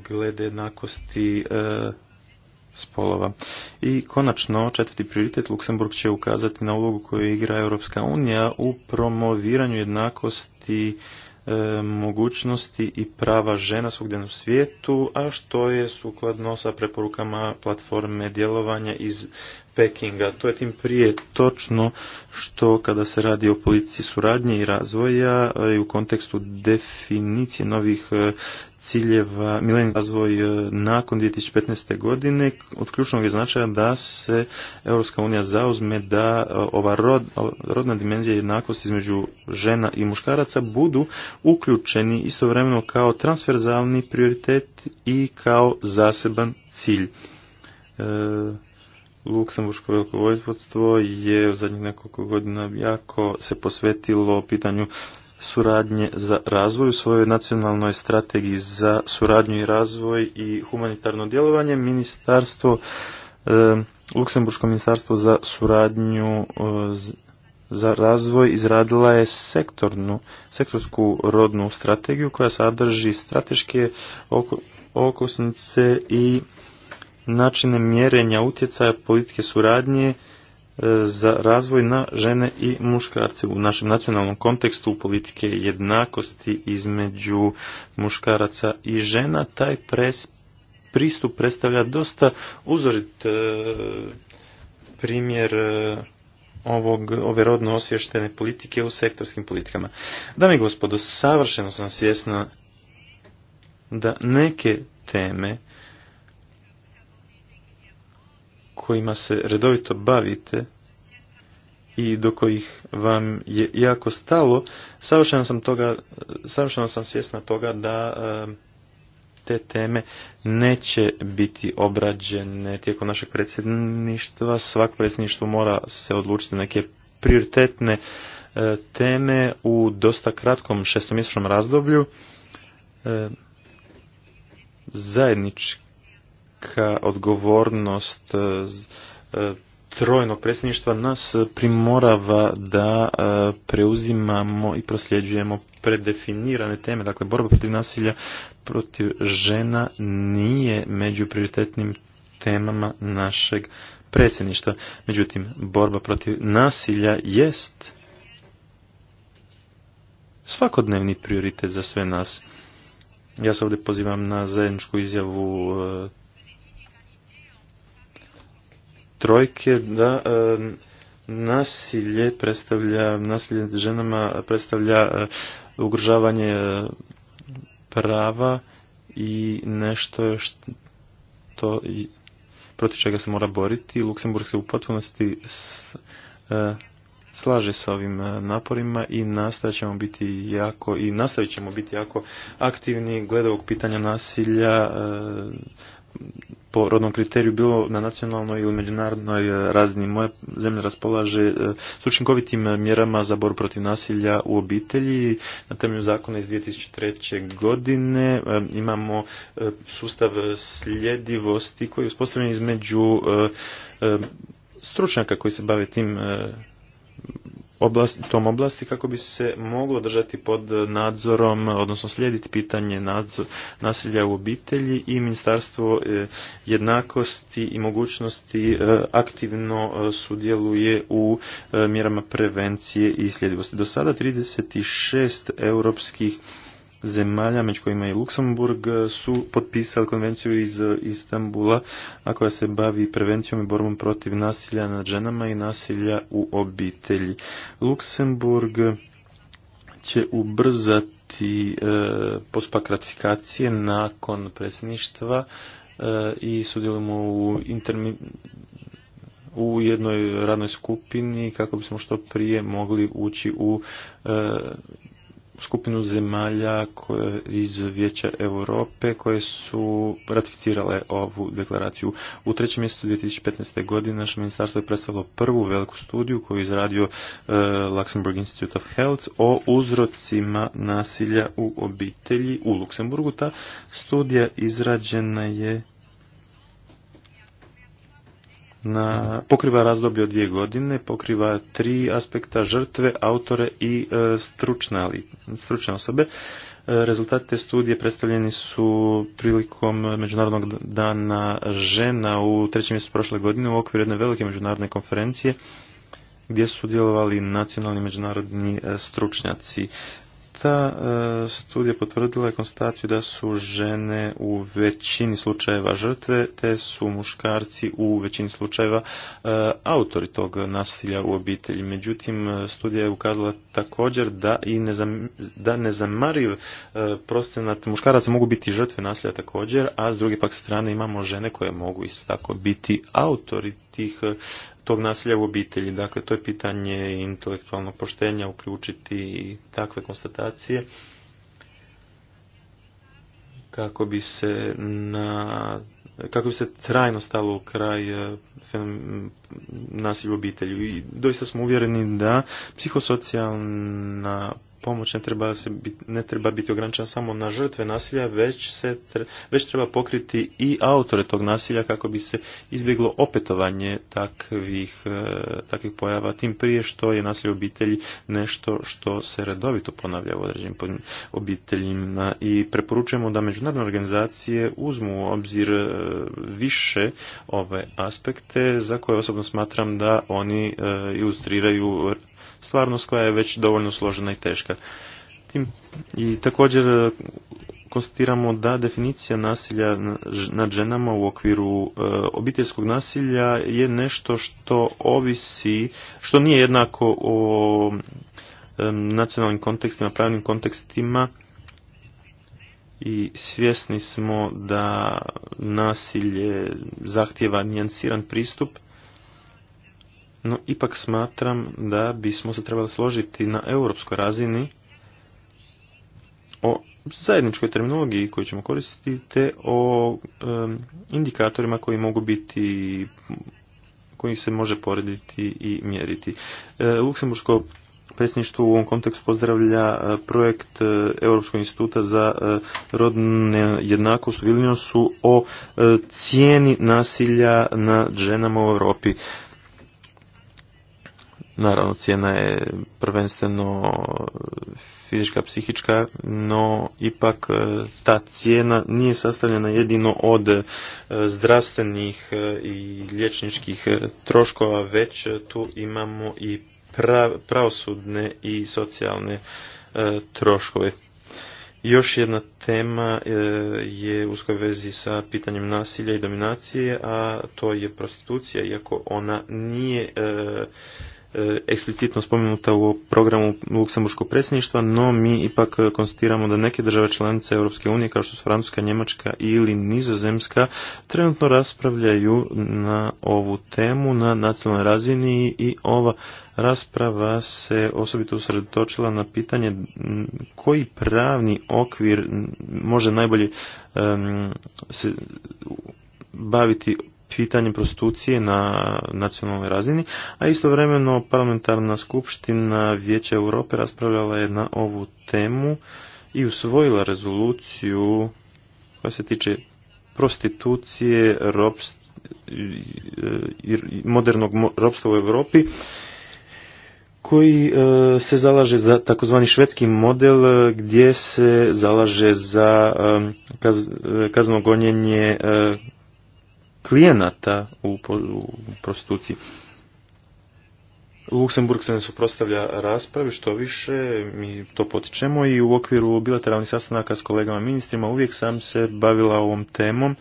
glede jednakosti spolova. I konačno, četvrti prioritet, Luksemburg će ukazati na ulogu koju igra Europska unija u promoviranju jednakosti e, mogućnosti i prava žena svugdje na svijetu, a što je sukladno sa preporukama platforme djelovanja iz Pekinga. To je tim prije točno što kada se radi o politici suradnje i razvoja e, i u kontekstu definicije novih e, ciljeva milenijski razvoj e, nakon 2015. godine od ključnog je značaja da se Europska unija zauzme da ova rodna dimenzija jednakosti između žena i muškaraca budu uključeni istovremeno kao transverzalni prioritet i kao zaseban cilj. Luksemburško veliko je u zadnjih nekoliko godina jako se posvetilo pitanju suradnje za razvoj u svojoj nacionalnoj strategiji za suradnju i razvoj i humanitarno djelovanje ministarstvo e, Luksemburško ministarstvo za suradnju e, za razvoj izradila je sektornu sektorsku rodnu strategiju koja sadrži strateške okosnice i načine mjerenja utjecaja politike suradnje e, za razvoj na žene i muškarce u našem nacionalnom kontekstu politike jednakosti između muškaraca i žena. Taj pristup predstavlja dosta uzorit e, primjer e, ovog, ove rodno osvještene politike u sektorskim politikama. Dame i gospodo, savršeno sam svjesna da neke teme kojima se redovito bavite i do kojih vam je jako stalo, savršeno sam, toga, savršeno sam svjesna toga da eh, te teme neće biti obrađene tijekom našeg predsjedništva. Svako predsjedništvo mora se odlučiti na neke prioritetne eh, teme u dosta kratkom šestomjesečnom razdoblju eh, zajednički odgovornost e, e, trojnog predsjedništva nas primorava da e, preuzimamo i prosljeđujemo predefinirane teme. Dakle, borba protiv nasilja protiv žena nije među prioritetnim temama našeg predsjedništva. Međutim, borba protiv nasilja jest svakodnevni prioritet za sve nas. Ja se ovdje pozivam na zajedničku izjavu trojke da e, nasilje predstavlja, nasilje nad ženama predstavlja e, ugrožavanje e, prava i nešto što protiv čega se mora boriti. Luksemburg se u potpunosti slaže sa ovim naporima i nastavit ćemo biti jako i nastavit ćemo biti jako aktivni glede ovog pitanja nasilja po rodnom kriteriju bilo na nacionalnoj ili međunarodnoj e, razini. Moja zemlja raspolaže e, s učinkovitim e, mjerama za borbu protiv nasilja u obitelji. Na temelju zakona iz 2003. godine imamo sustav sljedivosti koji je uspostavljen između stručnjaka koji se bave tim oblasti, tom oblasti kako bi se moglo držati pod nadzorom, odnosno slijediti pitanje nadzor, nasilja u obitelji i Ministarstvo e, jednakosti i mogućnosti e, aktivno e, sudjeluje u mjerama prevencije i sljedivosti. Do sada 36 europskih zemalja, među kojima i Luksemburg, e, su potpisali konvenciju iz e, Istambula, a koja se bavi prevencijom i borbom protiv nasilja nad ženama i nasilja u obitelji. Luksemburg će ubrzati e, ratifikacije nakon predsjedništva e, i sudjelujemo u u jednoj radnoj skupini kako bismo što prije mogli ući u skupinu zemalja koje, iz Vijeća Europe koje su ratificirale ovu deklaraciju. U trećem mjesecu 2015. godine naše ministarstvo je predstavilo prvu veliku studiju koju je izradio e, Luxembourg Institute of Health o uzrocima nasilja u obitelji u Luksemburgu. Ta studija izrađena je na, pokriva razdoblje od dvije godine, pokriva tri aspekta žrtve, autore i e, stručne osobe. E, rezultati te studije predstavljeni su prilikom Međunarodnog dana žena u trećem mjestu prošle godine u okviru jedne velike međunarodne konferencije gdje su sudjelovali nacionalni međunarodni e, stručnjaci. Ta e, studija potvrdila je konstaciju da su žene u većini slučajeva žrtve, te su muškarci u većini slučajeva e, autori tog nasilja u obitelji. Međutim, studija je ukazala također da i ne da nezamariv e, procenat muškaraca mogu biti žrtve nasilja također, a s druge pak strane imamo žene koje mogu isto tako biti autori tih tog nasilja u obitelji. Dakle, to je pitanje intelektualnog poštenja, uključiti i takve konstatacije kako bi se na kako bi se trajno stalo u kraj e, nasilju obitelji. I doista smo uvjereni da psihosocijalna pomoć ne treba, se biti, ne treba biti ograničena samo na žrtve nasilja, već, se, već treba pokriti i autore tog nasilja kako bi se izbjeglo opetovanje takvih, e, takvih pojava, tim prije što je nasilje obitelji nešto što se redovito ponavlja u određenim obiteljima i preporučujemo da međunarodne organizacije uzmu u obzir e, više ove aspekte za koje osobno smatram da oni e, ilustriraju stvarnost koja je već dovoljno složena i teška. I također e, konstatiramo da definicija nasilja nad ženama u okviru e, obiteljskog nasilja je nešto što ovisi, što nije jednako o e, nacionalnim kontekstima, pravnim kontekstima i svjesni smo da nasilje zahtjeva nijansiran pristup no ipak smatram da bismo se trebali složiti na europskoj razini o zajedničkoj terminologiji koju ćemo koristiti te o indikatorima koji mogu biti koji se može porediti i mjeriti. E, Luksemburško predsjedništvo u ovom kontekstu pozdravlja e, projekt e, Europskog instituta za e, rodne jednakost u Vilniusu o cijeni nasilja nad ženama u Europi. Naravno, cijena je prvenstveno fizička, psihička, no ipak e, ta cijena nije sastavljena jedino od e, zdravstvenih e, i liječničkih troškova, već tu imamo i pravosudne i socijalne troškove. Još jedna tema je u uskoj vezi sa pitanjem nasilja i dominacije, a to je prostitucija, iako ona nije E, eksplicitno spomenuta u programu Luksemburškog predsjedništva, no mi ipak e, konstatiramo da neke države članice Europske unije, kao što su Francuska, Njemačka ili Nizozemska, trenutno raspravljaju na ovu temu na nacionalnoj razini i ova rasprava se osobito usredotočila na pitanje koji pravni okvir može najbolje se baviti pitanje prostitucije na nacionalnoj razini, a istovremeno parlamentarna skupština Vijeća Europe raspravljala je na ovu temu i usvojila rezoluciju koja se tiče prostitucije, i modernog ropstva u Europi koji e, se zalaže za takozvani švedski model e, gdje se zalaže za e, kazno gonjenje klijenata u, prostituciji. Luksemburg se ne suprostavlja raspravi, što više mi to potičemo i u okviru bilateralnih sastanaka s kolegama ministrima uvijek sam se bavila ovom temom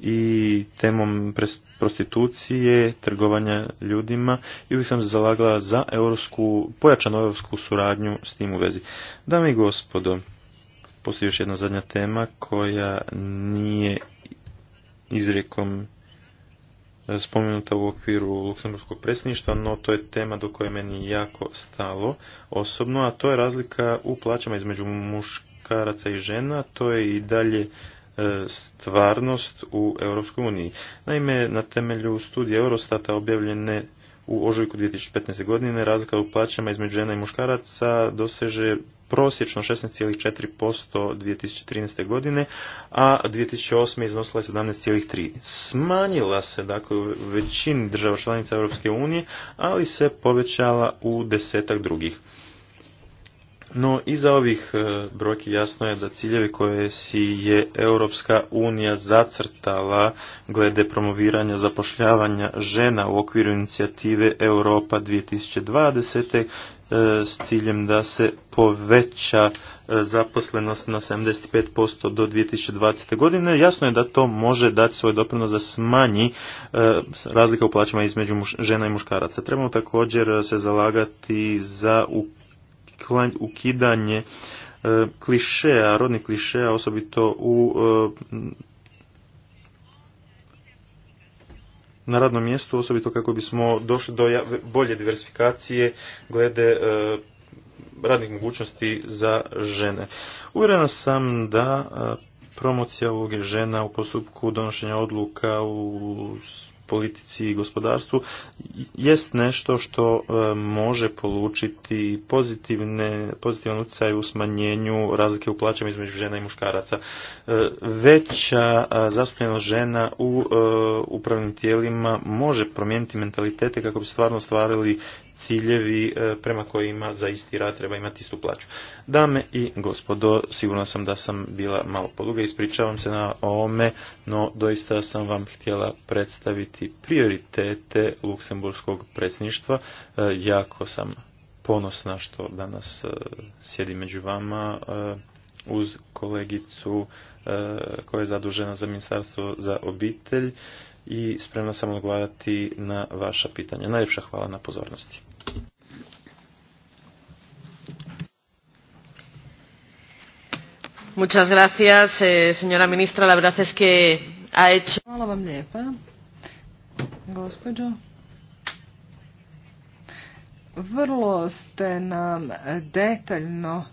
i temom prostitucije, trgovanja ljudima i uvijek sam se zalagala za europsku, pojačanu europsku suradnju s tim u vezi. Dame i gospodo, postoji još jedna zadnja tema koja nije izrijekom e, spomenuta u okviru Luksemburskog predsjedništva, no to je tema do koje meni jako stalo osobno, a to je razlika u plaćama između muškaraca i žena, to je i dalje e, stvarnost u Europskoj uniji. Naime, na temelju studije Eurostata objavljene u ožujku 2015. godine razlika u plaćama između žena i muškaraca doseže prosječno 16,4% 2013. godine, a 2008. iznosila je 17,3%. Smanjila se dakle u većini država članica Europske unije, ali se povećala u desetak drugih. No, iza ovih e, brojki jasno je da ciljevi koje si je Europska unija zacrtala glede promoviranja zapošljavanja žena u okviru inicijative Europa 2020. E, s ciljem da se poveća e, zaposlenost na 75% do 2020. godine. Jasno je da to može dati svoj doprinos da smanji e, razlika u plaćama između žena i muškaraca. Trebamo također se zalagati za ukidanje klišeja, rodnih klišeja, osobito u na radnom mjestu, osobito kako bismo došli do bolje diversifikacije glede e, radnih mogućnosti za žene. Uvjerena sam da e, promocija ovog žena u postupku donošenja odluka u politici i gospodarstvu jest nešto što e, može polučiti pozitivne, pozitivan utjecaj u smanjenju razlike u plaćama između žena i muškaraca. E, veća e, zastupljenost žena u upravnim tijelima može promijeniti mentalitete kako bi stvarno stvarili ciljevi e, prema kojima za isti rad treba imati istu plaću. Dame i gospodo, sigurno sam da sam bila malo poduga, ispričavam se na ovome, no doista sam vam htjela predstaviti prioritete Luksemburskog predsjedništva. E, jako sam ponosna što danas e, sjedi među vama uz kolegicu koja je zadužena za ministarstvo za obitelj i spremna sam odgovarati na vaša pitanja. Najljepša hvala na pozornosti. Muchas gracias, eh, señora ministra. La verdad es que ha hecho... Hvala vam lijepa, gospođo. Vrlo ste nam detaljno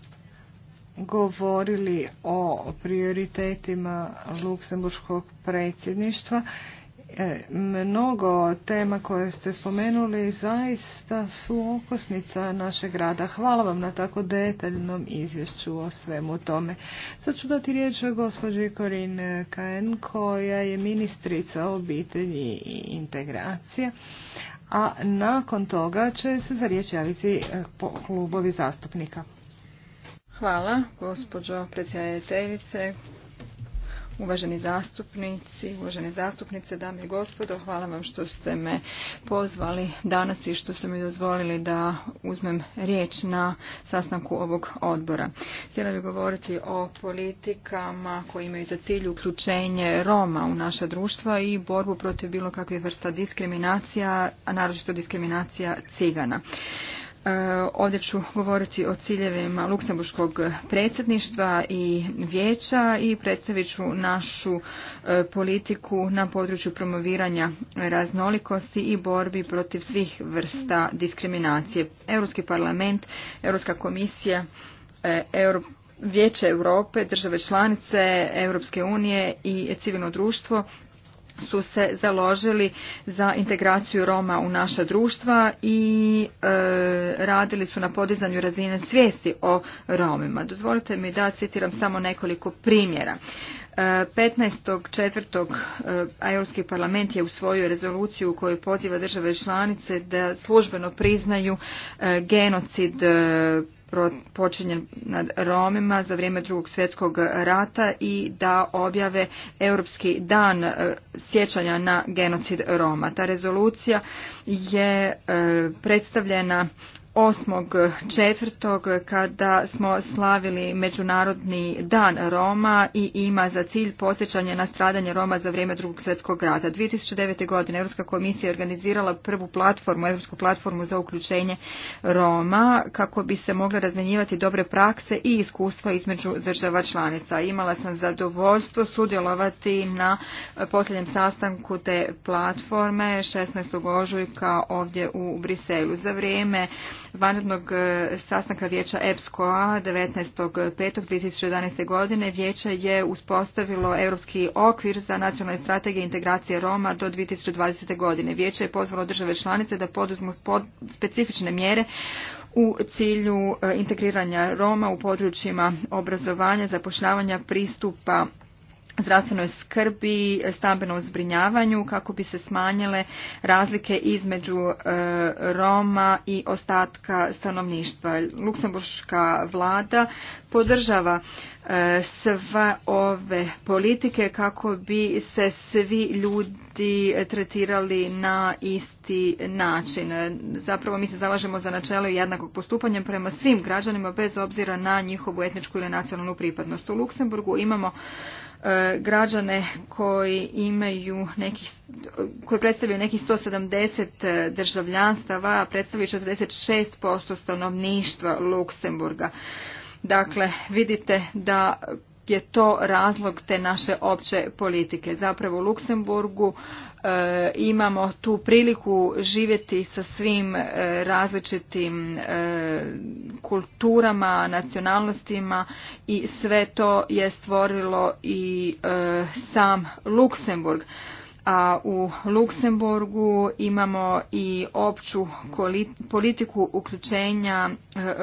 govorili o prioritetima Luksemburškog predsjedništva E, mnogo tema koje ste spomenuli zaista su okosnica našeg rada. Hvala vam na tako detaljnom izvješću o svemu tome. Sad ću dati riječ o gospođi Korin Kajen koja je ministrica obitelji i integracije. A nakon toga će se za riječ javiti e, klubovi zastupnika. Hvala gospođo predsjedateljice, Uvaženi zastupnici, uvažene zastupnice, dame i gospodo, hvala vam što ste me pozvali danas i što ste mi dozvolili da uzmem riječ na sastanku ovog odbora. Htjela bih govoriti o politikama koje imaju za cilj uključenje Roma u naša društva i borbu protiv bilo kakvih vrsta diskriminacija, a naročito diskriminacija cigana. E, ovdje ću govoriti o ciljevima Luksemburškog predsjedništva i vijeća i predstavit ću našu e, politiku na području promoviranja raznolikosti i borbi protiv svih vrsta diskriminacije. Europski parlament, Europska komisija, e, Vijeće Europe, države članice, Europske unije i civilno društvo su se založili za integraciju Roma u naša društva i e, radili su na podizanju razine svijesti o Romima. Dozvolite mi da citiram samo nekoliko primjera. 15.4. E, e, Europski parlament je usvojio rezoluciju u poziva države članice da službeno priznaju genocid počinjen nad Romima za vrijeme drugog svjetskog rata i da objave Europski dan e, sjećanja na genocid Roma. Ta rezolucija je e, predstavljena 8.4. kada smo slavili Međunarodni dan Roma i ima za cilj posjećanje na stradanje Roma za vrijeme drugog svjetskog rata. 2009. godine Europska komisija je organizirala prvu platformu, Europsku platformu za uključenje Roma kako bi se mogle razmjenjivati dobre prakse i iskustva između država članica. Imala sam zadovoljstvo sudjelovati na posljednjem sastanku te platforme 16. ožujka ovdje u Briselu. Za vrijeme vanrednog e, sastanka vijeća EPSCO-a 19.5.2011. godine vijeće je uspostavilo europski okvir za nacionalne strategije integracije Roma do 2020. godine. Vijeće je pozvalo države članice da poduzmu specifične mjere u cilju e, integriranja Roma u područjima obrazovanja, zapošljavanja, pristupa zdravstvenoj skrbi, stambenom zbrinjavanju kako bi se smanjile razlike između e, Roma i ostatka stanovništva. Luksemburška vlada podržava e, sve ove politike kako bi se svi ljudi tretirali na isti način. Zapravo mi se zalažemo za načelo jednakog postupanja prema svim građanima bez obzira na njihovu etničku ili nacionalnu pripadnost. U Luksemburgu imamo E, građane koji imaju nekih, koji predstavljaju nekih 170 e, državljanstava, a predstavljaju 46% stanovništva Luksemburga. Dakle, vidite da je to razlog te naše opće politike. Zapravo u Luksemburgu Eh, imamo tu priliku živjeti sa svim eh, različitim eh, kulturama, nacionalnostima i sve to je stvorilo i sam Luksemburg a u Luksemburgu imamo i opću politiku uključenja e,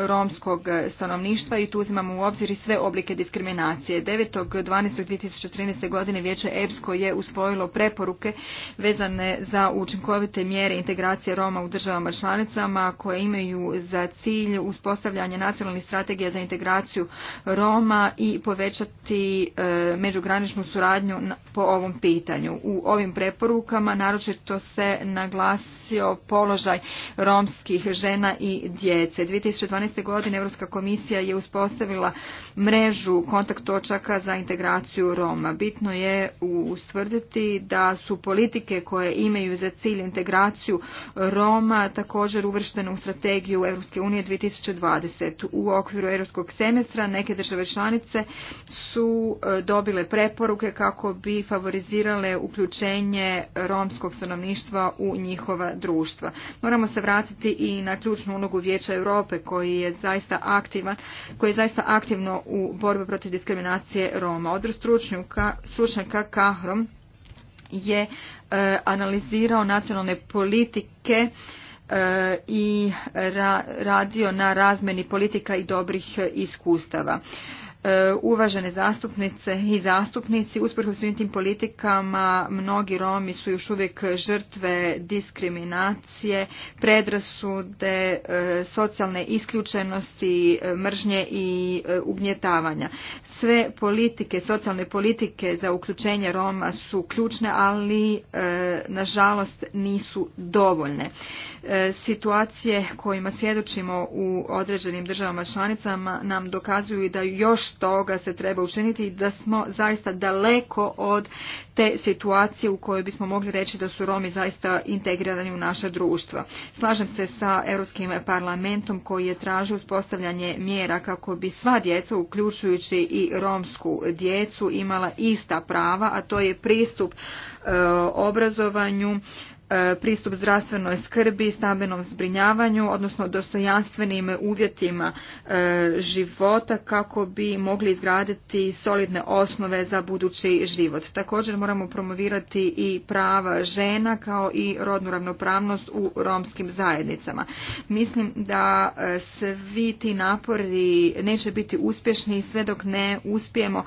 romskog stanovništva i tu uzimamo u obzir i sve oblike diskriminacije. 9.12.2013. godine Vijeće epsko je usvojilo preporuke vezane za učinkovite mjere integracije Roma u državama članicama koje imaju za cilj uspostavljanje nacionalnih strategija za integraciju Roma i povećati e, međugraničnu suradnju po ovom pitanju. U ovim preporukama naročito se naglasio položaj romskih žena i djece. 2012. godine Europska komisija je uspostavila mrežu kontakt točaka za integraciju Roma. Bitno je ustvrditi da su politike koje imaju za cilj integraciju Roma također uvrštene u strategiju Europske unije 2020. U okviru europskog semestra neke države članice su e, dobile preporuke kako bi favorizirale uključenje uključenje romskog stanovništva u njihova društva. Moramo se vratiti i na ključnu ulogu Vijeća Europe koji je zaista aktivan, koji je zaista aktivno u borbi protiv diskriminacije Roma. Odr stručnjaka Kahrom je e, analizirao nacionalne politike e, i radio na razmeni politika i dobrih e, iskustava. E, uvažene zastupnice i zastupnici, usprkos svim tim politikama, mnogi Romi su još uvijek žrtve diskriminacije, predrasude, e, socijalne isključenosti, e, mržnje i ugnjetavanja. Sve politike, socijalne politike za uključenje Roma su ključne, ali nažalost nisu dovoljne. E, situacije kojima svjedočimo u određenim državama članicama nam dokazuju da još toga se treba učiniti i da smo zaista daleko od te situacije u kojoj bismo mogli reći da su Romi zaista integrirani u naše društva. Slažem se sa Europskim parlamentom koji je tražio uspostavljanje mjera kako bi sva djeca, uključujući i romsku djecu, imala ista prava, a to je pristup e, obrazovanju, E, pristup zdravstvenoj skrbi, stambenom zbrinjavanju, odnosno dostojanstvenim uvjetima e, života kako bi mogli izgraditi solidne osnove za budući život. Također moramo promovirati i prava žena kao i rodnu ravnopravnost u romskim zajednicama. Mislim da e, svi ti napori neće biti uspješni sve dok ne uspijemo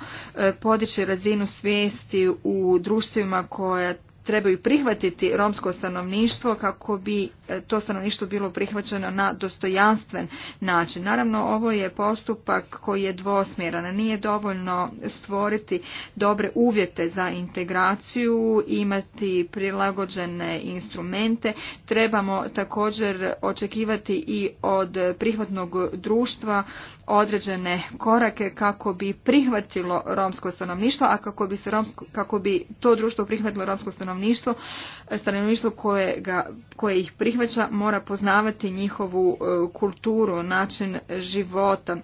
podići razinu svijesti u društvima koja trebaju prihvatiti romsko stanovništvo kako bi e, to stanovništvo bilo prihvaćeno na dostojanstven način. Naravno, ovo je postupak koji je dvosmjeran. Nije dovoljno stvoriti dobre uvjete za integraciju, imati prilagođene instrumente. Trebamo također očekivati i od prihvatnog društva određene korake kako bi prihvatilo romsko stanovništvo, a kako bi, se romsko, kako bi to društvo prihvatilo romsko stanovništvo stanovništvo, stanovništvo koje, ga, koje ih prihvaća mora poznavati njihovu e, kulturu, način života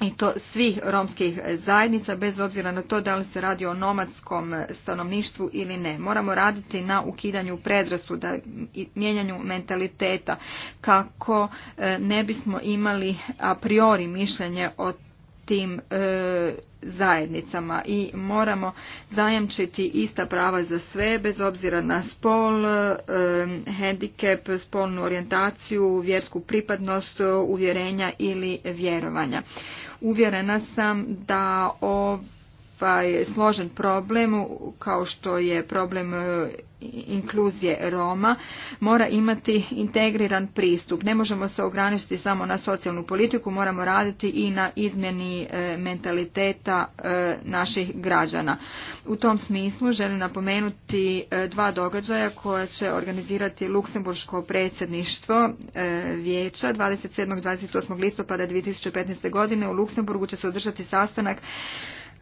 i to svih romskih zajednica bez obzira na to da li se radi o nomadskom stanovništvu ili ne. Moramo raditi na ukidanju predrasuda i mijenjanju mentaliteta kako e, ne bismo imali a priori mišljenje o tim e, zajednicama i moramo zajamčiti ista prava za sve bez obzira na spol, e, hendikep, spolnu orijentaciju, vjersku pripadnost, uvjerenja ili vjerovanja. Uvjerena sam da ova ovaj složen problem kao što je problem e, inkluzije Roma mora imati integriran pristup. Ne možemo se ograničiti samo na socijalnu politiku, moramo raditi i na izmjeni e, mentaliteta e, naših građana. U tom smislu želim napomenuti dva događaja koja će organizirati Luksemburško predsjedništvo vijeća 27. i 28. listopada 2015. godine u Luksemburgu će se održati sastanak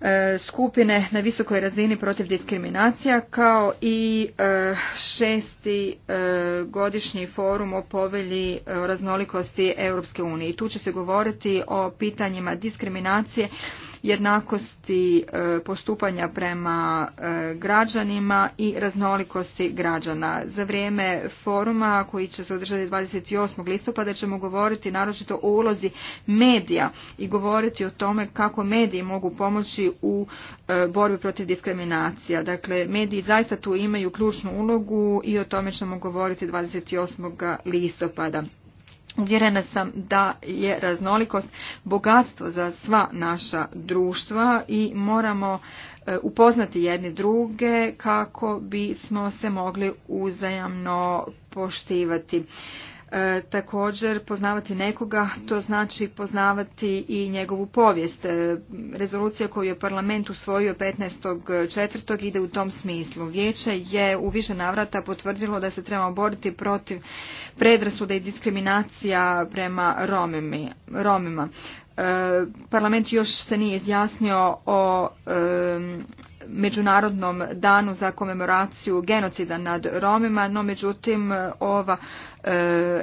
E, skupine na visokoj razini protiv diskriminacija kao i e, šesti e, godišnji forum o povelji raznolikosti Europske unije. Tu će se govoriti o pitanjima diskriminacije jednakosti e, postupanja prema e, građanima i raznolikosti građana. Za vrijeme foruma koji će se održati 28. listopada ćemo govoriti naročito o ulozi medija i govoriti o tome kako mediji mogu pomoći u e, borbi protiv diskriminacija. Dakle, mediji zaista tu imaju ključnu ulogu i o tome ćemo govoriti 28. listopada. Uvjerena sam da je raznolikost bogatstvo za sva naša društva i moramo e, upoznati jedne druge kako bismo se mogli uzajamno poštivati. E, također, poznavati nekoga, to znači poznavati i njegovu povijest. E, rezolucija koju je parlament usvojio 15.4. ide u tom smislu. Vijeće je u više navrata potvrdilo da se trebamo boriti protiv predrasuda i diskriminacija prema Romima. E, parlament još se nije izjasnio o Međunarodnom danu za komemoraciju genocida nad Romima, no međutim ova E,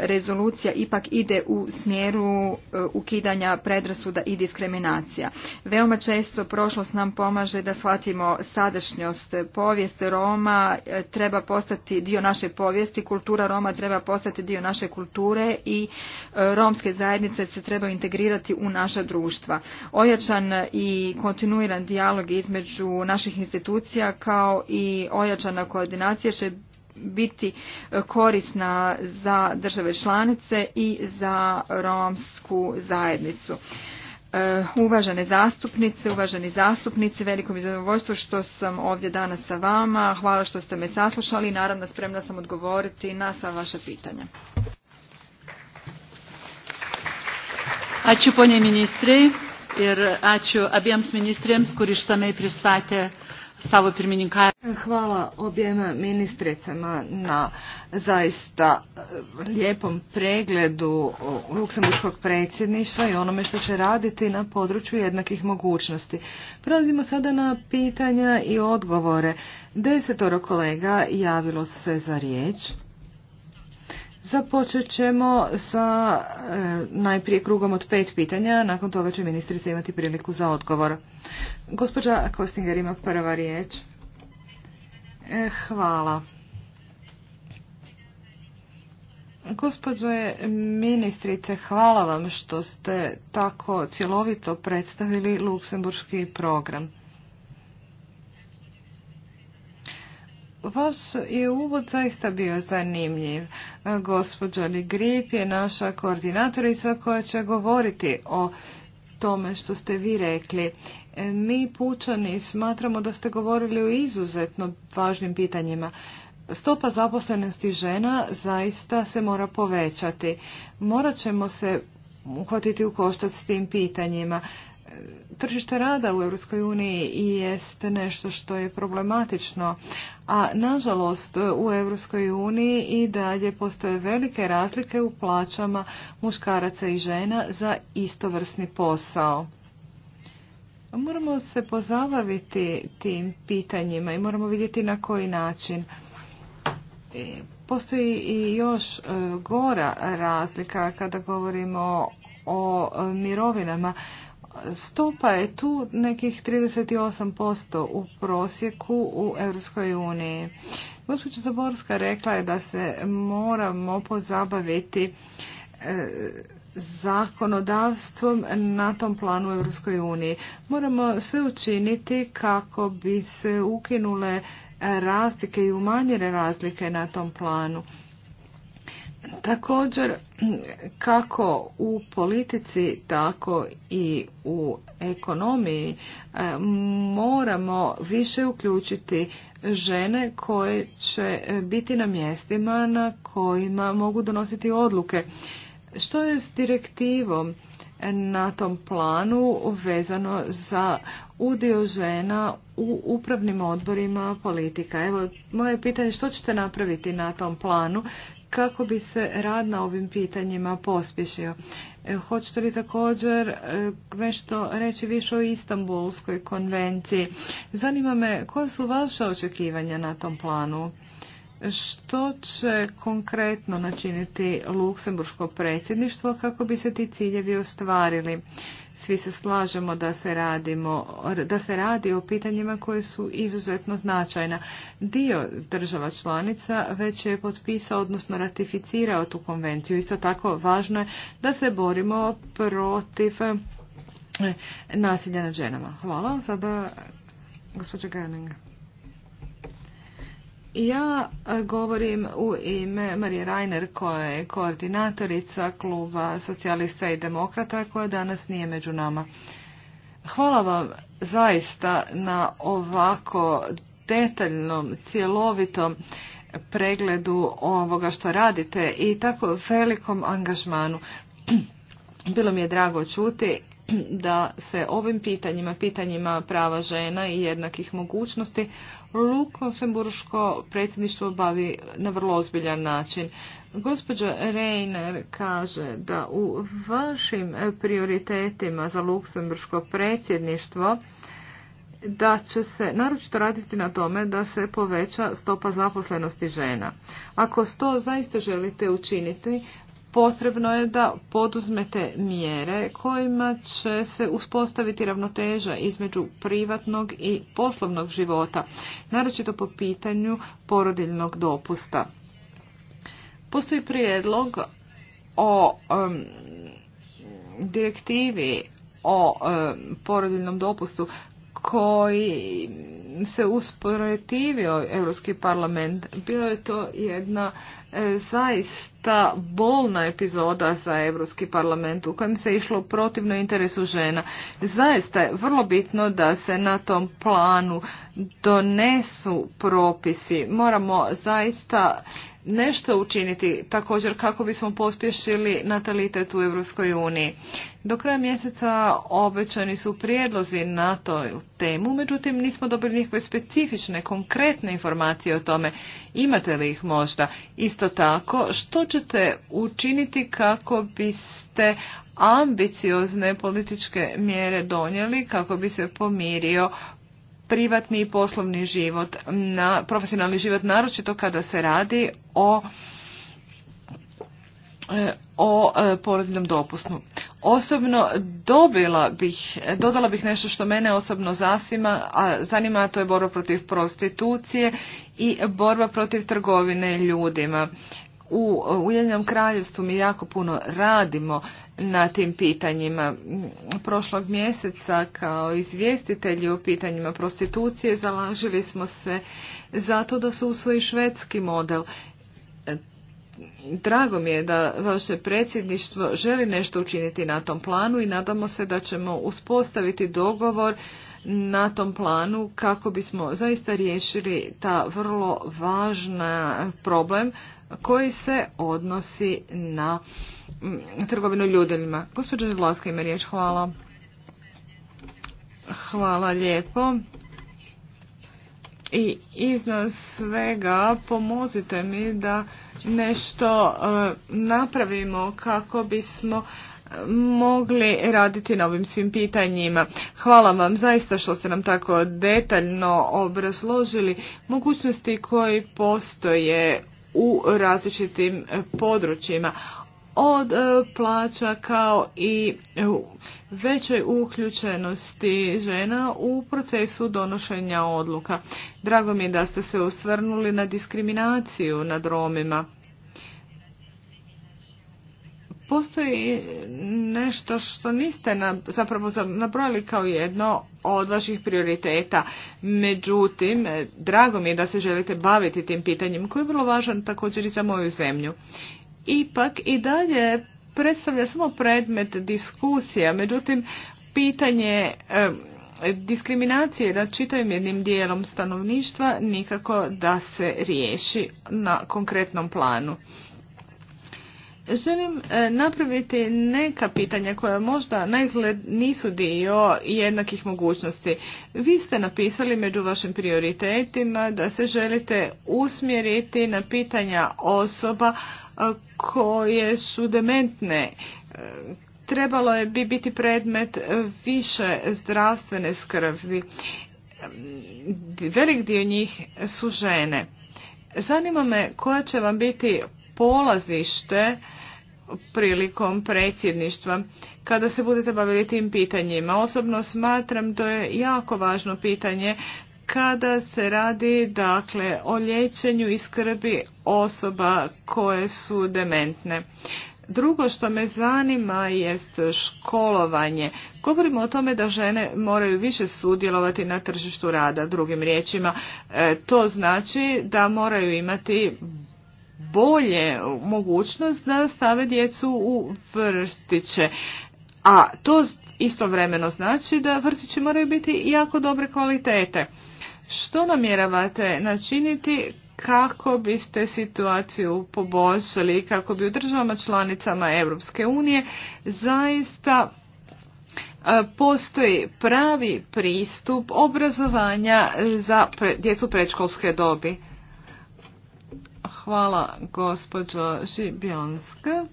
rezolucija ipak ide u smjeru e, ukidanja predrasuda i diskriminacija. Veoma često prošlost nam pomaže da shvatimo sadašnjost. Povijest Roma e, treba postati dio naše povijesti, kultura Roma treba postati dio naše kulture i romske zajednice se treba integrirati u naša društva. Ojačan i kontinuiran dijalog između naših institucija kao i ojačana koordinacija će biti e, korisna za države članice i za romsku zajednicu. E, uvažene zastupnice, uvaženi zastupnici, veliko mi zadovoljstvo što sam ovdje danas sa vama. Hvala što ste me saslušali i naravno spremna sam odgovoriti na sva vaša pitanja. Ačiū ponė ministrai ir ačiū abiems ministriems, kur i pristatė Hvala objema ministricama na zaista e, lijepom pregledu luksemburskog predsjedništva i onome što će raditi na području jednakih mogućnosti. Prelazimo sada na pitanja i odgovore. Desetoro kolega javilo se za riječ. Započet ćemo sa e, najprije krugom od pet pitanja, nakon toga će ministrica imati priliku za odgovor. Gospođa Kostinger ima prva riječ. E, hvala. Gospođe ministrice, hvala vam što ste tako cjelovito predstavili luksemburški program. Vaš je uvod zaista bio zanimljiv. Gospođa Ligrip je naša koordinatorica koja će govoriti o tome što ste vi rekli. Mi pučani smatramo da ste govorili o izuzetno važnim pitanjima. Stopa zaposlenosti žena zaista se mora povećati. Morat ćemo se uhvatiti u koštac s tim pitanjima tržište rada u EU uniji jest nešto što je problematično, a nažalost u EU i dalje postoje velike razlike u plaćama muškaraca i žena za istovrsni posao. Moramo se pozabaviti tim pitanjima i moramo vidjeti na koji način. E, postoji i još e, gora razlika kada govorimo o mirovinama stopa je tu nekih 38% u prosjeku u Europskoj uniji. Gospođa Zaborska rekla je da se moramo pozabaviti e, zakonodavstvom na tom planu u Europskoj uniji. Moramo sve učiniti kako bi se ukinule razlike i umanjene razlike na tom planu. Također, kako u politici, tako i u ekonomiji e, moramo više uključiti žene koje će biti na mjestima na kojima mogu donositi odluke. Što je s direktivom na tom planu vezano za udio žena u upravnim odborima politika? Evo, moje pitanje što ćete napraviti na tom planu kako bi se rad na ovim pitanjima pospješio. E, hoćete li također e, nešto reći više o Istanbulskoj konvenciji? Zanima me koja su vaše očekivanja na tom planu? Što će konkretno načiniti Luksemburško predsjedništvo kako bi se ti ciljevi ostvarili? svi se slažemo da se, radimo, da se radi o pitanjima koje su izuzetno značajna. Dio država članica već je potpisao, odnosno ratificirao tu konvenciju. Isto tako važno je da se borimo protiv eh, nasilja nad ženama. Hvala. Sada gospođa Gajaninga. Ja e, govorim u ime Marije Rajner koja je koordinatorica kluba socijalista i demokrata koja danas nije među nama. Hvala vam zaista na ovako detaljnom, cjelovitom pregledu ovoga što radite i tako velikom angažmanu. Bilo mi je drago čuti da se ovim pitanjima, pitanjima prava žena i jednakih mogućnosti, Luksemburško predsjedništvo bavi na vrlo ozbiljan način. Gospođa Reiner kaže da u vašim prioritetima za Luksemburško predsjedništvo da će se naročito raditi na tome da se poveća stopa zaposlenosti žena. Ako to zaista želite učiniti, potrebno je da poduzmete mjere kojima će se uspostaviti ravnoteža između privatnog i poslovnog života, naročito po pitanju porodiljnog dopusta. Postoji prijedlog o direktivi o um, porodiljnom dopustu koji se usporetivio Europski parlament. Bilo je to jedna e, zaista bolna epizoda za Europski parlament u kojem se išlo protivno interesu žena. Zaista je vrlo bitno da se na tom planu donesu propisi. Moramo zaista nešto učiniti također kako bismo pospješili natalitet u Europskoj uniji. Do kraja mjeseca obećani su prijedlozi na toj temu, međutim nismo dobili nikakve specifične, konkretne informacije o tome. Imate li ih možda? Isto tako, što ćete učiniti kako biste ambiciozne političke mjere donijeli kako bi se pomirio privatni i poslovni život, na profesionalni život, naročito kada se radi o e, o e, porodnom dopusnu. Osobno dobila bih, dodala bih nešto što mene osobno zasima, a zanima, to je borba protiv prostitucije i borba protiv trgovine ljudima u Ujedinjenom kraljevstvu mi jako puno radimo na tim pitanjima. Prošlog mjeseca kao izvjestitelji o pitanjima prostitucije zalažili smo se zato da se usvoji švedski model. Drago mi je da vaše predsjedništvo želi nešto učiniti na tom planu i nadamo se da ćemo uspostaviti dogovor na tom planu kako bismo zaista riješili ta vrlo važna problem koji se odnosi na mm, trgovinu ljudima. Gospođa Vlaska ima riječ, hvala. Hvala lijepo. I iznad svega pomozite mi da nešto e, napravimo kako bismo e, mogli raditi na ovim svim pitanjima. Hvala vam zaista što ste nam tako detaljno obrazložili mogućnosti koji postoje u različitim e, područjima od e, plaća kao i e, većoj uključenosti žena u procesu donošenja odluka. Drago mi je da ste se osvrnuli na diskriminaciju nad Romima. Postoji nešto što niste zapravo nabrojali kao jedno od vaših prioriteta. Međutim, drago mi je da se želite baviti tim pitanjem koji je vrlo važan također i za moju zemlju. Ipak i dalje predstavlja samo predmet diskusija, međutim, pitanje diskriminacije nad čitavim jednim dijelom stanovništva nikako da se riješi na konkretnom planu. Želim e, napraviti neka pitanja koja možda na izgled nisu dio jednakih mogućnosti. Vi ste napisali među vašim prioritetima da se želite usmjeriti na pitanja osoba e, koje su dementne. E, trebalo je bi biti predmet više zdravstvene skrbi. Velik dio njih su žene. Zanima me koja će vam biti polazište prilikom predsjedništva kada se budete bavili tim pitanjima. Osobno smatram to je jako važno pitanje kada se radi dakle o liječenju i skrbi osoba koje su dementne. Drugo što me zanima jest školovanje. Govorimo o tome da žene moraju više sudjelovati na tržištu rada, drugim riječima. E, to znači da moraju imati bolje mogućnost da stave djecu u vrstiće. A to istovremeno znači da vrtići moraju biti jako dobre kvalitete. Što namjeravate načiniti kako biste situaciju poboljšali kako bi u državama članicama Europske unije zaista e, postoji pravi pristup obrazovanja za djecu predškolske dobi? Hvala gospođo Žibjonska.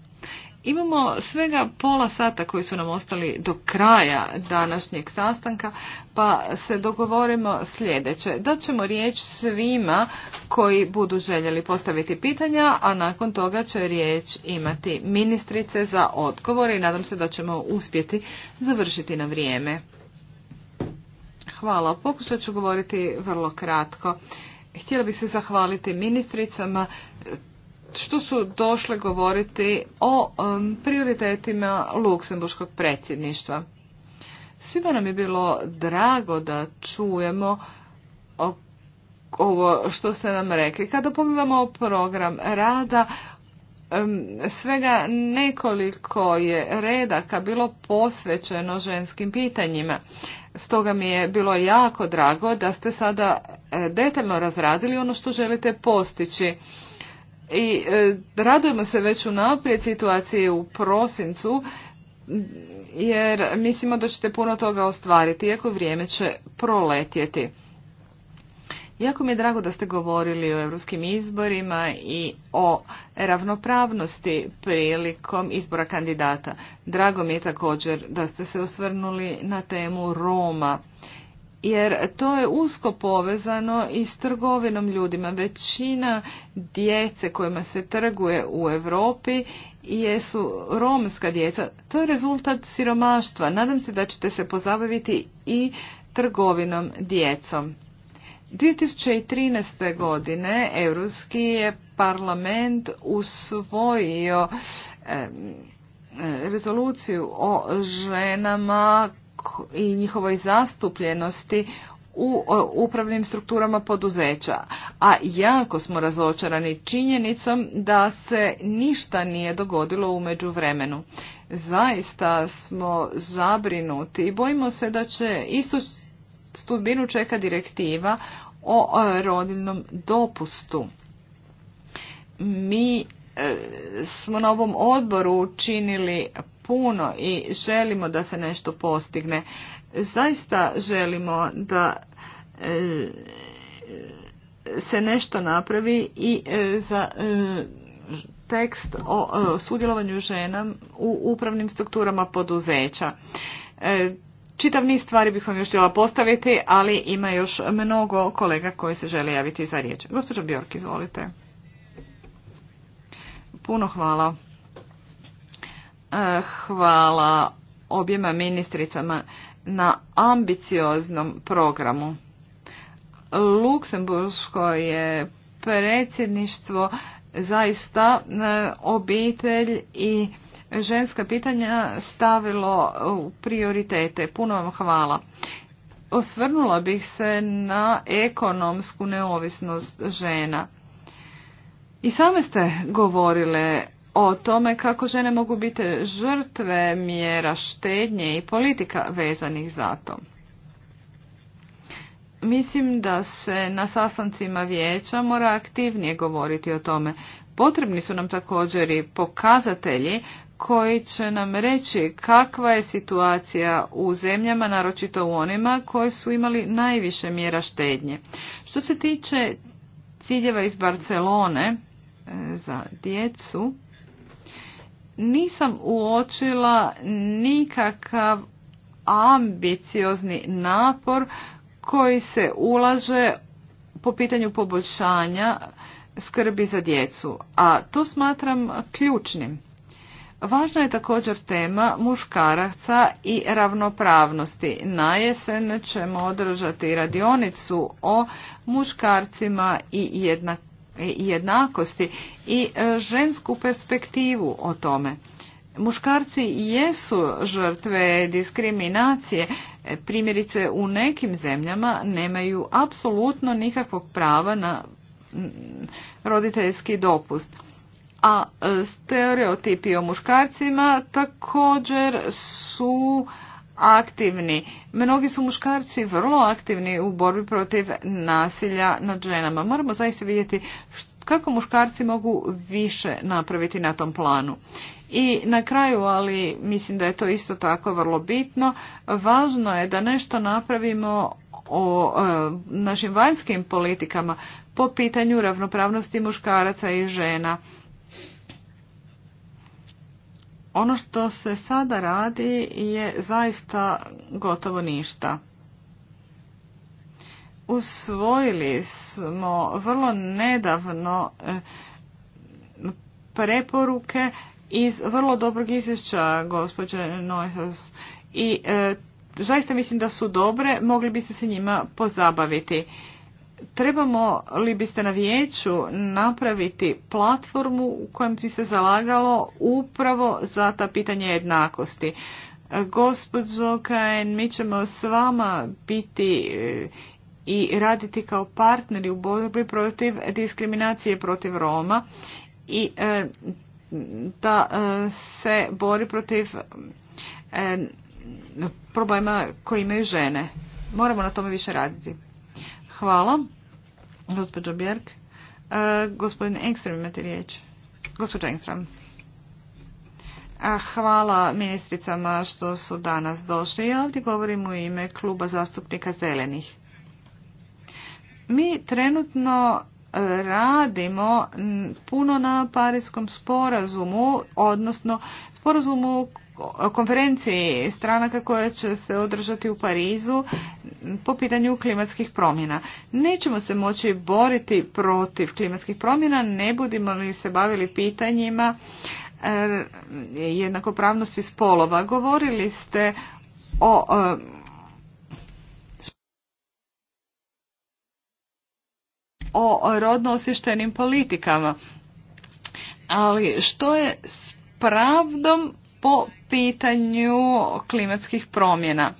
Imamo svega pola sata koji su nam ostali do kraja današnjeg sastanka, pa se dogovorimo sljedeće. Da ćemo riječ svima koji budu željeli postaviti pitanja, a nakon toga će riječ imati ministrice za odgovore i nadam se da ćemo uspjeti završiti na vrijeme. Hvala, pokušat ću govoriti vrlo kratko. Htjela bih se zahvaliti ministricama što su došle govoriti o prioritetima luksemburškog predsjedništva. Svima nam je bilo drago da čujemo ovo što ste nam rekli. Kada pogledamo program rada, svega nekoliko je redaka bilo posvećeno ženskim pitanjima. Stoga mi je bilo jako drago da ste sada e, detaljno razradili ono što želite postići. I e, radujemo se već u naprijed u prosincu, jer mislimo da ćete puno toga ostvariti, iako vrijeme će proletjeti. Jako mi je drago da ste govorili o europskim izborima i o ravnopravnosti prilikom izbora kandidata. Drago mi je također da ste se osvrnuli na temu Roma jer to je usko povezano i s trgovinom ljudima. Većina djece kojima se trguje u Europi jesu romska djeca. To je rezultat siromaštva. Nadam se da ćete se pozabaviti i trgovinom djecom. 2013. godine Europski je parlament usvojio rezoluciju o ženama i njihovoj zastupljenosti u upravnim strukturama poduzeća. A jako smo razočarani činjenicom da se ništa nije dogodilo u međuvremenu. Zaista smo zabrinuti i bojimo se da će isto sudbinu čeka direktiva o rodilnom dopustu. Mi e, smo na ovom odboru učinili puno i želimo da se nešto postigne. Zaista želimo da e, se nešto napravi i e, za tekst o sudjelovanju žena u upravnim strukturama poduzeća. Čitav niz stvari bih vam još htjela postaviti, ali ima još mnogo kolega koji se žele javiti za riječ. Gospođo Bjork, izvolite. Puno hvala. Eh, hvala objema ministricama na ambicioznom programu. Luksemburško je predsjedništvo zaista eh, obitelj i ženska pitanja stavilo u prioritete. Puno vam hvala. Osvrnula bih se na ekonomsku neovisnost žena. I same ste govorile o tome kako žene mogu biti žrtve mjera štednje i politika vezanih za to. Mislim da se na sastancima vijeća mora aktivnije govoriti o tome. Potrebni su nam također i pokazatelji koji će nam reći kakva je situacija u zemljama, naročito u onima koje su imali najviše mjera štednje. Što se tiče ciljeva iz Barcelone e, za djecu, nisam uočila nikakav ambiciozni napor koji se ulaže po pitanju poboljšanja skrbi za djecu, a to smatram ključnim. Važna je također tema muškaraca i ravnopravnosti. Na jesen ćemo održati radionicu o muškarcima i jednakosti i e, žensku perspektivu o tome. Muškarci jesu žrtve diskriminacije, e, primjerice u nekim zemljama nemaju apsolutno nikakvog prava na roditeljski dopust a e, stereotipi o muškarcima također su aktivni. Mnogi su muškarci vrlo aktivni u borbi protiv nasilja nad ženama. Moramo zaista vidjeti kako muškarci mogu više napraviti na tom planu. I na kraju, ali mislim da je to isto tako vrlo bitno, važno je da nešto napravimo o e, našim vanjskim politikama po pitanju ravnopravnosti muškaraca i žena. Ono što se sada radi je zaista gotovo ništa. Usvojili smo vrlo nedavno e, preporuke iz vrlo dobrog izvješća gospođe Noisas i e, zaista mislim da su dobre, mogli biste se njima pozabaviti. Trebamo li biste na vijeću napraviti platformu u kojem bi se zalagalo upravo za ta pitanja jednakosti? Gospođo Kajen, mi ćemo s vama biti e, i raditi kao partneri u borbi protiv diskriminacije protiv Roma i e, da e, se bori protiv problema koji imaju žene. Moramo na tome više raditi. Hvala. Gospođo Bjerg. E, gospodin imate riječ. Gospođa Hvala ministricama što su danas došli. Ja ovdje govorim u ime kluba zastupnika zelenih. Mi trenutno e, radimo puno na parijskom sporazumu, odnosno sporazumu konferenciji stranaka koja će se održati u Parizu po pitanju klimatskih promjena. Nećemo se moći boriti protiv klimatskih promjena, ne budimo li se bavili pitanjima er, jednakopravnosti spolova. Govorili ste o e, o rodno osještenim politikama. Ali što je s pravdom po pitanju klimatskih promjena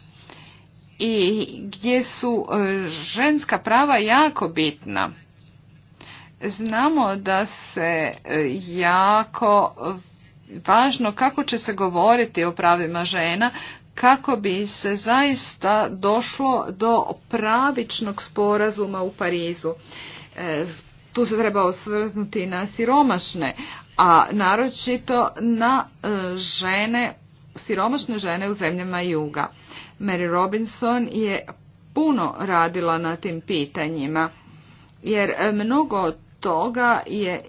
i gdje su e, ženska prava jako bitna. Znamo da se e, jako važno kako će se govoriti o pravima žena kako bi se zaista došlo do pravičnog sporazuma u Parizu. E, tu se treba osvrnuti na siromašne, a naročito na e, žene, siromašne žene u zemljama juga. Mary Robinson je puno radila na tim pitanjima jer e, mnogo toga je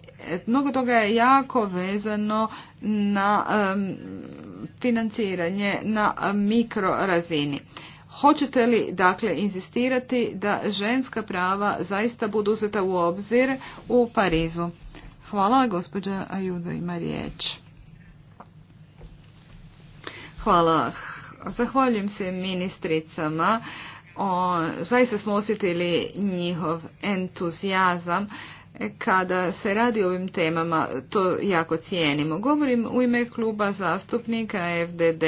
mnogo toga je jako vezano na e, financiranje na mikrorazini. Hoćete li dakle inzistirati da ženska prava zaista budu uzeta u obzir u Parizu? Hvala, gospođa Ajudo ima riječ. Hvala. Zahvaljujem se ministricama. zaista smo osjetili njihov entuzijazam kada se radi o ovim temama, to jako cijenimo. Govorim u ime kluba zastupnika FDD.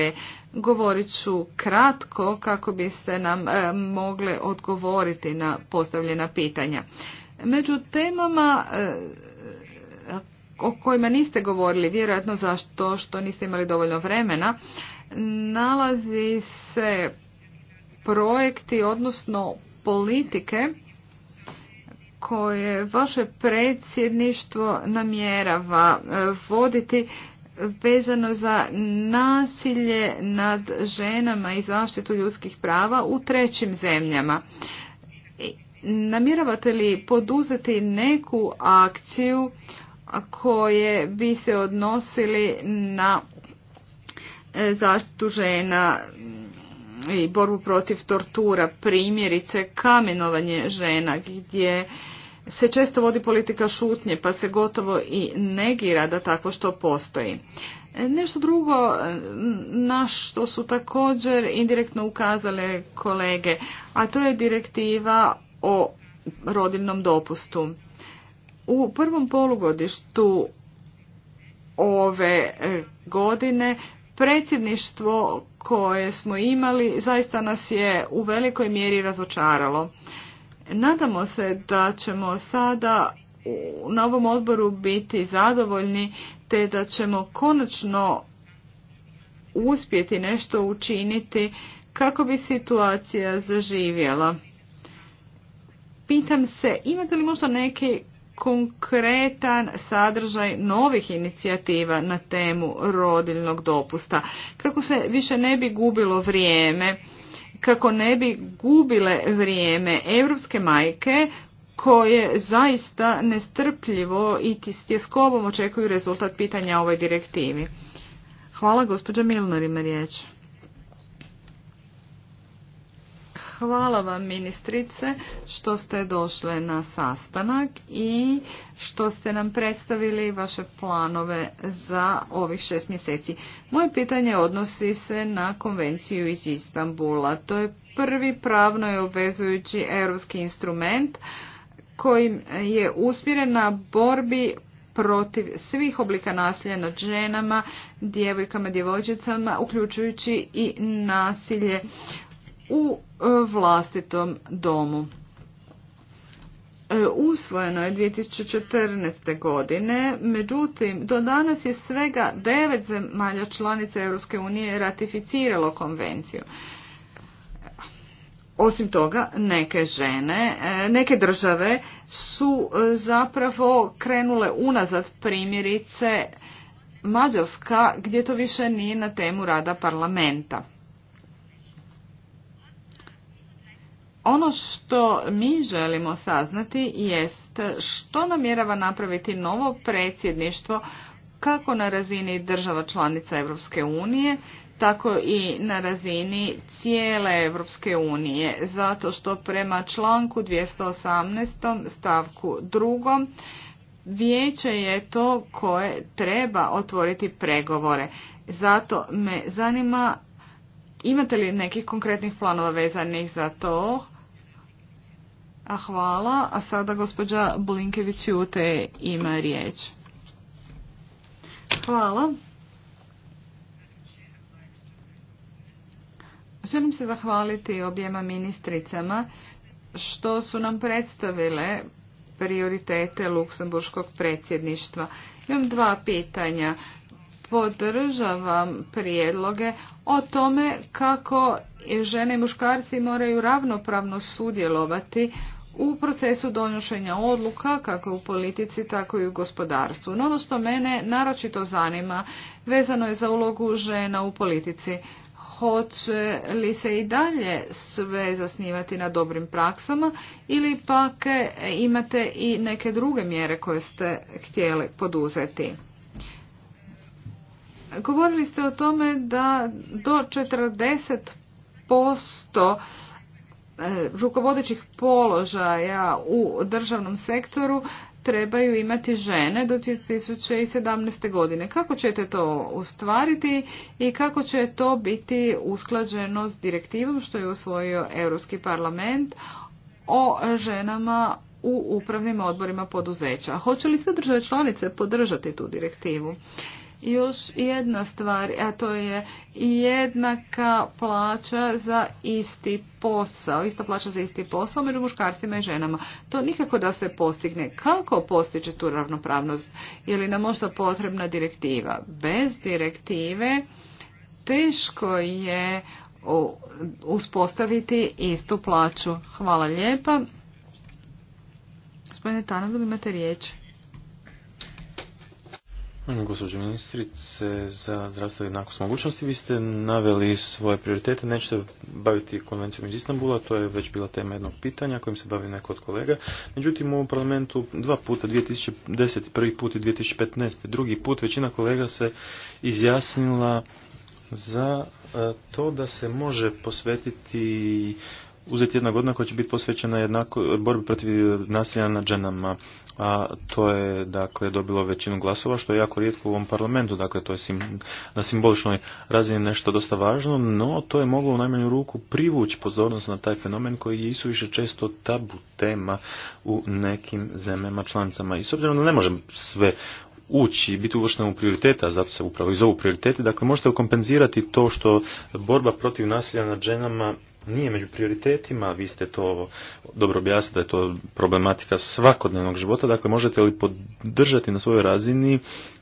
Govorit ću kratko kako biste nam e, mogle odgovoriti na postavljena pitanja. Među temama e, o kojima niste govorili, vjerojatno zašto što niste imali dovoljno vremena, nalazi se projekti, odnosno politike koje vaše predsjedništvo namjerava e, voditi vezano za nasilje nad ženama i zaštitu ljudskih prava u trećim zemljama. E, namjeravate li poduzeti neku akciju koje bi se odnosili na e, zaštitu žena i borbu protiv tortura, primjerice kamenovanje žena gdje se često vodi politika šutnje pa se gotovo i negira da tako što postoji. Nešto drugo na što su također indirektno ukazale kolege, a to je direktiva o rodilnom dopustu. U prvom polugodištu ove godine predsjedništvo koje smo imali zaista nas je u velikoj mjeri razočaralo. Nadamo se da ćemo sada na ovom odboru biti zadovoljni te da ćemo konačno uspjeti nešto učiniti kako bi situacija zaživjela. Pitam se, imate li možda neki konkretan sadržaj novih inicijativa na temu rodiljnog dopusta. Kako se više ne bi gubilo vrijeme, kako ne bi gubile vrijeme europske majke koje zaista nestrpljivo i tjeskobom očekuju rezultat pitanja ovoj direktivi. Hvala gospođa Milner ima riječ. Hvala vam ministrice što ste došle na sastanak i što ste nam predstavili vaše planove za ovih šest mjeseci. Moje pitanje odnosi se na konvenciju iz Istambula. To je prvi pravno i obvezujući europski instrument koji je usmjeren na borbi protiv svih oblika nasilja nad ženama, djevojkama, djevojčicama, uključujući i nasilje u e, vlastitom domu. E, usvojeno je 2014. godine, međutim, do danas je svega devet zemalja članica Europske unije ratificiralo konvenciju. Osim toga, neke žene, e, neke države su zapravo krenule unazad primjerice Mađarska, gdje to više nije na temu rada parlamenta. Ono što mi želimo saznati jest što namjerava napraviti novo predsjedništvo kako na razini država članica Europske unije, tako i na razini cijele Europske unije, zato što prema članku 218. stavku 2. Vijeće je to koje treba otvoriti pregovore. Zato me zanima imate li nekih konkretnih planova vezanih za to? Hvala. A sada gospođa Blinkević Jute ima riječ. Hvala. Želim se zahvaliti objema ministricama što su nam predstavile prioritete luksemburškog predsjedništva. Imam dva pitanja. Podržavam prijedloge o tome kako žene i muškarci moraju ravnopravno sudjelovati u procesu donošenja odluka kako u politici tako i u gospodarstvu. No ono što mene naročito zanima vezano je za ulogu žena u politici. Hoće li se i dalje sve zasnivati na dobrim praksama ili pak e, imate i neke druge mjere koje ste htjeli poduzeti? Govorili ste o tome da do 40% E, rukovodećih položaja u državnom sektoru trebaju imati žene do 2017. godine. Kako ćete to ustvariti i kako će to biti usklađeno s direktivom što je usvojio Europski parlament o ženama u upravnim odborima poduzeća. Hoće li sve države članice podržati tu direktivu? još jedna stvar, a to je jednaka plaća za isti posao, ista plaća za isti posao među muškarcima i ženama. To nikako da se postigne. Kako postići tu ravnopravnost? Je li nam možda potrebna direktiva? Bez direktive teško je uspostaviti istu plaću. Hvala lijepa. Gospodine Tanov, imate riječ? Gospođo ministrice, za zdravstvo jednakost mogućnosti, vi ste naveli svoje prioritete, nećete baviti konvencijom iz Istanbula, to je već bila tema jednog pitanja kojim se bavi neko od kolega. Međutim, u parlamentu dva puta, 2010. prvi put i 2015. drugi put, većina kolega se izjasnila za e, to da se može posvetiti uzeti jedna godina koja će biti posvećena jednako, borbi protiv nasilja nad ženama, a to je dakle dobilo većinu glasova, što je jako rijetko u ovom parlamentu, dakle to je na simboličnoj razini nešto dosta važno, no to je moglo u najmanju ruku privući pozornost na taj fenomen koji je više često tabu tema u nekim zemljama članicama. I s obzirom da ne možemo sve ući i biti uvršteno u prioriteta, zato se upravo i zovu prioriteti, dakle možete kompenzirati to što borba protiv nasilja nad ženama nije među prioritetima, vi ste to dobro objasnili da je to problematika svakodnevnog života, dakle možete li podržati na svojoj razini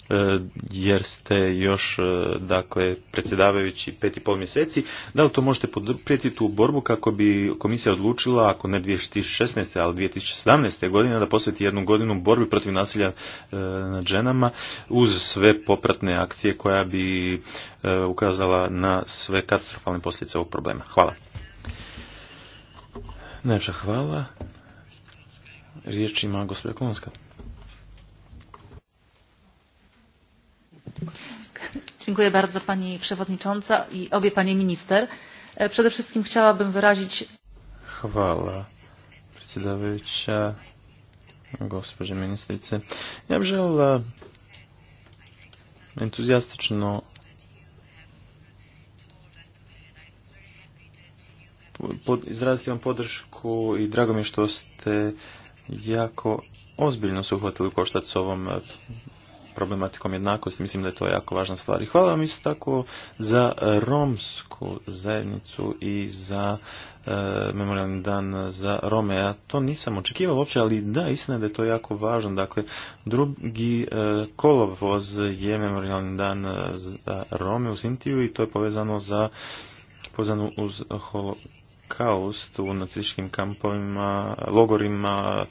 e, jer ste još e, dakle predsjedavajući pet i pol mjeseci, da li to možete poduprijeti tu borbu kako bi komisija odlučila ako ne 2016. ali 2017. godine da posveti jednu godinu borbi protiv nasilja e, nad ženama uz sve popratne akcije koja bi ukazala na sve katastrofalne posljedice ovog problema. Hvala. Najljepša hvala. Riječ ima gospođa Dziękuję bardzo Pani Przewodnicząca i obie Panie Minister. E, przede wszystkim chciałabym wyrazić... Chwała predsjedavajuća, gospođe ministrice. Ja bym željela entuzjastycznie izraziti vam podršku i drago mi je što ste jako ozbiljno se uhvatili u koštac s ovom eh, problematikom jednakosti. Mislim da je to jako važna stvar. I hvala vam isto tako za eh, romsku zajednicu i za eh, Memorijalni memorialni dan za Rome. Ja to nisam očekivao uopće, ali da, istina je da je to jako važno. Dakle, drugi kolovoz je memorialni dan za Rome u Sintiju i to je povezano za povezano uz holo, kaost u nacističkim kampovima, logorima,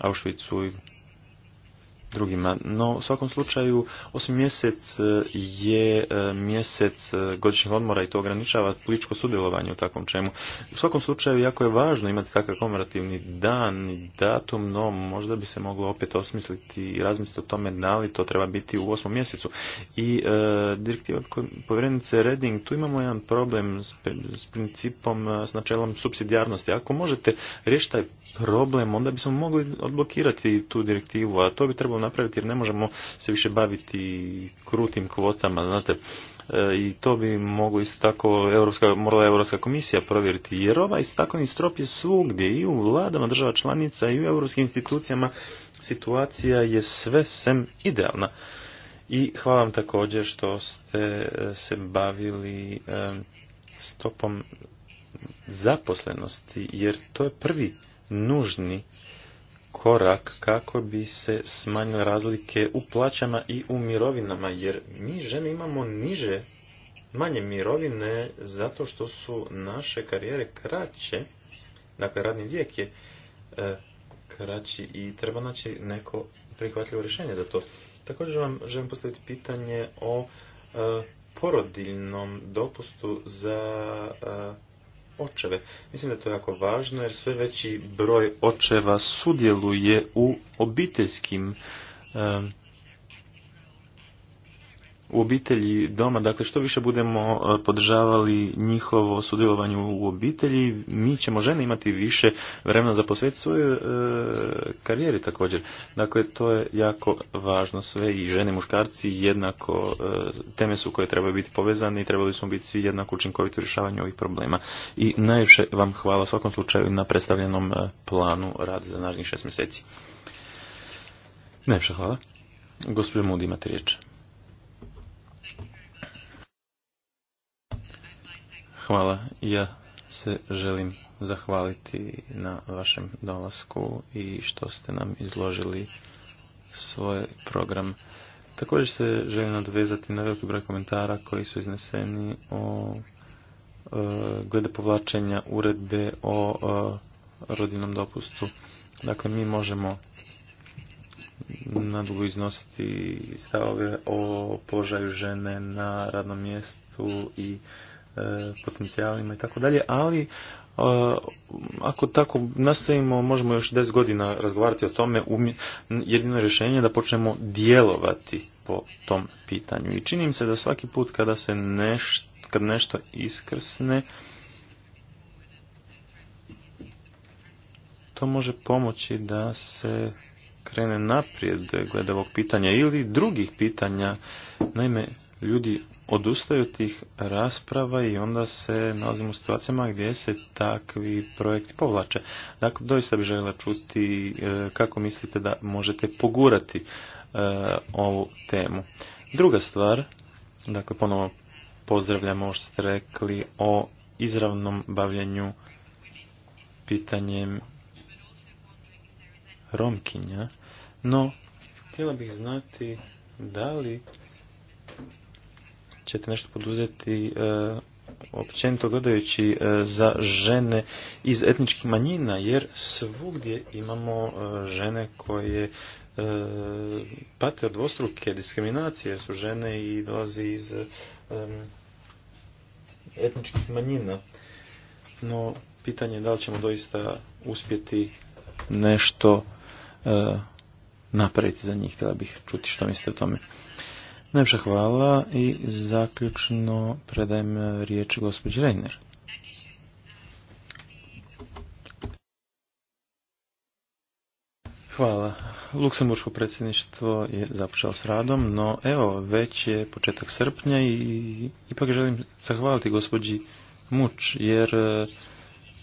Auschwitzu i drugima. No, u svakom slučaju, osim mjesec e, je e, mjesec e, godišnjeg odmora i to ograničava političko sudjelovanje u takvom čemu. U svakom slučaju, jako je važno imati takav komorativni dan i datum, no možda bi se moglo opet osmisliti i razmisliti o tome da li to treba biti u osmom mjesecu. I direktiva povjerenice Reding, tu imamo jedan problem s, principom, s načelom subsidijarnosti. Ako možete riješiti taj problem, onda bismo mogli odblokirati tu direktivu, a to bi trebalo napraviti jer ne možemo se više baviti krutim kvotama, znate, e, i to bi mogu isto tako Europska, morala Europska komisija provjeriti, jer ovaj stakleni strop je svugdje i u vladama država članica i u europskim institucijama situacija je sve sem idealna. I hvala vam također što ste e, se bavili e, stopom zaposlenosti, jer to je prvi nužni korak kako bi se smanjile razlike u plaćama i u mirovinama, jer mi žene imamo niže, manje mirovine zato što su naše karijere kraće, dakle radni vijek je e, kraći i treba naći neko prihvatljivo rješenje za to. Također vam želim postaviti pitanje o e, porodiljnom dopustu za e, očeve. Mislim da je to jako važno jer sve veći broj očeva sudjeluje u obiteljskim u obitelji doma, dakle što više budemo e, podržavali njihovo sudjelovanje u obitelji, mi ćemo žene imati više vremena za posvetiti svojoj e, karijeri također. Dakle, to je jako važno sve i žene muškarci jednako e, teme su koje trebaju biti povezane i trebali smo biti svi jednako učinkoviti u rješavanju ovih problema. I najviše vam hvala u svakom slučaju na predstavljenom planu rada za narednih šest mjeseci. Najviše hvala. Gospodin Mudi, imate riječ. Hvala. Ja se želim zahvaliti na vašem dolasku i što ste nam izložili svoj program. Također se želim nadvezati na veliki broj komentara koji su izneseni o e, glede povlačenja uredbe o e, rodinom dopustu. Dakle, mi možemo nadugo iznositi stavove o požaju žene na radnom mjestu i E, potencijalima i tako dalje, ali e, ako tako nastavimo, možemo još 10 godina razgovarati o tome, jedino rješenje je da počnemo djelovati po tom pitanju. I čini mi se da svaki put kada se neš, kad nešto iskrsne, to može pomoći da se krene naprijed glede ovog pitanja ili drugih pitanja. Naime, ljudi odustaju tih rasprava i onda se nalazimo u situacijama gdje se takvi projekti povlače. Dakle, doista bi željela čuti e, kako mislite da možete pogurati e, ovu temu. Druga stvar, dakle, ponovo pozdravljamo ovo što ste rekli o izravnom bavljenju pitanjem Romkinja, no htjela bih znati da li ćete nešto poduzeti e, općenito gledajući e, za žene iz etničkih manjina, jer svugdje imamo e, žene koje pate od dvostruke diskriminacije, su žene i dolaze iz etničkih manjina. No, pitanje je da li ćemo doista uspjeti nešto napraviti za njih, htjela bih čuti što mislite o tome. Najpša hvala i zaključno predajem e, riječ gospođi Reiner. Hvala. Luksemburško predsjedništvo je započelo s radom, no evo, već je početak srpnja i ipak želim zahvaliti gospođi Muč, jer e,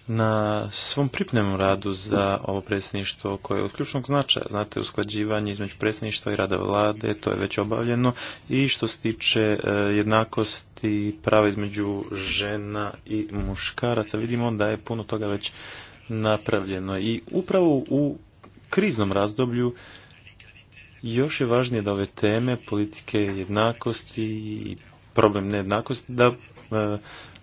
na svom pripnemu radu za ovo predsjedništvo koje je od ključnog značaja. Znate, usklađivanje između predsjedništva i rada vlade, to je već obavljeno. I što se tiče e, jednakosti prava između žena i muškaraca, vidimo da je puno toga već napravljeno. I upravo u kriznom razdoblju još je važnije da ove teme politike jednakosti i problem nejednakosti da e,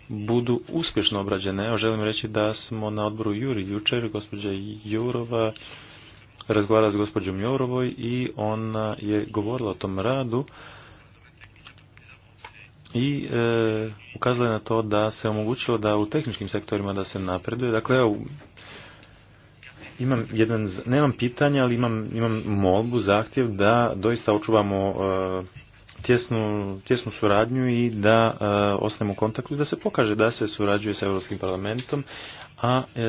budu uspješno obrađene. Evo želim reći da smo na odboru Juri jučer, gospođa Jurova razgovarala s gospođom Jurovoj i ona je govorila o tom radu i e, ukazala je na to da se omogućilo da u tehničkim sektorima da se napreduje. Dakle, evo, imam jedan, nemam pitanja, ali imam, imam molbu, zahtjev da doista očuvamo e, tjesnu, suradnju i da e, ostanemo u kontaktu i da se pokaže da se surađuje sa Europskim parlamentom, a e,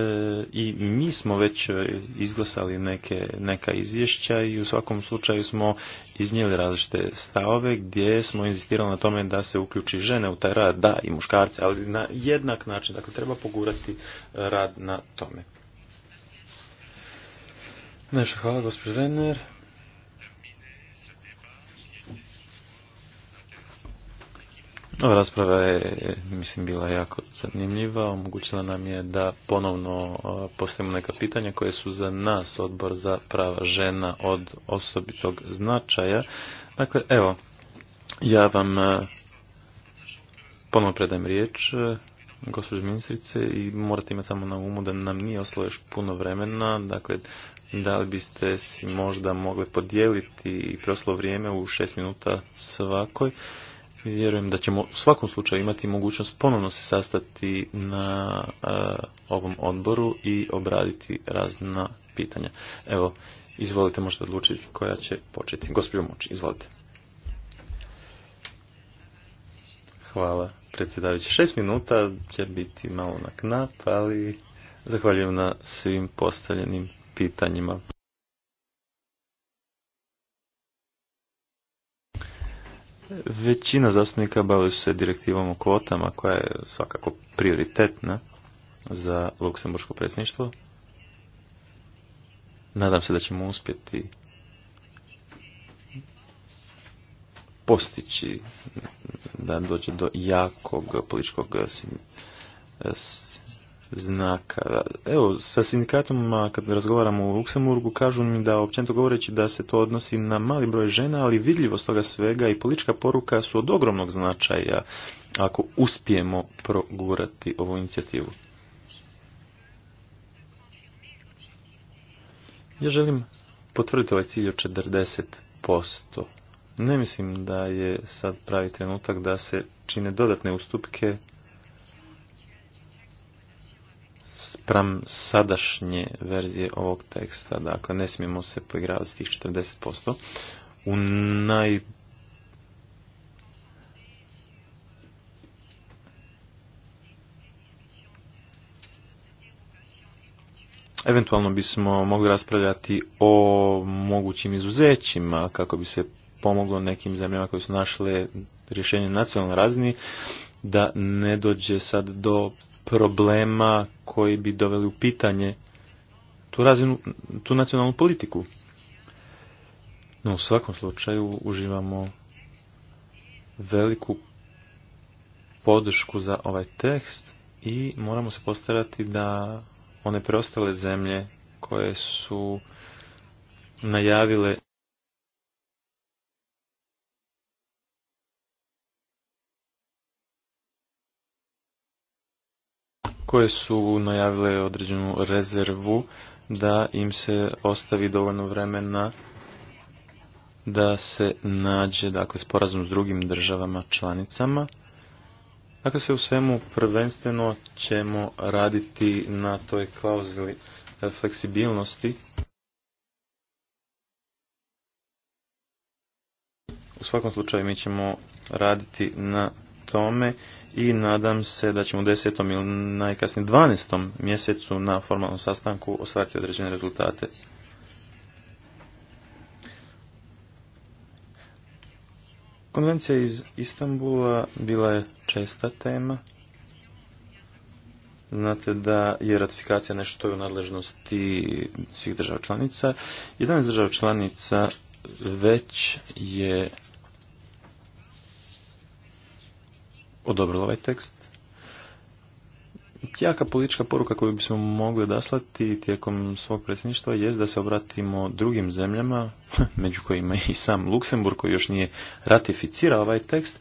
i mi smo već e, izglasali neke, neka izvješća i u svakom slučaju smo iznijeli različite stavove gdje smo inzistirali na tome da se uključi žene u taj rad, da i muškarci, ali na jednak način, dakle treba pogurati rad na tome. Nešto hvala gospođo Renner. Ova rasprava je, mislim, bila jako zanimljiva. Omogućila nam je da ponovno postavimo neka pitanja koje su za nas odbor za prava žena od osobitog značaja. Dakle, evo, ja vam ponovno predajem riječ, gospođo ministrice, i morate imati samo na umu da nam nije ostalo još puno vremena. Dakle, da li biste si možda mogli podijeliti proslo vrijeme u šest minuta svakoj vjerujem da ćemo u svakom slučaju imati mogućnost ponovno se sastati na e, ovom odboru i obraditi razna pitanja. Evo, izvolite, možete odlučiti koja će početi. Gospođo Moči, izvolite. Hvala, predsjedavajući. Šest minuta će biti malo na knap, ali zahvaljujem na svim postavljenim pitanjima. Većina zastupnika bavili se direktivom o kvotama koja je svakako prioritetna za Luksemburško predsjedništvo. Nadam se da ćemo uspjeti postići da dođe do jakog političkog znaka. Evo, sa sindikatom kad razgovaramo u Luksemburgu kažu mi da općenito govoreći da se to odnosi na mali broj žena, ali vidljivost toga svega i politička poruka su od ogromnog značaja ako uspijemo progurati ovu inicijativu. Ja želim potvrditi ovaj cilj od 40%. Ne mislim da je sad pravi trenutak da se čine dodatne ustupke spram sadašnje verzije ovog teksta. Dakle, ne smijemo se poigravati s tih 40%. U naj... Eventualno bismo mogli raspravljati o mogućim izuzećima kako bi se pomoglo nekim zemljama koje su našle rješenje na nacionalnoj razini da ne dođe sad do problema koji bi doveli u pitanje tu, razinu, tu nacionalnu politiku. No, u svakom slučaju uživamo veliku podršku za ovaj tekst i moramo se postarati da one preostale zemlje koje su najavile koje su najavile određenu rezervu da im se ostavi dovoljno vremena da se nađe dakle, sporazum s drugim državama članicama. Dakle, se u svemu prvenstveno ćemo raditi na toj klauzuli e, fleksibilnosti. U svakom slučaju mi ćemo raditi na tome i nadam se da ćemo u desetom ili najkasnije dvanestom mjesecu na formalnom sastanku ostvariti određene rezultate. Konvencija iz Istanbula bila je česta tema. Znate da je ratifikacija nešto u nadležnosti svih država članica. 11 država članica već je odobrilo ovaj tekst. Jaka politička poruka koju bismo mogli odaslati tijekom svog predsjedništva je da se obratimo drugim zemljama, među kojima i sam Luksemburg koji još nije ratificirao ovaj tekst,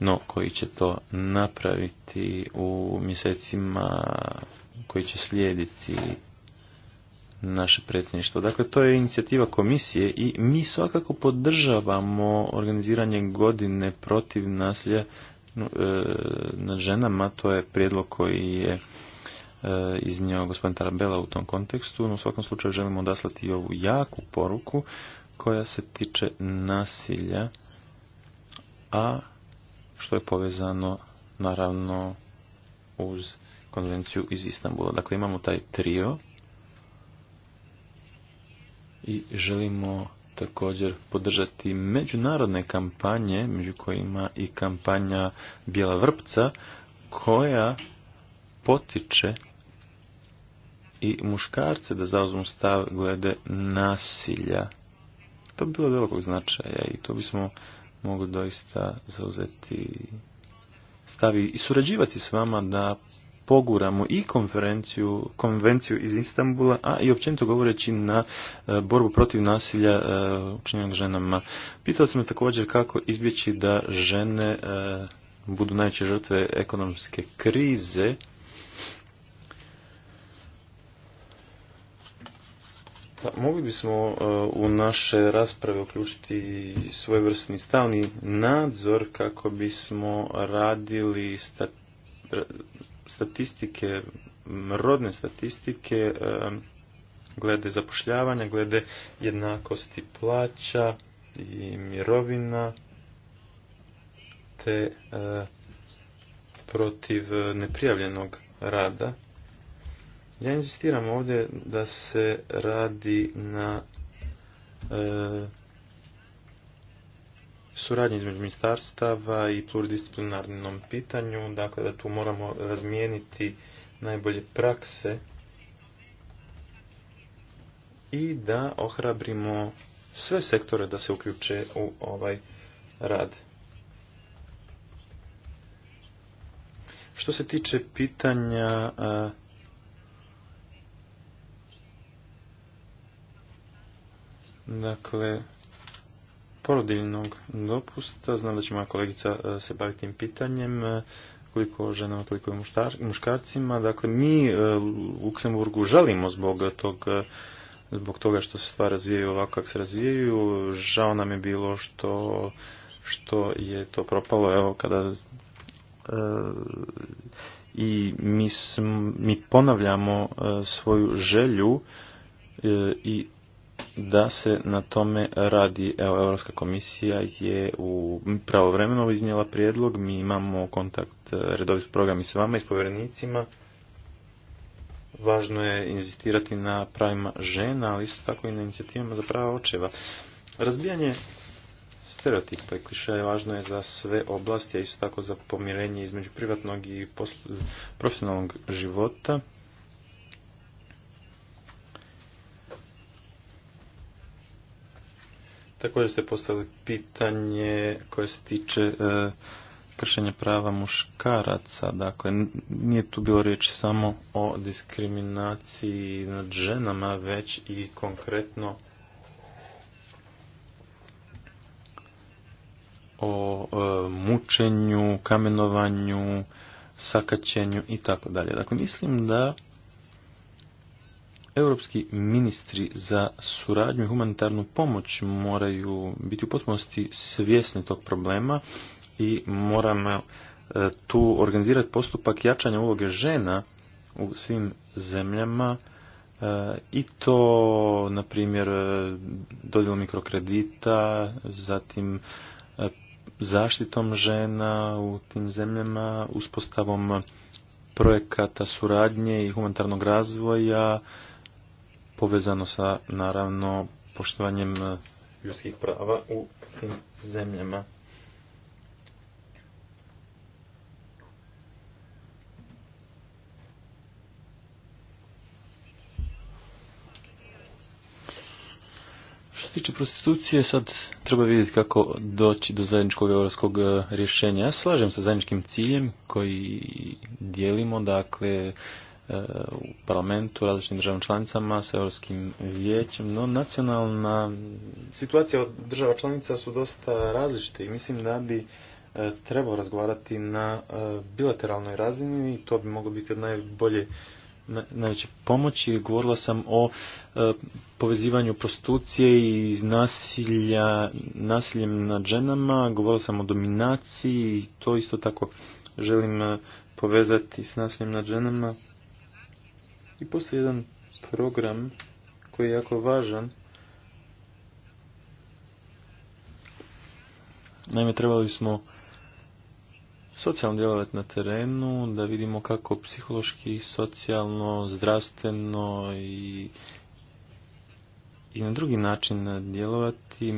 no koji će to napraviti u mjesecima koji će slijediti naše predsjedništvo. Dakle, to je inicijativa komisije i mi svakako podržavamo organiziranje godine protiv nasilja E, nad ženama, to je prijedlog koji je e, iznio gospodin Tarabela u tom kontekstu, no u svakom slučaju želimo odaslati ovu jaku poruku koja se tiče nasilja, a što je povezano naravno uz konvenciju iz Istanbula. Dakle, imamo taj trio i želimo također podržati međunarodne kampanje, među kojima i kampanja Bijela vrpca, koja potiče i muškarce da zauzmu stav glede nasilja. To bi bilo velikog značaja i to bismo mogli doista zauzeti stavi i surađivati s vama da poguramo i konferenciju, konvenciju iz Istambula, a i općenito govoreći na e, borbu protiv nasilja e, učinjenog ženama. Pitao sam me također kako izbjeći da žene e, budu najčešće žrtve ekonomske krize, pa, mogli bismo u naše rasprave uključiti svojevrsni stavni nadzor kako bismo radili statistike, rodne statistike e, glede zapošljavanja, glede jednakosti plaća i mirovina te e, protiv neprijavljenog rada. Ja insistiram ovdje da se radi na e, suradnji između ministarstava i pluridisciplinarnom pitanju, dakle da tu moramo razmijeniti najbolje prakse i da ohrabrimo sve sektore da se uključe u ovaj rad. Što se tiče pitanja dakle porodiljnog dopusta. Znam da će moja kolegica e, se baviti tim pitanjem e, koliko ženama, koliko i muškarcima. Dakle, mi e, u Luksemburgu želimo zbog tog zbog toga što se stvari razvijaju ovako kako se razvijaju. Žao nam je bilo što, što je to propalo. Evo, kada i mi, mi ponavljamo svoju želju i da se na tome radi. Evo, Europska komisija je u pravovremeno iznijela prijedlog. Mi imamo kontakt eh, redovit program i s vama i s povjerenicima. Važno je inzistirati na pravima žena, ali isto tako i na inicijativama za prava očeva. Razbijanje stereotipa i je važno je za sve oblasti, a isto tako za pomirenje između privatnog i profesionalnog života Također ste postavili pitanje koje se tiče e, kršenja prava muškaraca. Dakle, nije tu bilo riječ samo o diskriminaciji nad ženama, već i konkretno o e, mučenju, kamenovanju, sakaćenju i tako dalje. Dakle, mislim da europski ministri za suradnju i humanitarnu pomoć moraju biti u potpunosti svjesni tog problema i moramo e, tu organizirati postupak jačanja uloge žena u svim zemljama e, i to, na primjer, e, dodjelom mikrokredita, zatim zaštitom žena u tim zemljama, uspostavom projekata suradnje i humanitarnog razvoja, povezano sa naravno poštovanjem e, ljudskih prava u tim zemljama. se tiče prostitucije, sad treba vidjeti kako doći do zajedničkog europskog e, rješenja. Ja slažem sa zajedničkim ciljem koji dijelimo, dakle, E, u parlamentu, različitim državnim članicama, sa Europskim vijećem, no nacionalna situacija od država članica su dosta različite i mislim da bi e, trebao razgovarati na e, bilateralnoj razini i to bi moglo biti najbolje najveće pomoći. Govorila sam o povezivanju prostitucije i nasilja, nasiljem nad ženama, govorila sam o dominaciji i to isto tako želim povezati s nasiljem nad ženama i postoji jedan program koji je jako važan. Naime, trebali smo socijalno djelovati na terenu, da vidimo kako psihološki, socijalno, zdravstveno i, i na drugi način djelovati.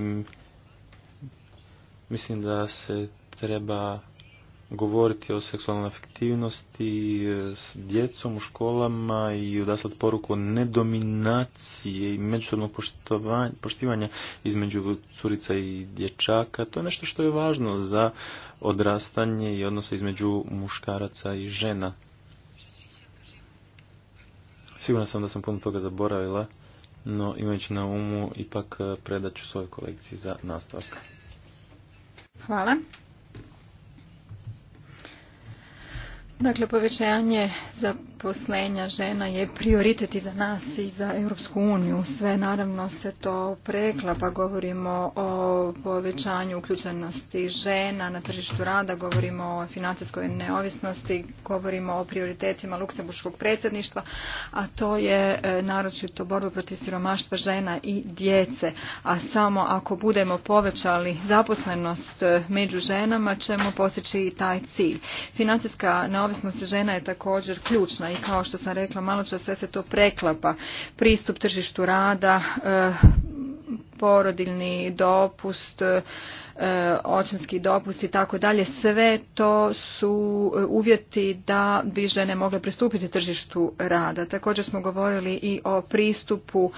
Mislim da se treba govoriti o seksualnoj efektivnosti e, s djecom u školama i odaslati poruku o nedominaciji i međusobnog poštivanja između curica i dječaka. To je nešto što je važno za odrastanje i odnose između muškaraca i žena. Sigurno sam da sam puno toga zaboravila, no imajući na umu ipak e, predat ću svojoj kolekciji za nastavak. Hvala. Dakle, povećanje zaposlenja žena je prioritet i za nas i za Europsku uniju. Sve naravno se to preklapa. Govorimo o povećanju uključenosti žena na tržištu rada, govorimo o financijskoj neovisnosti, govorimo o prioritetima Luksemburškog predsjedništva, a to je e, naročito borba protiv siromaštva žena i djece. A samo ako budemo povećali zaposlenost e, među ženama ćemo postići i taj cilj. Financijska neovisnost neovisnost žena je također ključna i kao što sam rekla malo čas sve se to preklapa. Pristup tržištu rada, e, porodilni dopust, e, očinski dopust i tako dalje. Sve to su e, uvjeti da bi žene mogle pristupiti tržištu rada. Također smo govorili i o pristupu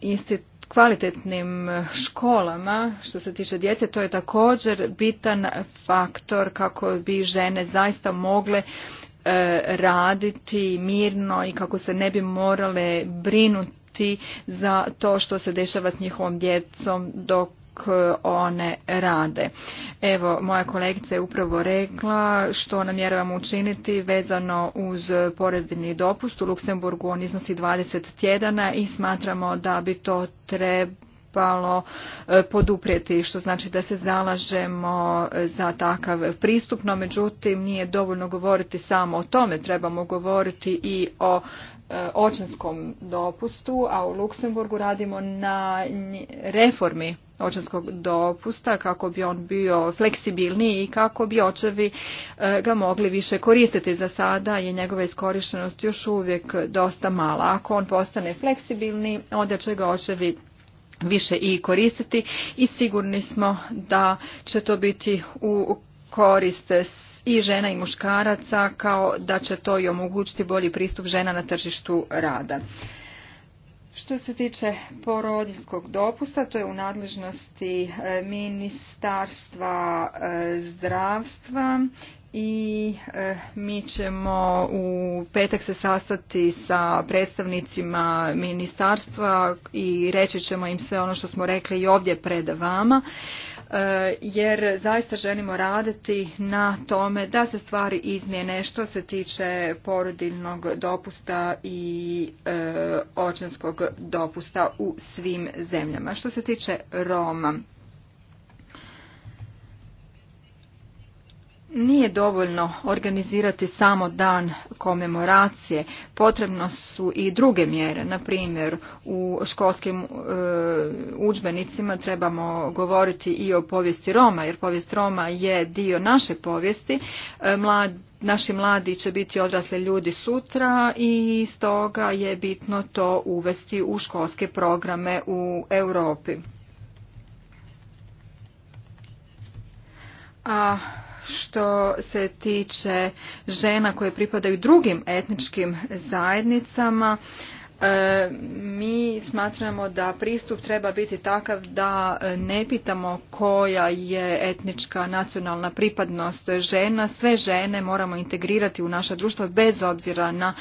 institucijama kvalitetnim školama što se tiče djece to je također bitan faktor kako bi žene zaista mogle e, raditi mirno i kako se ne bi morale brinuti za to što se dešava s njihovom djecom dok E, one rade. Evo, moja kolegica je upravo rekla što namjeravamo učiniti vezano uz poredni dopust. U Luksemburgu on iznosi 20 tjedana i smatramo da bi to trebalo trebalo poduprijeti, što znači da se zalažemo za takav pristup, no međutim nije dovoljno govoriti samo o tome, trebamo govoriti i o E, očinskom dopustu, a u Luksemburgu radimo na reformi očinskog dopusta kako bi on bio fleksibilniji i kako bi očevi e, ga mogli više koristiti. Za sada je njegova iskorištenost još uvijek dosta mala. Ako on postane fleksibilni, onda će ga očevi više i koristiti i sigurni smo da će to biti u korist i žena i muškaraca kao da će to i omogućiti bolji pristup žena na tržištu rada. Što se tiče porodinskog dopusta, to je u nadležnosti e, ministarstva e, zdravstva i e, mi ćemo u petak se sastati sa predstavnicima ministarstva i reći ćemo im sve ono što smo rekli i ovdje pred vama. E, jer zaista želimo raditi na tome da se stvari izmjene što se tiče porodilnog dopusta i e, očinskog dopusta u svim zemljama. Što se tiče Roma, Nije dovoljno organizirati samo dan komemoracije, potrebno su i druge mjere, na primjer u školskim e, udžbenicima trebamo govoriti i o povijesti Roma, jer povijest Roma je dio naše povijesti, e, naši mladi će biti odrasli ljudi sutra i stoga je bitno to uvesti u školske programe u Europi. A što se tiče žena koje pripadaju drugim etničkim zajednicama, e, mi smatramo da pristup treba biti takav da ne pitamo koja je etnička nacionalna pripadnost žena. Sve žene moramo integrirati u naša društva bez obzira na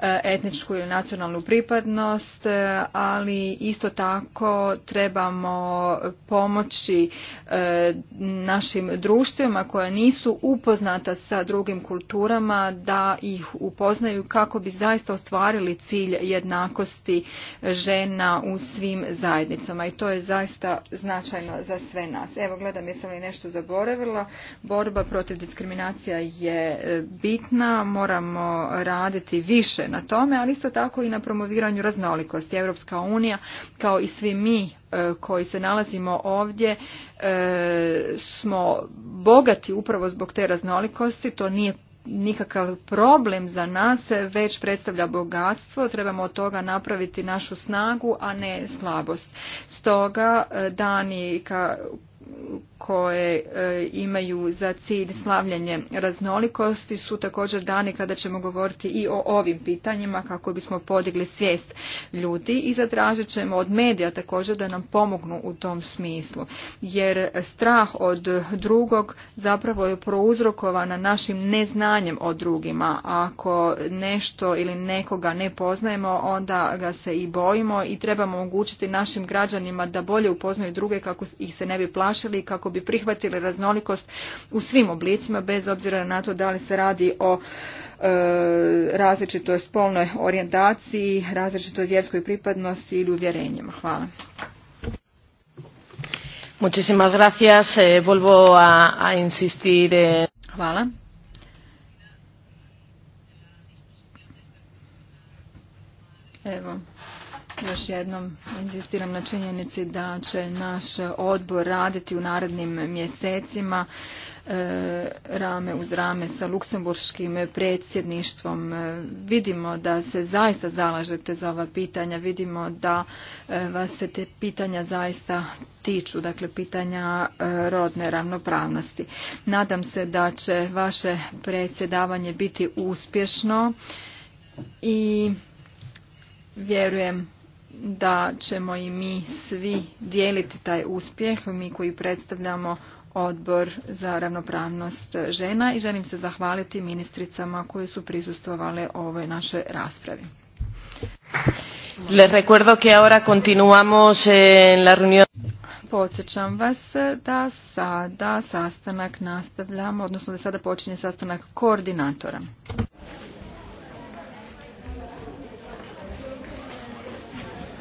E, etničku ili nacionalnu pripadnost, e, ali isto tako trebamo pomoći e, našim društvima koja nisu upoznata sa drugim kulturama da ih upoznaju kako bi zaista ostvarili cilj jednakosti žena u svim zajednicama i to je zaista značajno za sve nas. Evo gledam jesam li nešto zaboravila. Borba protiv diskriminacija je bitna, moramo raditi više na tome, ali isto tako i na promoviranju raznolikosti. Europska unija, kao i svi mi e, koji se nalazimo ovdje, e, smo bogati upravo zbog te raznolikosti. To nije nikakav problem za nas, već predstavlja bogatstvo, trebamo od toga napraviti našu snagu, a ne slabost. Stoga e, dani koje e, imaju za cilj slavljanje raznolikosti su također dani kada ćemo govoriti i o ovim pitanjima kako bismo podigli svijest ljudi i zatražit ćemo od medija također da nam pomognu u tom smislu jer strah od drugog zapravo je prouzrokovan našim neznanjem o drugima ako nešto ili nekoga ne poznajemo onda ga se i bojimo i trebamo omogućiti našim građanima da bolje upoznaju druge kako ih se ne bi plašili ponašali i kako bi prihvatili raznolikost u svim oblicima bez obzira na to da li se radi o e, različitoj spolnoj orijentaciji, različitoj vjerskoj pripadnosti ili uvjerenjima. Hvala. Muchísimas gracias. Eh, vuelvo a, a insistir. Eh. Hvala. Evo, još jednom inzistiram na činjenici da će naš odbor raditi u narednim mjesecima e, rame uz rame sa luksemburškim predsjedništvom. E, vidimo da se zaista zalažete za ova pitanja, vidimo da e, vas se te pitanja zaista tiču, dakle pitanja rodne ravnopravnosti. Nadam se da će vaše predsjedavanje biti uspješno i vjerujem da ćemo i mi svi dijeliti taj uspjeh, mi koji predstavljamo odbor za ravnopravnost žena i želim se zahvaliti ministricama koje su prisustvovale ovoj našoj raspravi. Les recuerdo que ahora continuamos Podsjećam vas da sada sastanak nastavljamo, odnosno da sada počinje sastanak koordinatora.